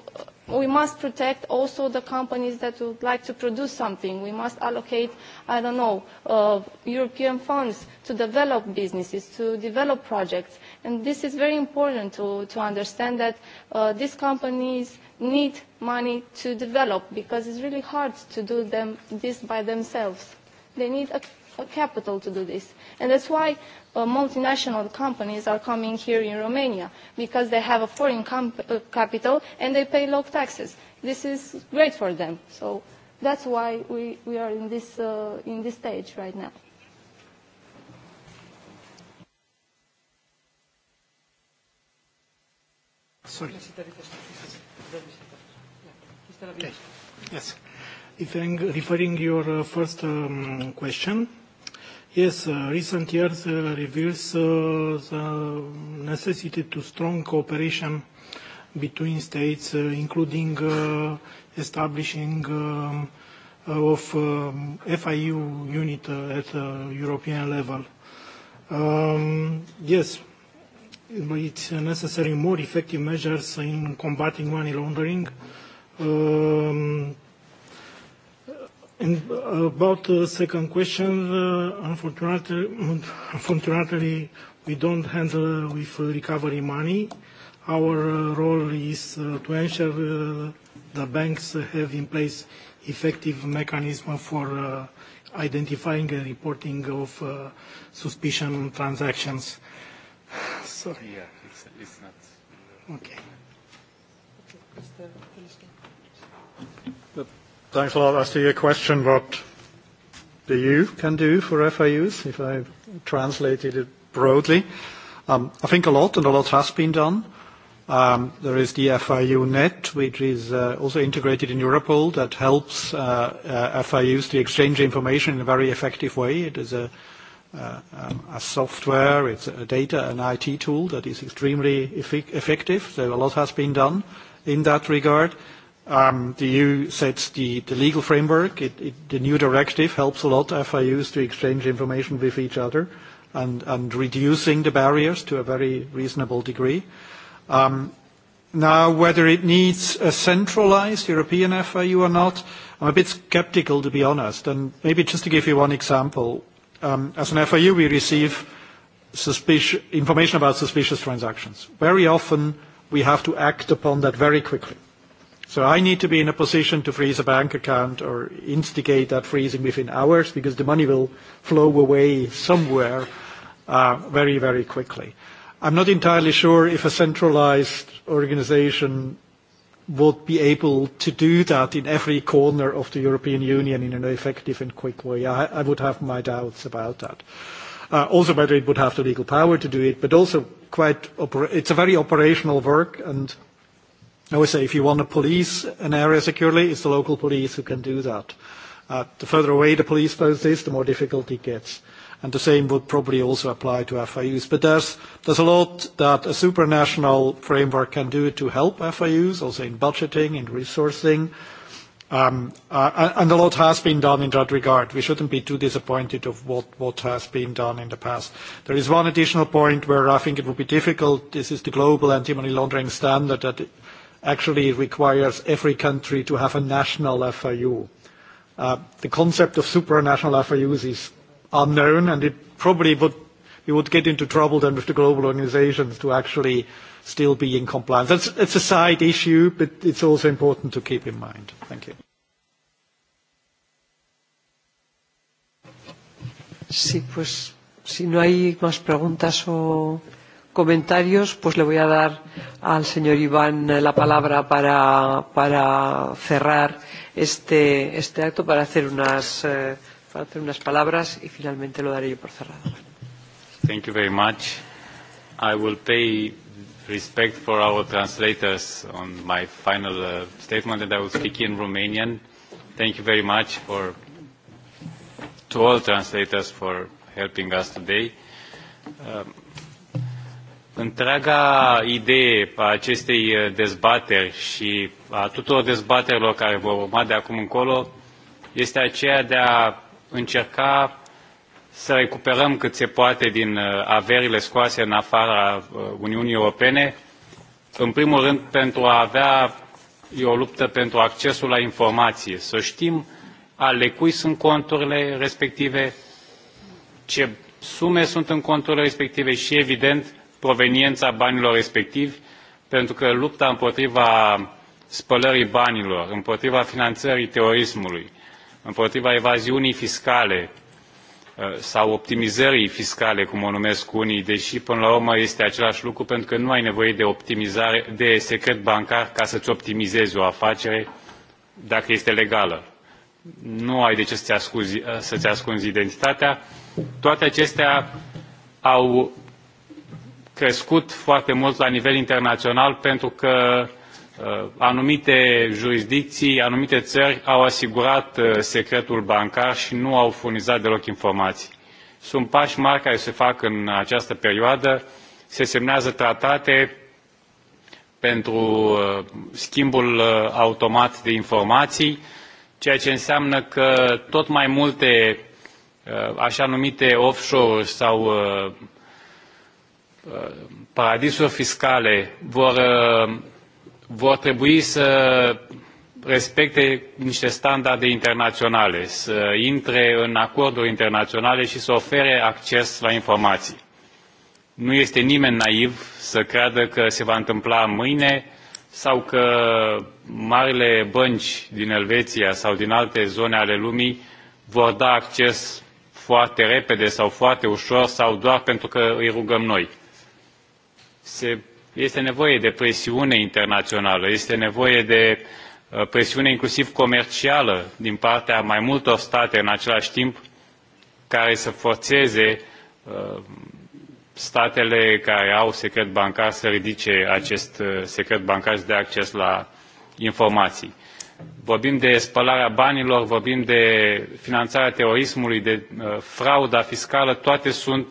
We must protect also the companies that would like to produce something. We must allocate, I don't know, uh, European funds to develop businesses, to develop projects. And this is very important to, to understand that uh, these companies need money to develop because it's really hard to do them, this by themselves. They need a capital to do this. And that's why uh, multinational companies are coming here in Romania, because they have a foreign uh, capital and they pay low taxes. This is great for them. So that's why we, we are in this, uh, in this stage right now. Sorry. Okay. Yes. If referring your uh, first um, question, Yes, uh, recent years uh, reveals uh, the necessity to strong cooperation between states, uh, including uh, establishing um, uh, of um, FIU unit uh, at uh, European level. Um, yes, it's necessary more effective measures in combating money laundering. Um, And uh, about the second question, uh, unfortunately, unfortunately, we don't handle with recovery money. Our uh, role is to ensure the banks have in place effective mechanism for identifying and reporting of suspicion transactions. Sorry. Yeah, it's, not. Okay. okay. Thanks a lot. As to your uh, question, what the EU can do for FIUs, if I translated it broadly, um, I think a lot, and a lot has been done. Um, there is the FIU net, which is uh, also integrated in Europol, that helps uh, uh FIUs to exchange information in a very effective way. It is a, um, a software, it's a data and IT tool that is extremely effective, so a lot has been done in that regard. Um, the EU sets the, legal framework. the new directive helps a lot FIUs to exchange information with each other and, and reducing the barriers to a very reasonable degree. Um, now, whether it needs a centralized European FIU or not, I'm a bit skeptical, to be honest. And maybe just to give you one example, um, as an FIU, we receive information about suspicious transactions. Very often, we have to act upon that very quickly So I need to be in a position to freeze a bank account or instigate that freezing within hours because the money will flow away somewhere uh, very, very quickly. I'm not entirely sure if a centralized organization would be able to do that in every corner of the European Union in an effective and quick way. I, would have my doubts about that. Uh, also whether it would have the legal power to do it, but also quite, it's a very operational work and i always say if you want to police an area securely, it's the local police who can do that. Uh, the further away the police post is, the more difficult it gets. And the same would probably also apply to FIUs. But there's, there's a lot that a supranational framework can do to help FIUs, also in budgeting, in resourcing. Um, uh, uh, and a lot has been done in that regard. We shouldn't be too disappointed of what, what has been done in the past. There is one additional point where I think it would be difficult. This is the global anti-money laundering standard that actually requires every country to have a national FIU. Uh, the concept of supranational FIUs is unknown, and it probably would, we would get into trouble then with the global organizations to actually still be in compliance. it's a side issue, but it's also important to keep in mind. Thank you. Sí, pues si no hay más preguntas o comentarios, pues le voy a dar al señor Iván eh, la palabra para, para cerrar este, este acto, para hacer, unas, eh, para hacer unas palabras y finalmente lo daré yo por cerrado. Thank you very much. I will pay respect for our translators on my final uh, statement that I will speak in Romanian. Thank you very much for, to all translators for helping us today. Um, Întreaga idee a acestei uh, dezbateri și a tuturor dezbaterilor care vor urma de acum încolo este aceea de a încerca să recuperăm cât se poate din uh, averile scoase în afara uh, Uniunii Europene, în primul rând pentru a avea e o luptă pentru accesul la informație, să știm ale cui sunt conturile respective, ce sume sunt în conturile respective și, evident, proveniența banilor respectivi, pentru că lupta împotriva spălării banilor, împotriva finanțării terorismului, împotriva evaziunii fiscale uh, sau optimizării fiscale, cum o numesc unii, deși până la urmă este același lucru pentru că nu ai nevoie de, optimizare, de secret bancar ca să-ți optimizezi o afacere dacă este legală. Nu ai de ce să-ți ascunzi, să ascunzi identitatea. Toate acestea au crescut foarte mult la nivel internațional pentru că uh, anumite jurisdicții, anumite țări au asigurat uh, secretul bancar și nu au furnizat deloc informații. Sunt pași mari care se fac în această perioadă, se semnează tratate pentru uh, schimbul automat de informații, ceea ce înseamnă că tot mai multe așa numite offshore sau Eh, paradisuri fiscale vor, eh, vor trebui să respecte niște standarde internaționale, să intre în acorduri internaționale și să ofere acces la informații. Nu este nimeni naiv să creadă că se va întâmpla mâine sau că marile bănci din Elveția sau din alte zone ale lumii vor da acces foarte repede sau foarte ușor sau doar pentru că îi rugăm noi se, este nevoie de presiune internațională, este nevoie de uh, presiune inclusiv comercială din partea mai multor state în același timp care să forțeze uh, statele care au secret bancar să ridice acest uh, secret bancar și de acces la informații. Vorbim de spălarea banilor, vorbim de finanțarea terorismului, de frauda fiscală, toate sunt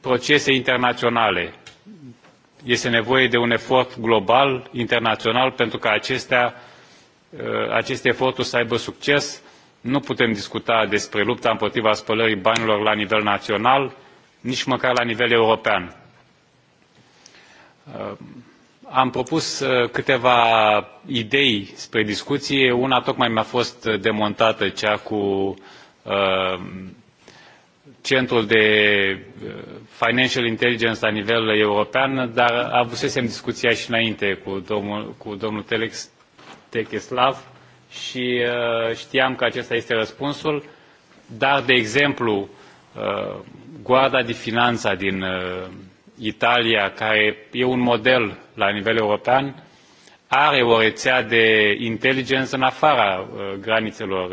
procese internaționale. Este nevoie de un efort global, internațional, pentru ca acestea, uh, aceste eforturi să aibă succes. Nu putem discuta despre lupta împotriva spălării banilor la nivel național, nici măcar la nivel european. Uh, am propus uh, câteva idei spre discuție. Una tocmai mi-a fost demontată, cea cu centrul de uh, financial intelligence la nivel european, dar avusesem discuția și înainte cu domnul, cu domnul Telex Techeslav și uh, știam că acesta este răspunsul, dar, de exemplu, uh, Guarda de finanță din Italia, care e un model la nivel european, are o rețea de intelligence în afara granițelor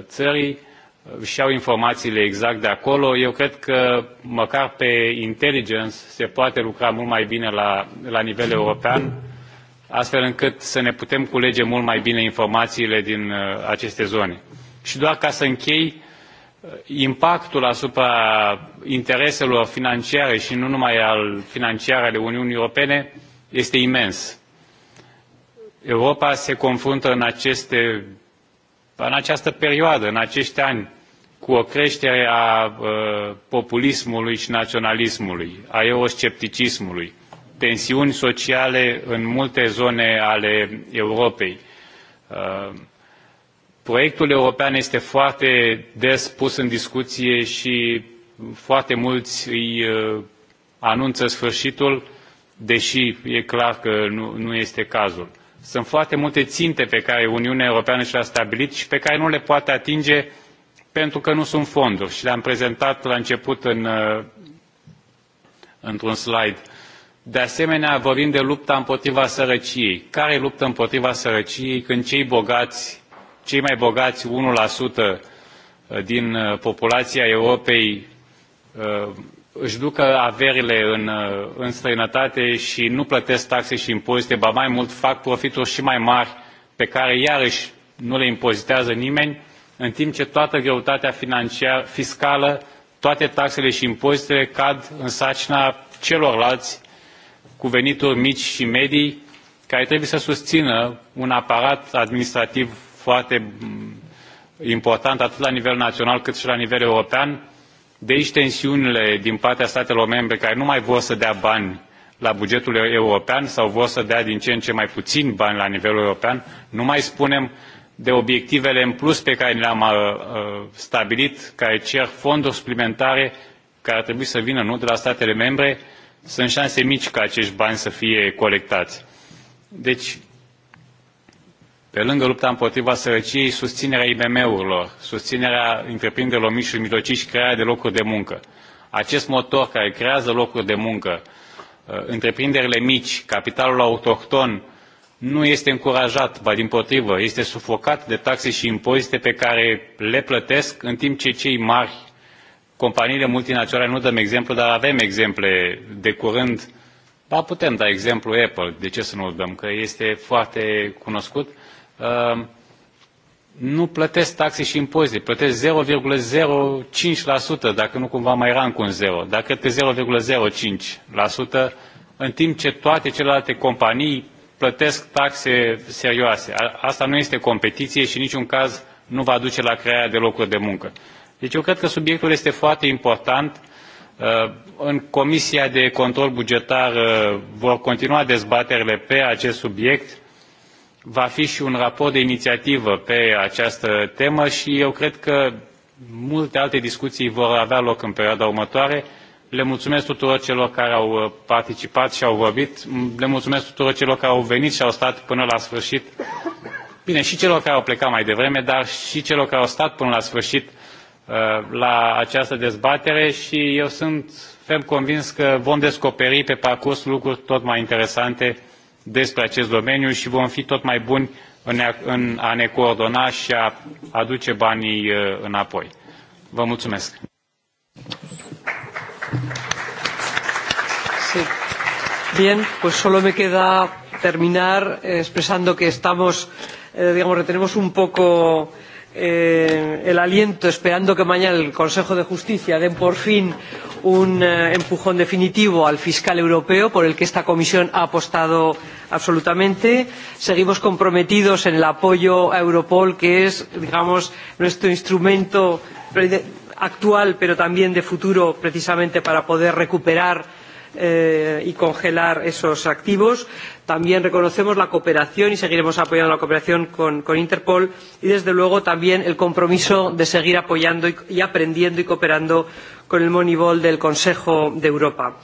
țării, și au informațiile exact de acolo. Eu cred că măcar pe intelligence se poate lucra mult mai bine la, la nivel european, astfel încât să ne putem culege mult mai bine informațiile din uh, aceste zone. Și doar ca să închei, uh, impactul asupra intereselor financiare și nu numai al financiare ale Uniunii Europene este imens. Europa se confruntă în, aceste, în această perioadă, în acești ani, cu o creștere a populismului și naționalismului, a euroscepticismului, tensiuni sociale în multe zone ale Europei. Proiectul european este foarte des pus în discuție și foarte mulți îi anunță sfârșitul, deși e clar că nu, nu este cazul. Sunt foarte multe ținte pe care Uniunea Europeană și a stabilit și pe care nu le poate atinge pentru că nu sunt fonduri și le-am prezentat la început uh, într-un slide. De asemenea, vorbim de lupta împotriva sărăciei. Care e luptă împotriva sărăciei când cei bogați, cei mai bogați 1% uh, din uh, populația Europei își ducă averile în, în străinătate și nu plătesc taxe și impozite, ba mai mult fac profituri și mai mari pe care iarăși nu le impozitează nimeni în timp ce toată greutatea fiscală, toate taxele și impozitele cad în sacina celorlalți cu venituri mici și medii, care trebuie să susțină un aparat administrativ foarte mm, important atât la nivel național cât și la nivel european. De aici tensiunile din partea statelor membre care nu mai vor să dea bani la bugetul european sau vor să dea din ce în ce mai puțini bani la nivel european. Nu mai spunem de obiectivele în plus pe care le-am uh, uh, stabilit, care cer fonduri suplimentare care ar trebui să vină nu de la statele membre, sunt șanse mici ca acești bani să fie colectați. Deci, pe lângă lupta împotriva sărăciei, susținerea IMM-urilor, susținerea întreprinderilor mici și mijlocii și crearea de locuri de muncă. Acest motor care creează locuri de muncă, uh, întreprinderile mici, capitalul autohton, nu este încurajat ba dimpotrivă este sufocat de taxe și impozite pe care le plătesc în timp ce cei mari companiile multinaționale nu dăm exemplu dar avem exemple de curând ba putem da exemplu apple de ce să nu l dăm că este foarte cunoscut uh, nu plătesc taxe și impozite, plătesc 0,05%, dacă nu cumva mai era cu un 0, dar cred că 0,05%, în timp ce toate celelalte companii plătesc taxe serioase. Asta nu este competiție și în niciun caz nu va duce la crearea de locuri de muncă. Deci eu cred că subiectul este foarte important. Uh, în Comisia de Control Bugetar uh, vor continua dezbaterile pe acest subiect. Va fi și un raport de inițiativă pe această temă și eu cred că multe alte discuții vor avea loc în perioada următoare le mulțumesc tuturor celor care au uh, participat și au vorbit mm, le mulțumesc tuturor celor care au venit și au stat până la sfârșit bine și celor care au plecat mai devreme dar și celor care au stat până la sfârșit uh, la această dezbatere și eu sunt ferm convins că vom descoperi pe parcurs lucruri tot mai interesante despre acest domeniu și vom fi tot mai buni în a ne coordona și a aduce banii uh, înapoi. Vă mulțumesc! Sí. Bien, pues solo me queda terminar eh, expresando que estamos, eh, digamos, retenemos un poco eh, el aliento esperando que mañana el Consejo de Justicia dé por fin un eh, empujón definitivo al fiscal europeo por el que esta comisión ha apostado absolutamente. Seguimos comprometidos en el apoyo a Europol, que es, digamos, nuestro instrumento actual pero también de futuro precisamente para poder recuperar eh, y congelar esos activos. También reconocemos la cooperación y seguiremos apoyando la cooperación con, Interpol y desde luego también el compromiso de seguir apoyando y, y aprendiendo y cooperando con el Moneyball del Consejo de Europa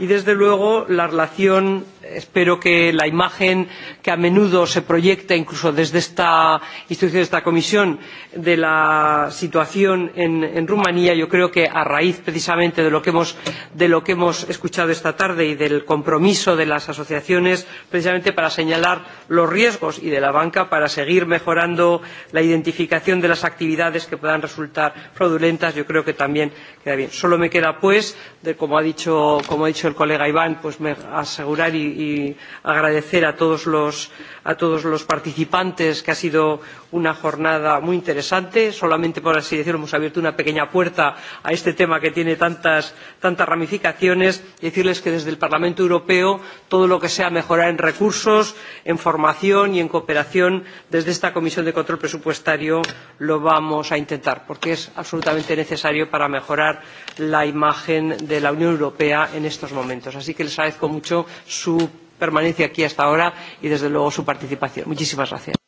y desde luego la relación espero que la imagen que a menudo se proyecta incluso desde esta institución de esta comisión de la situación en, rumanía yo creo que a raíz precisamente de lo, que hemos, de lo que hemos escuchado esta tarde y del compromiso de las asociaciones precisamente para señalar los riesgos y de la banca para seguir mejorando la identificación de las actividades que puedan resultar fraudulentas yo creo que también queda bien. solo me queda pues de como ha dicho como ha dicho el colega Iván pues me asegurar y, y agradecer a todos los a todos los participantes que ha sido una jornada muy interesante solamente por así decirlo hemos abierto una pequeña puerta a este tema que tiene tantas tantas ramificaciones y decirles que desde el Parlamento Europeo todo lo que sea mejorar en recursos en formación y en cooperación desde esta Comisión de Control Presupuestario lo vamos a intentar porque es absolutamente necesario para mejorar la imagen de la Unión Europea en estos momentos. Así que les agradezco mucho su permanencia aquí hasta ahora y, desde luego, su participación. Muchísimas gracias.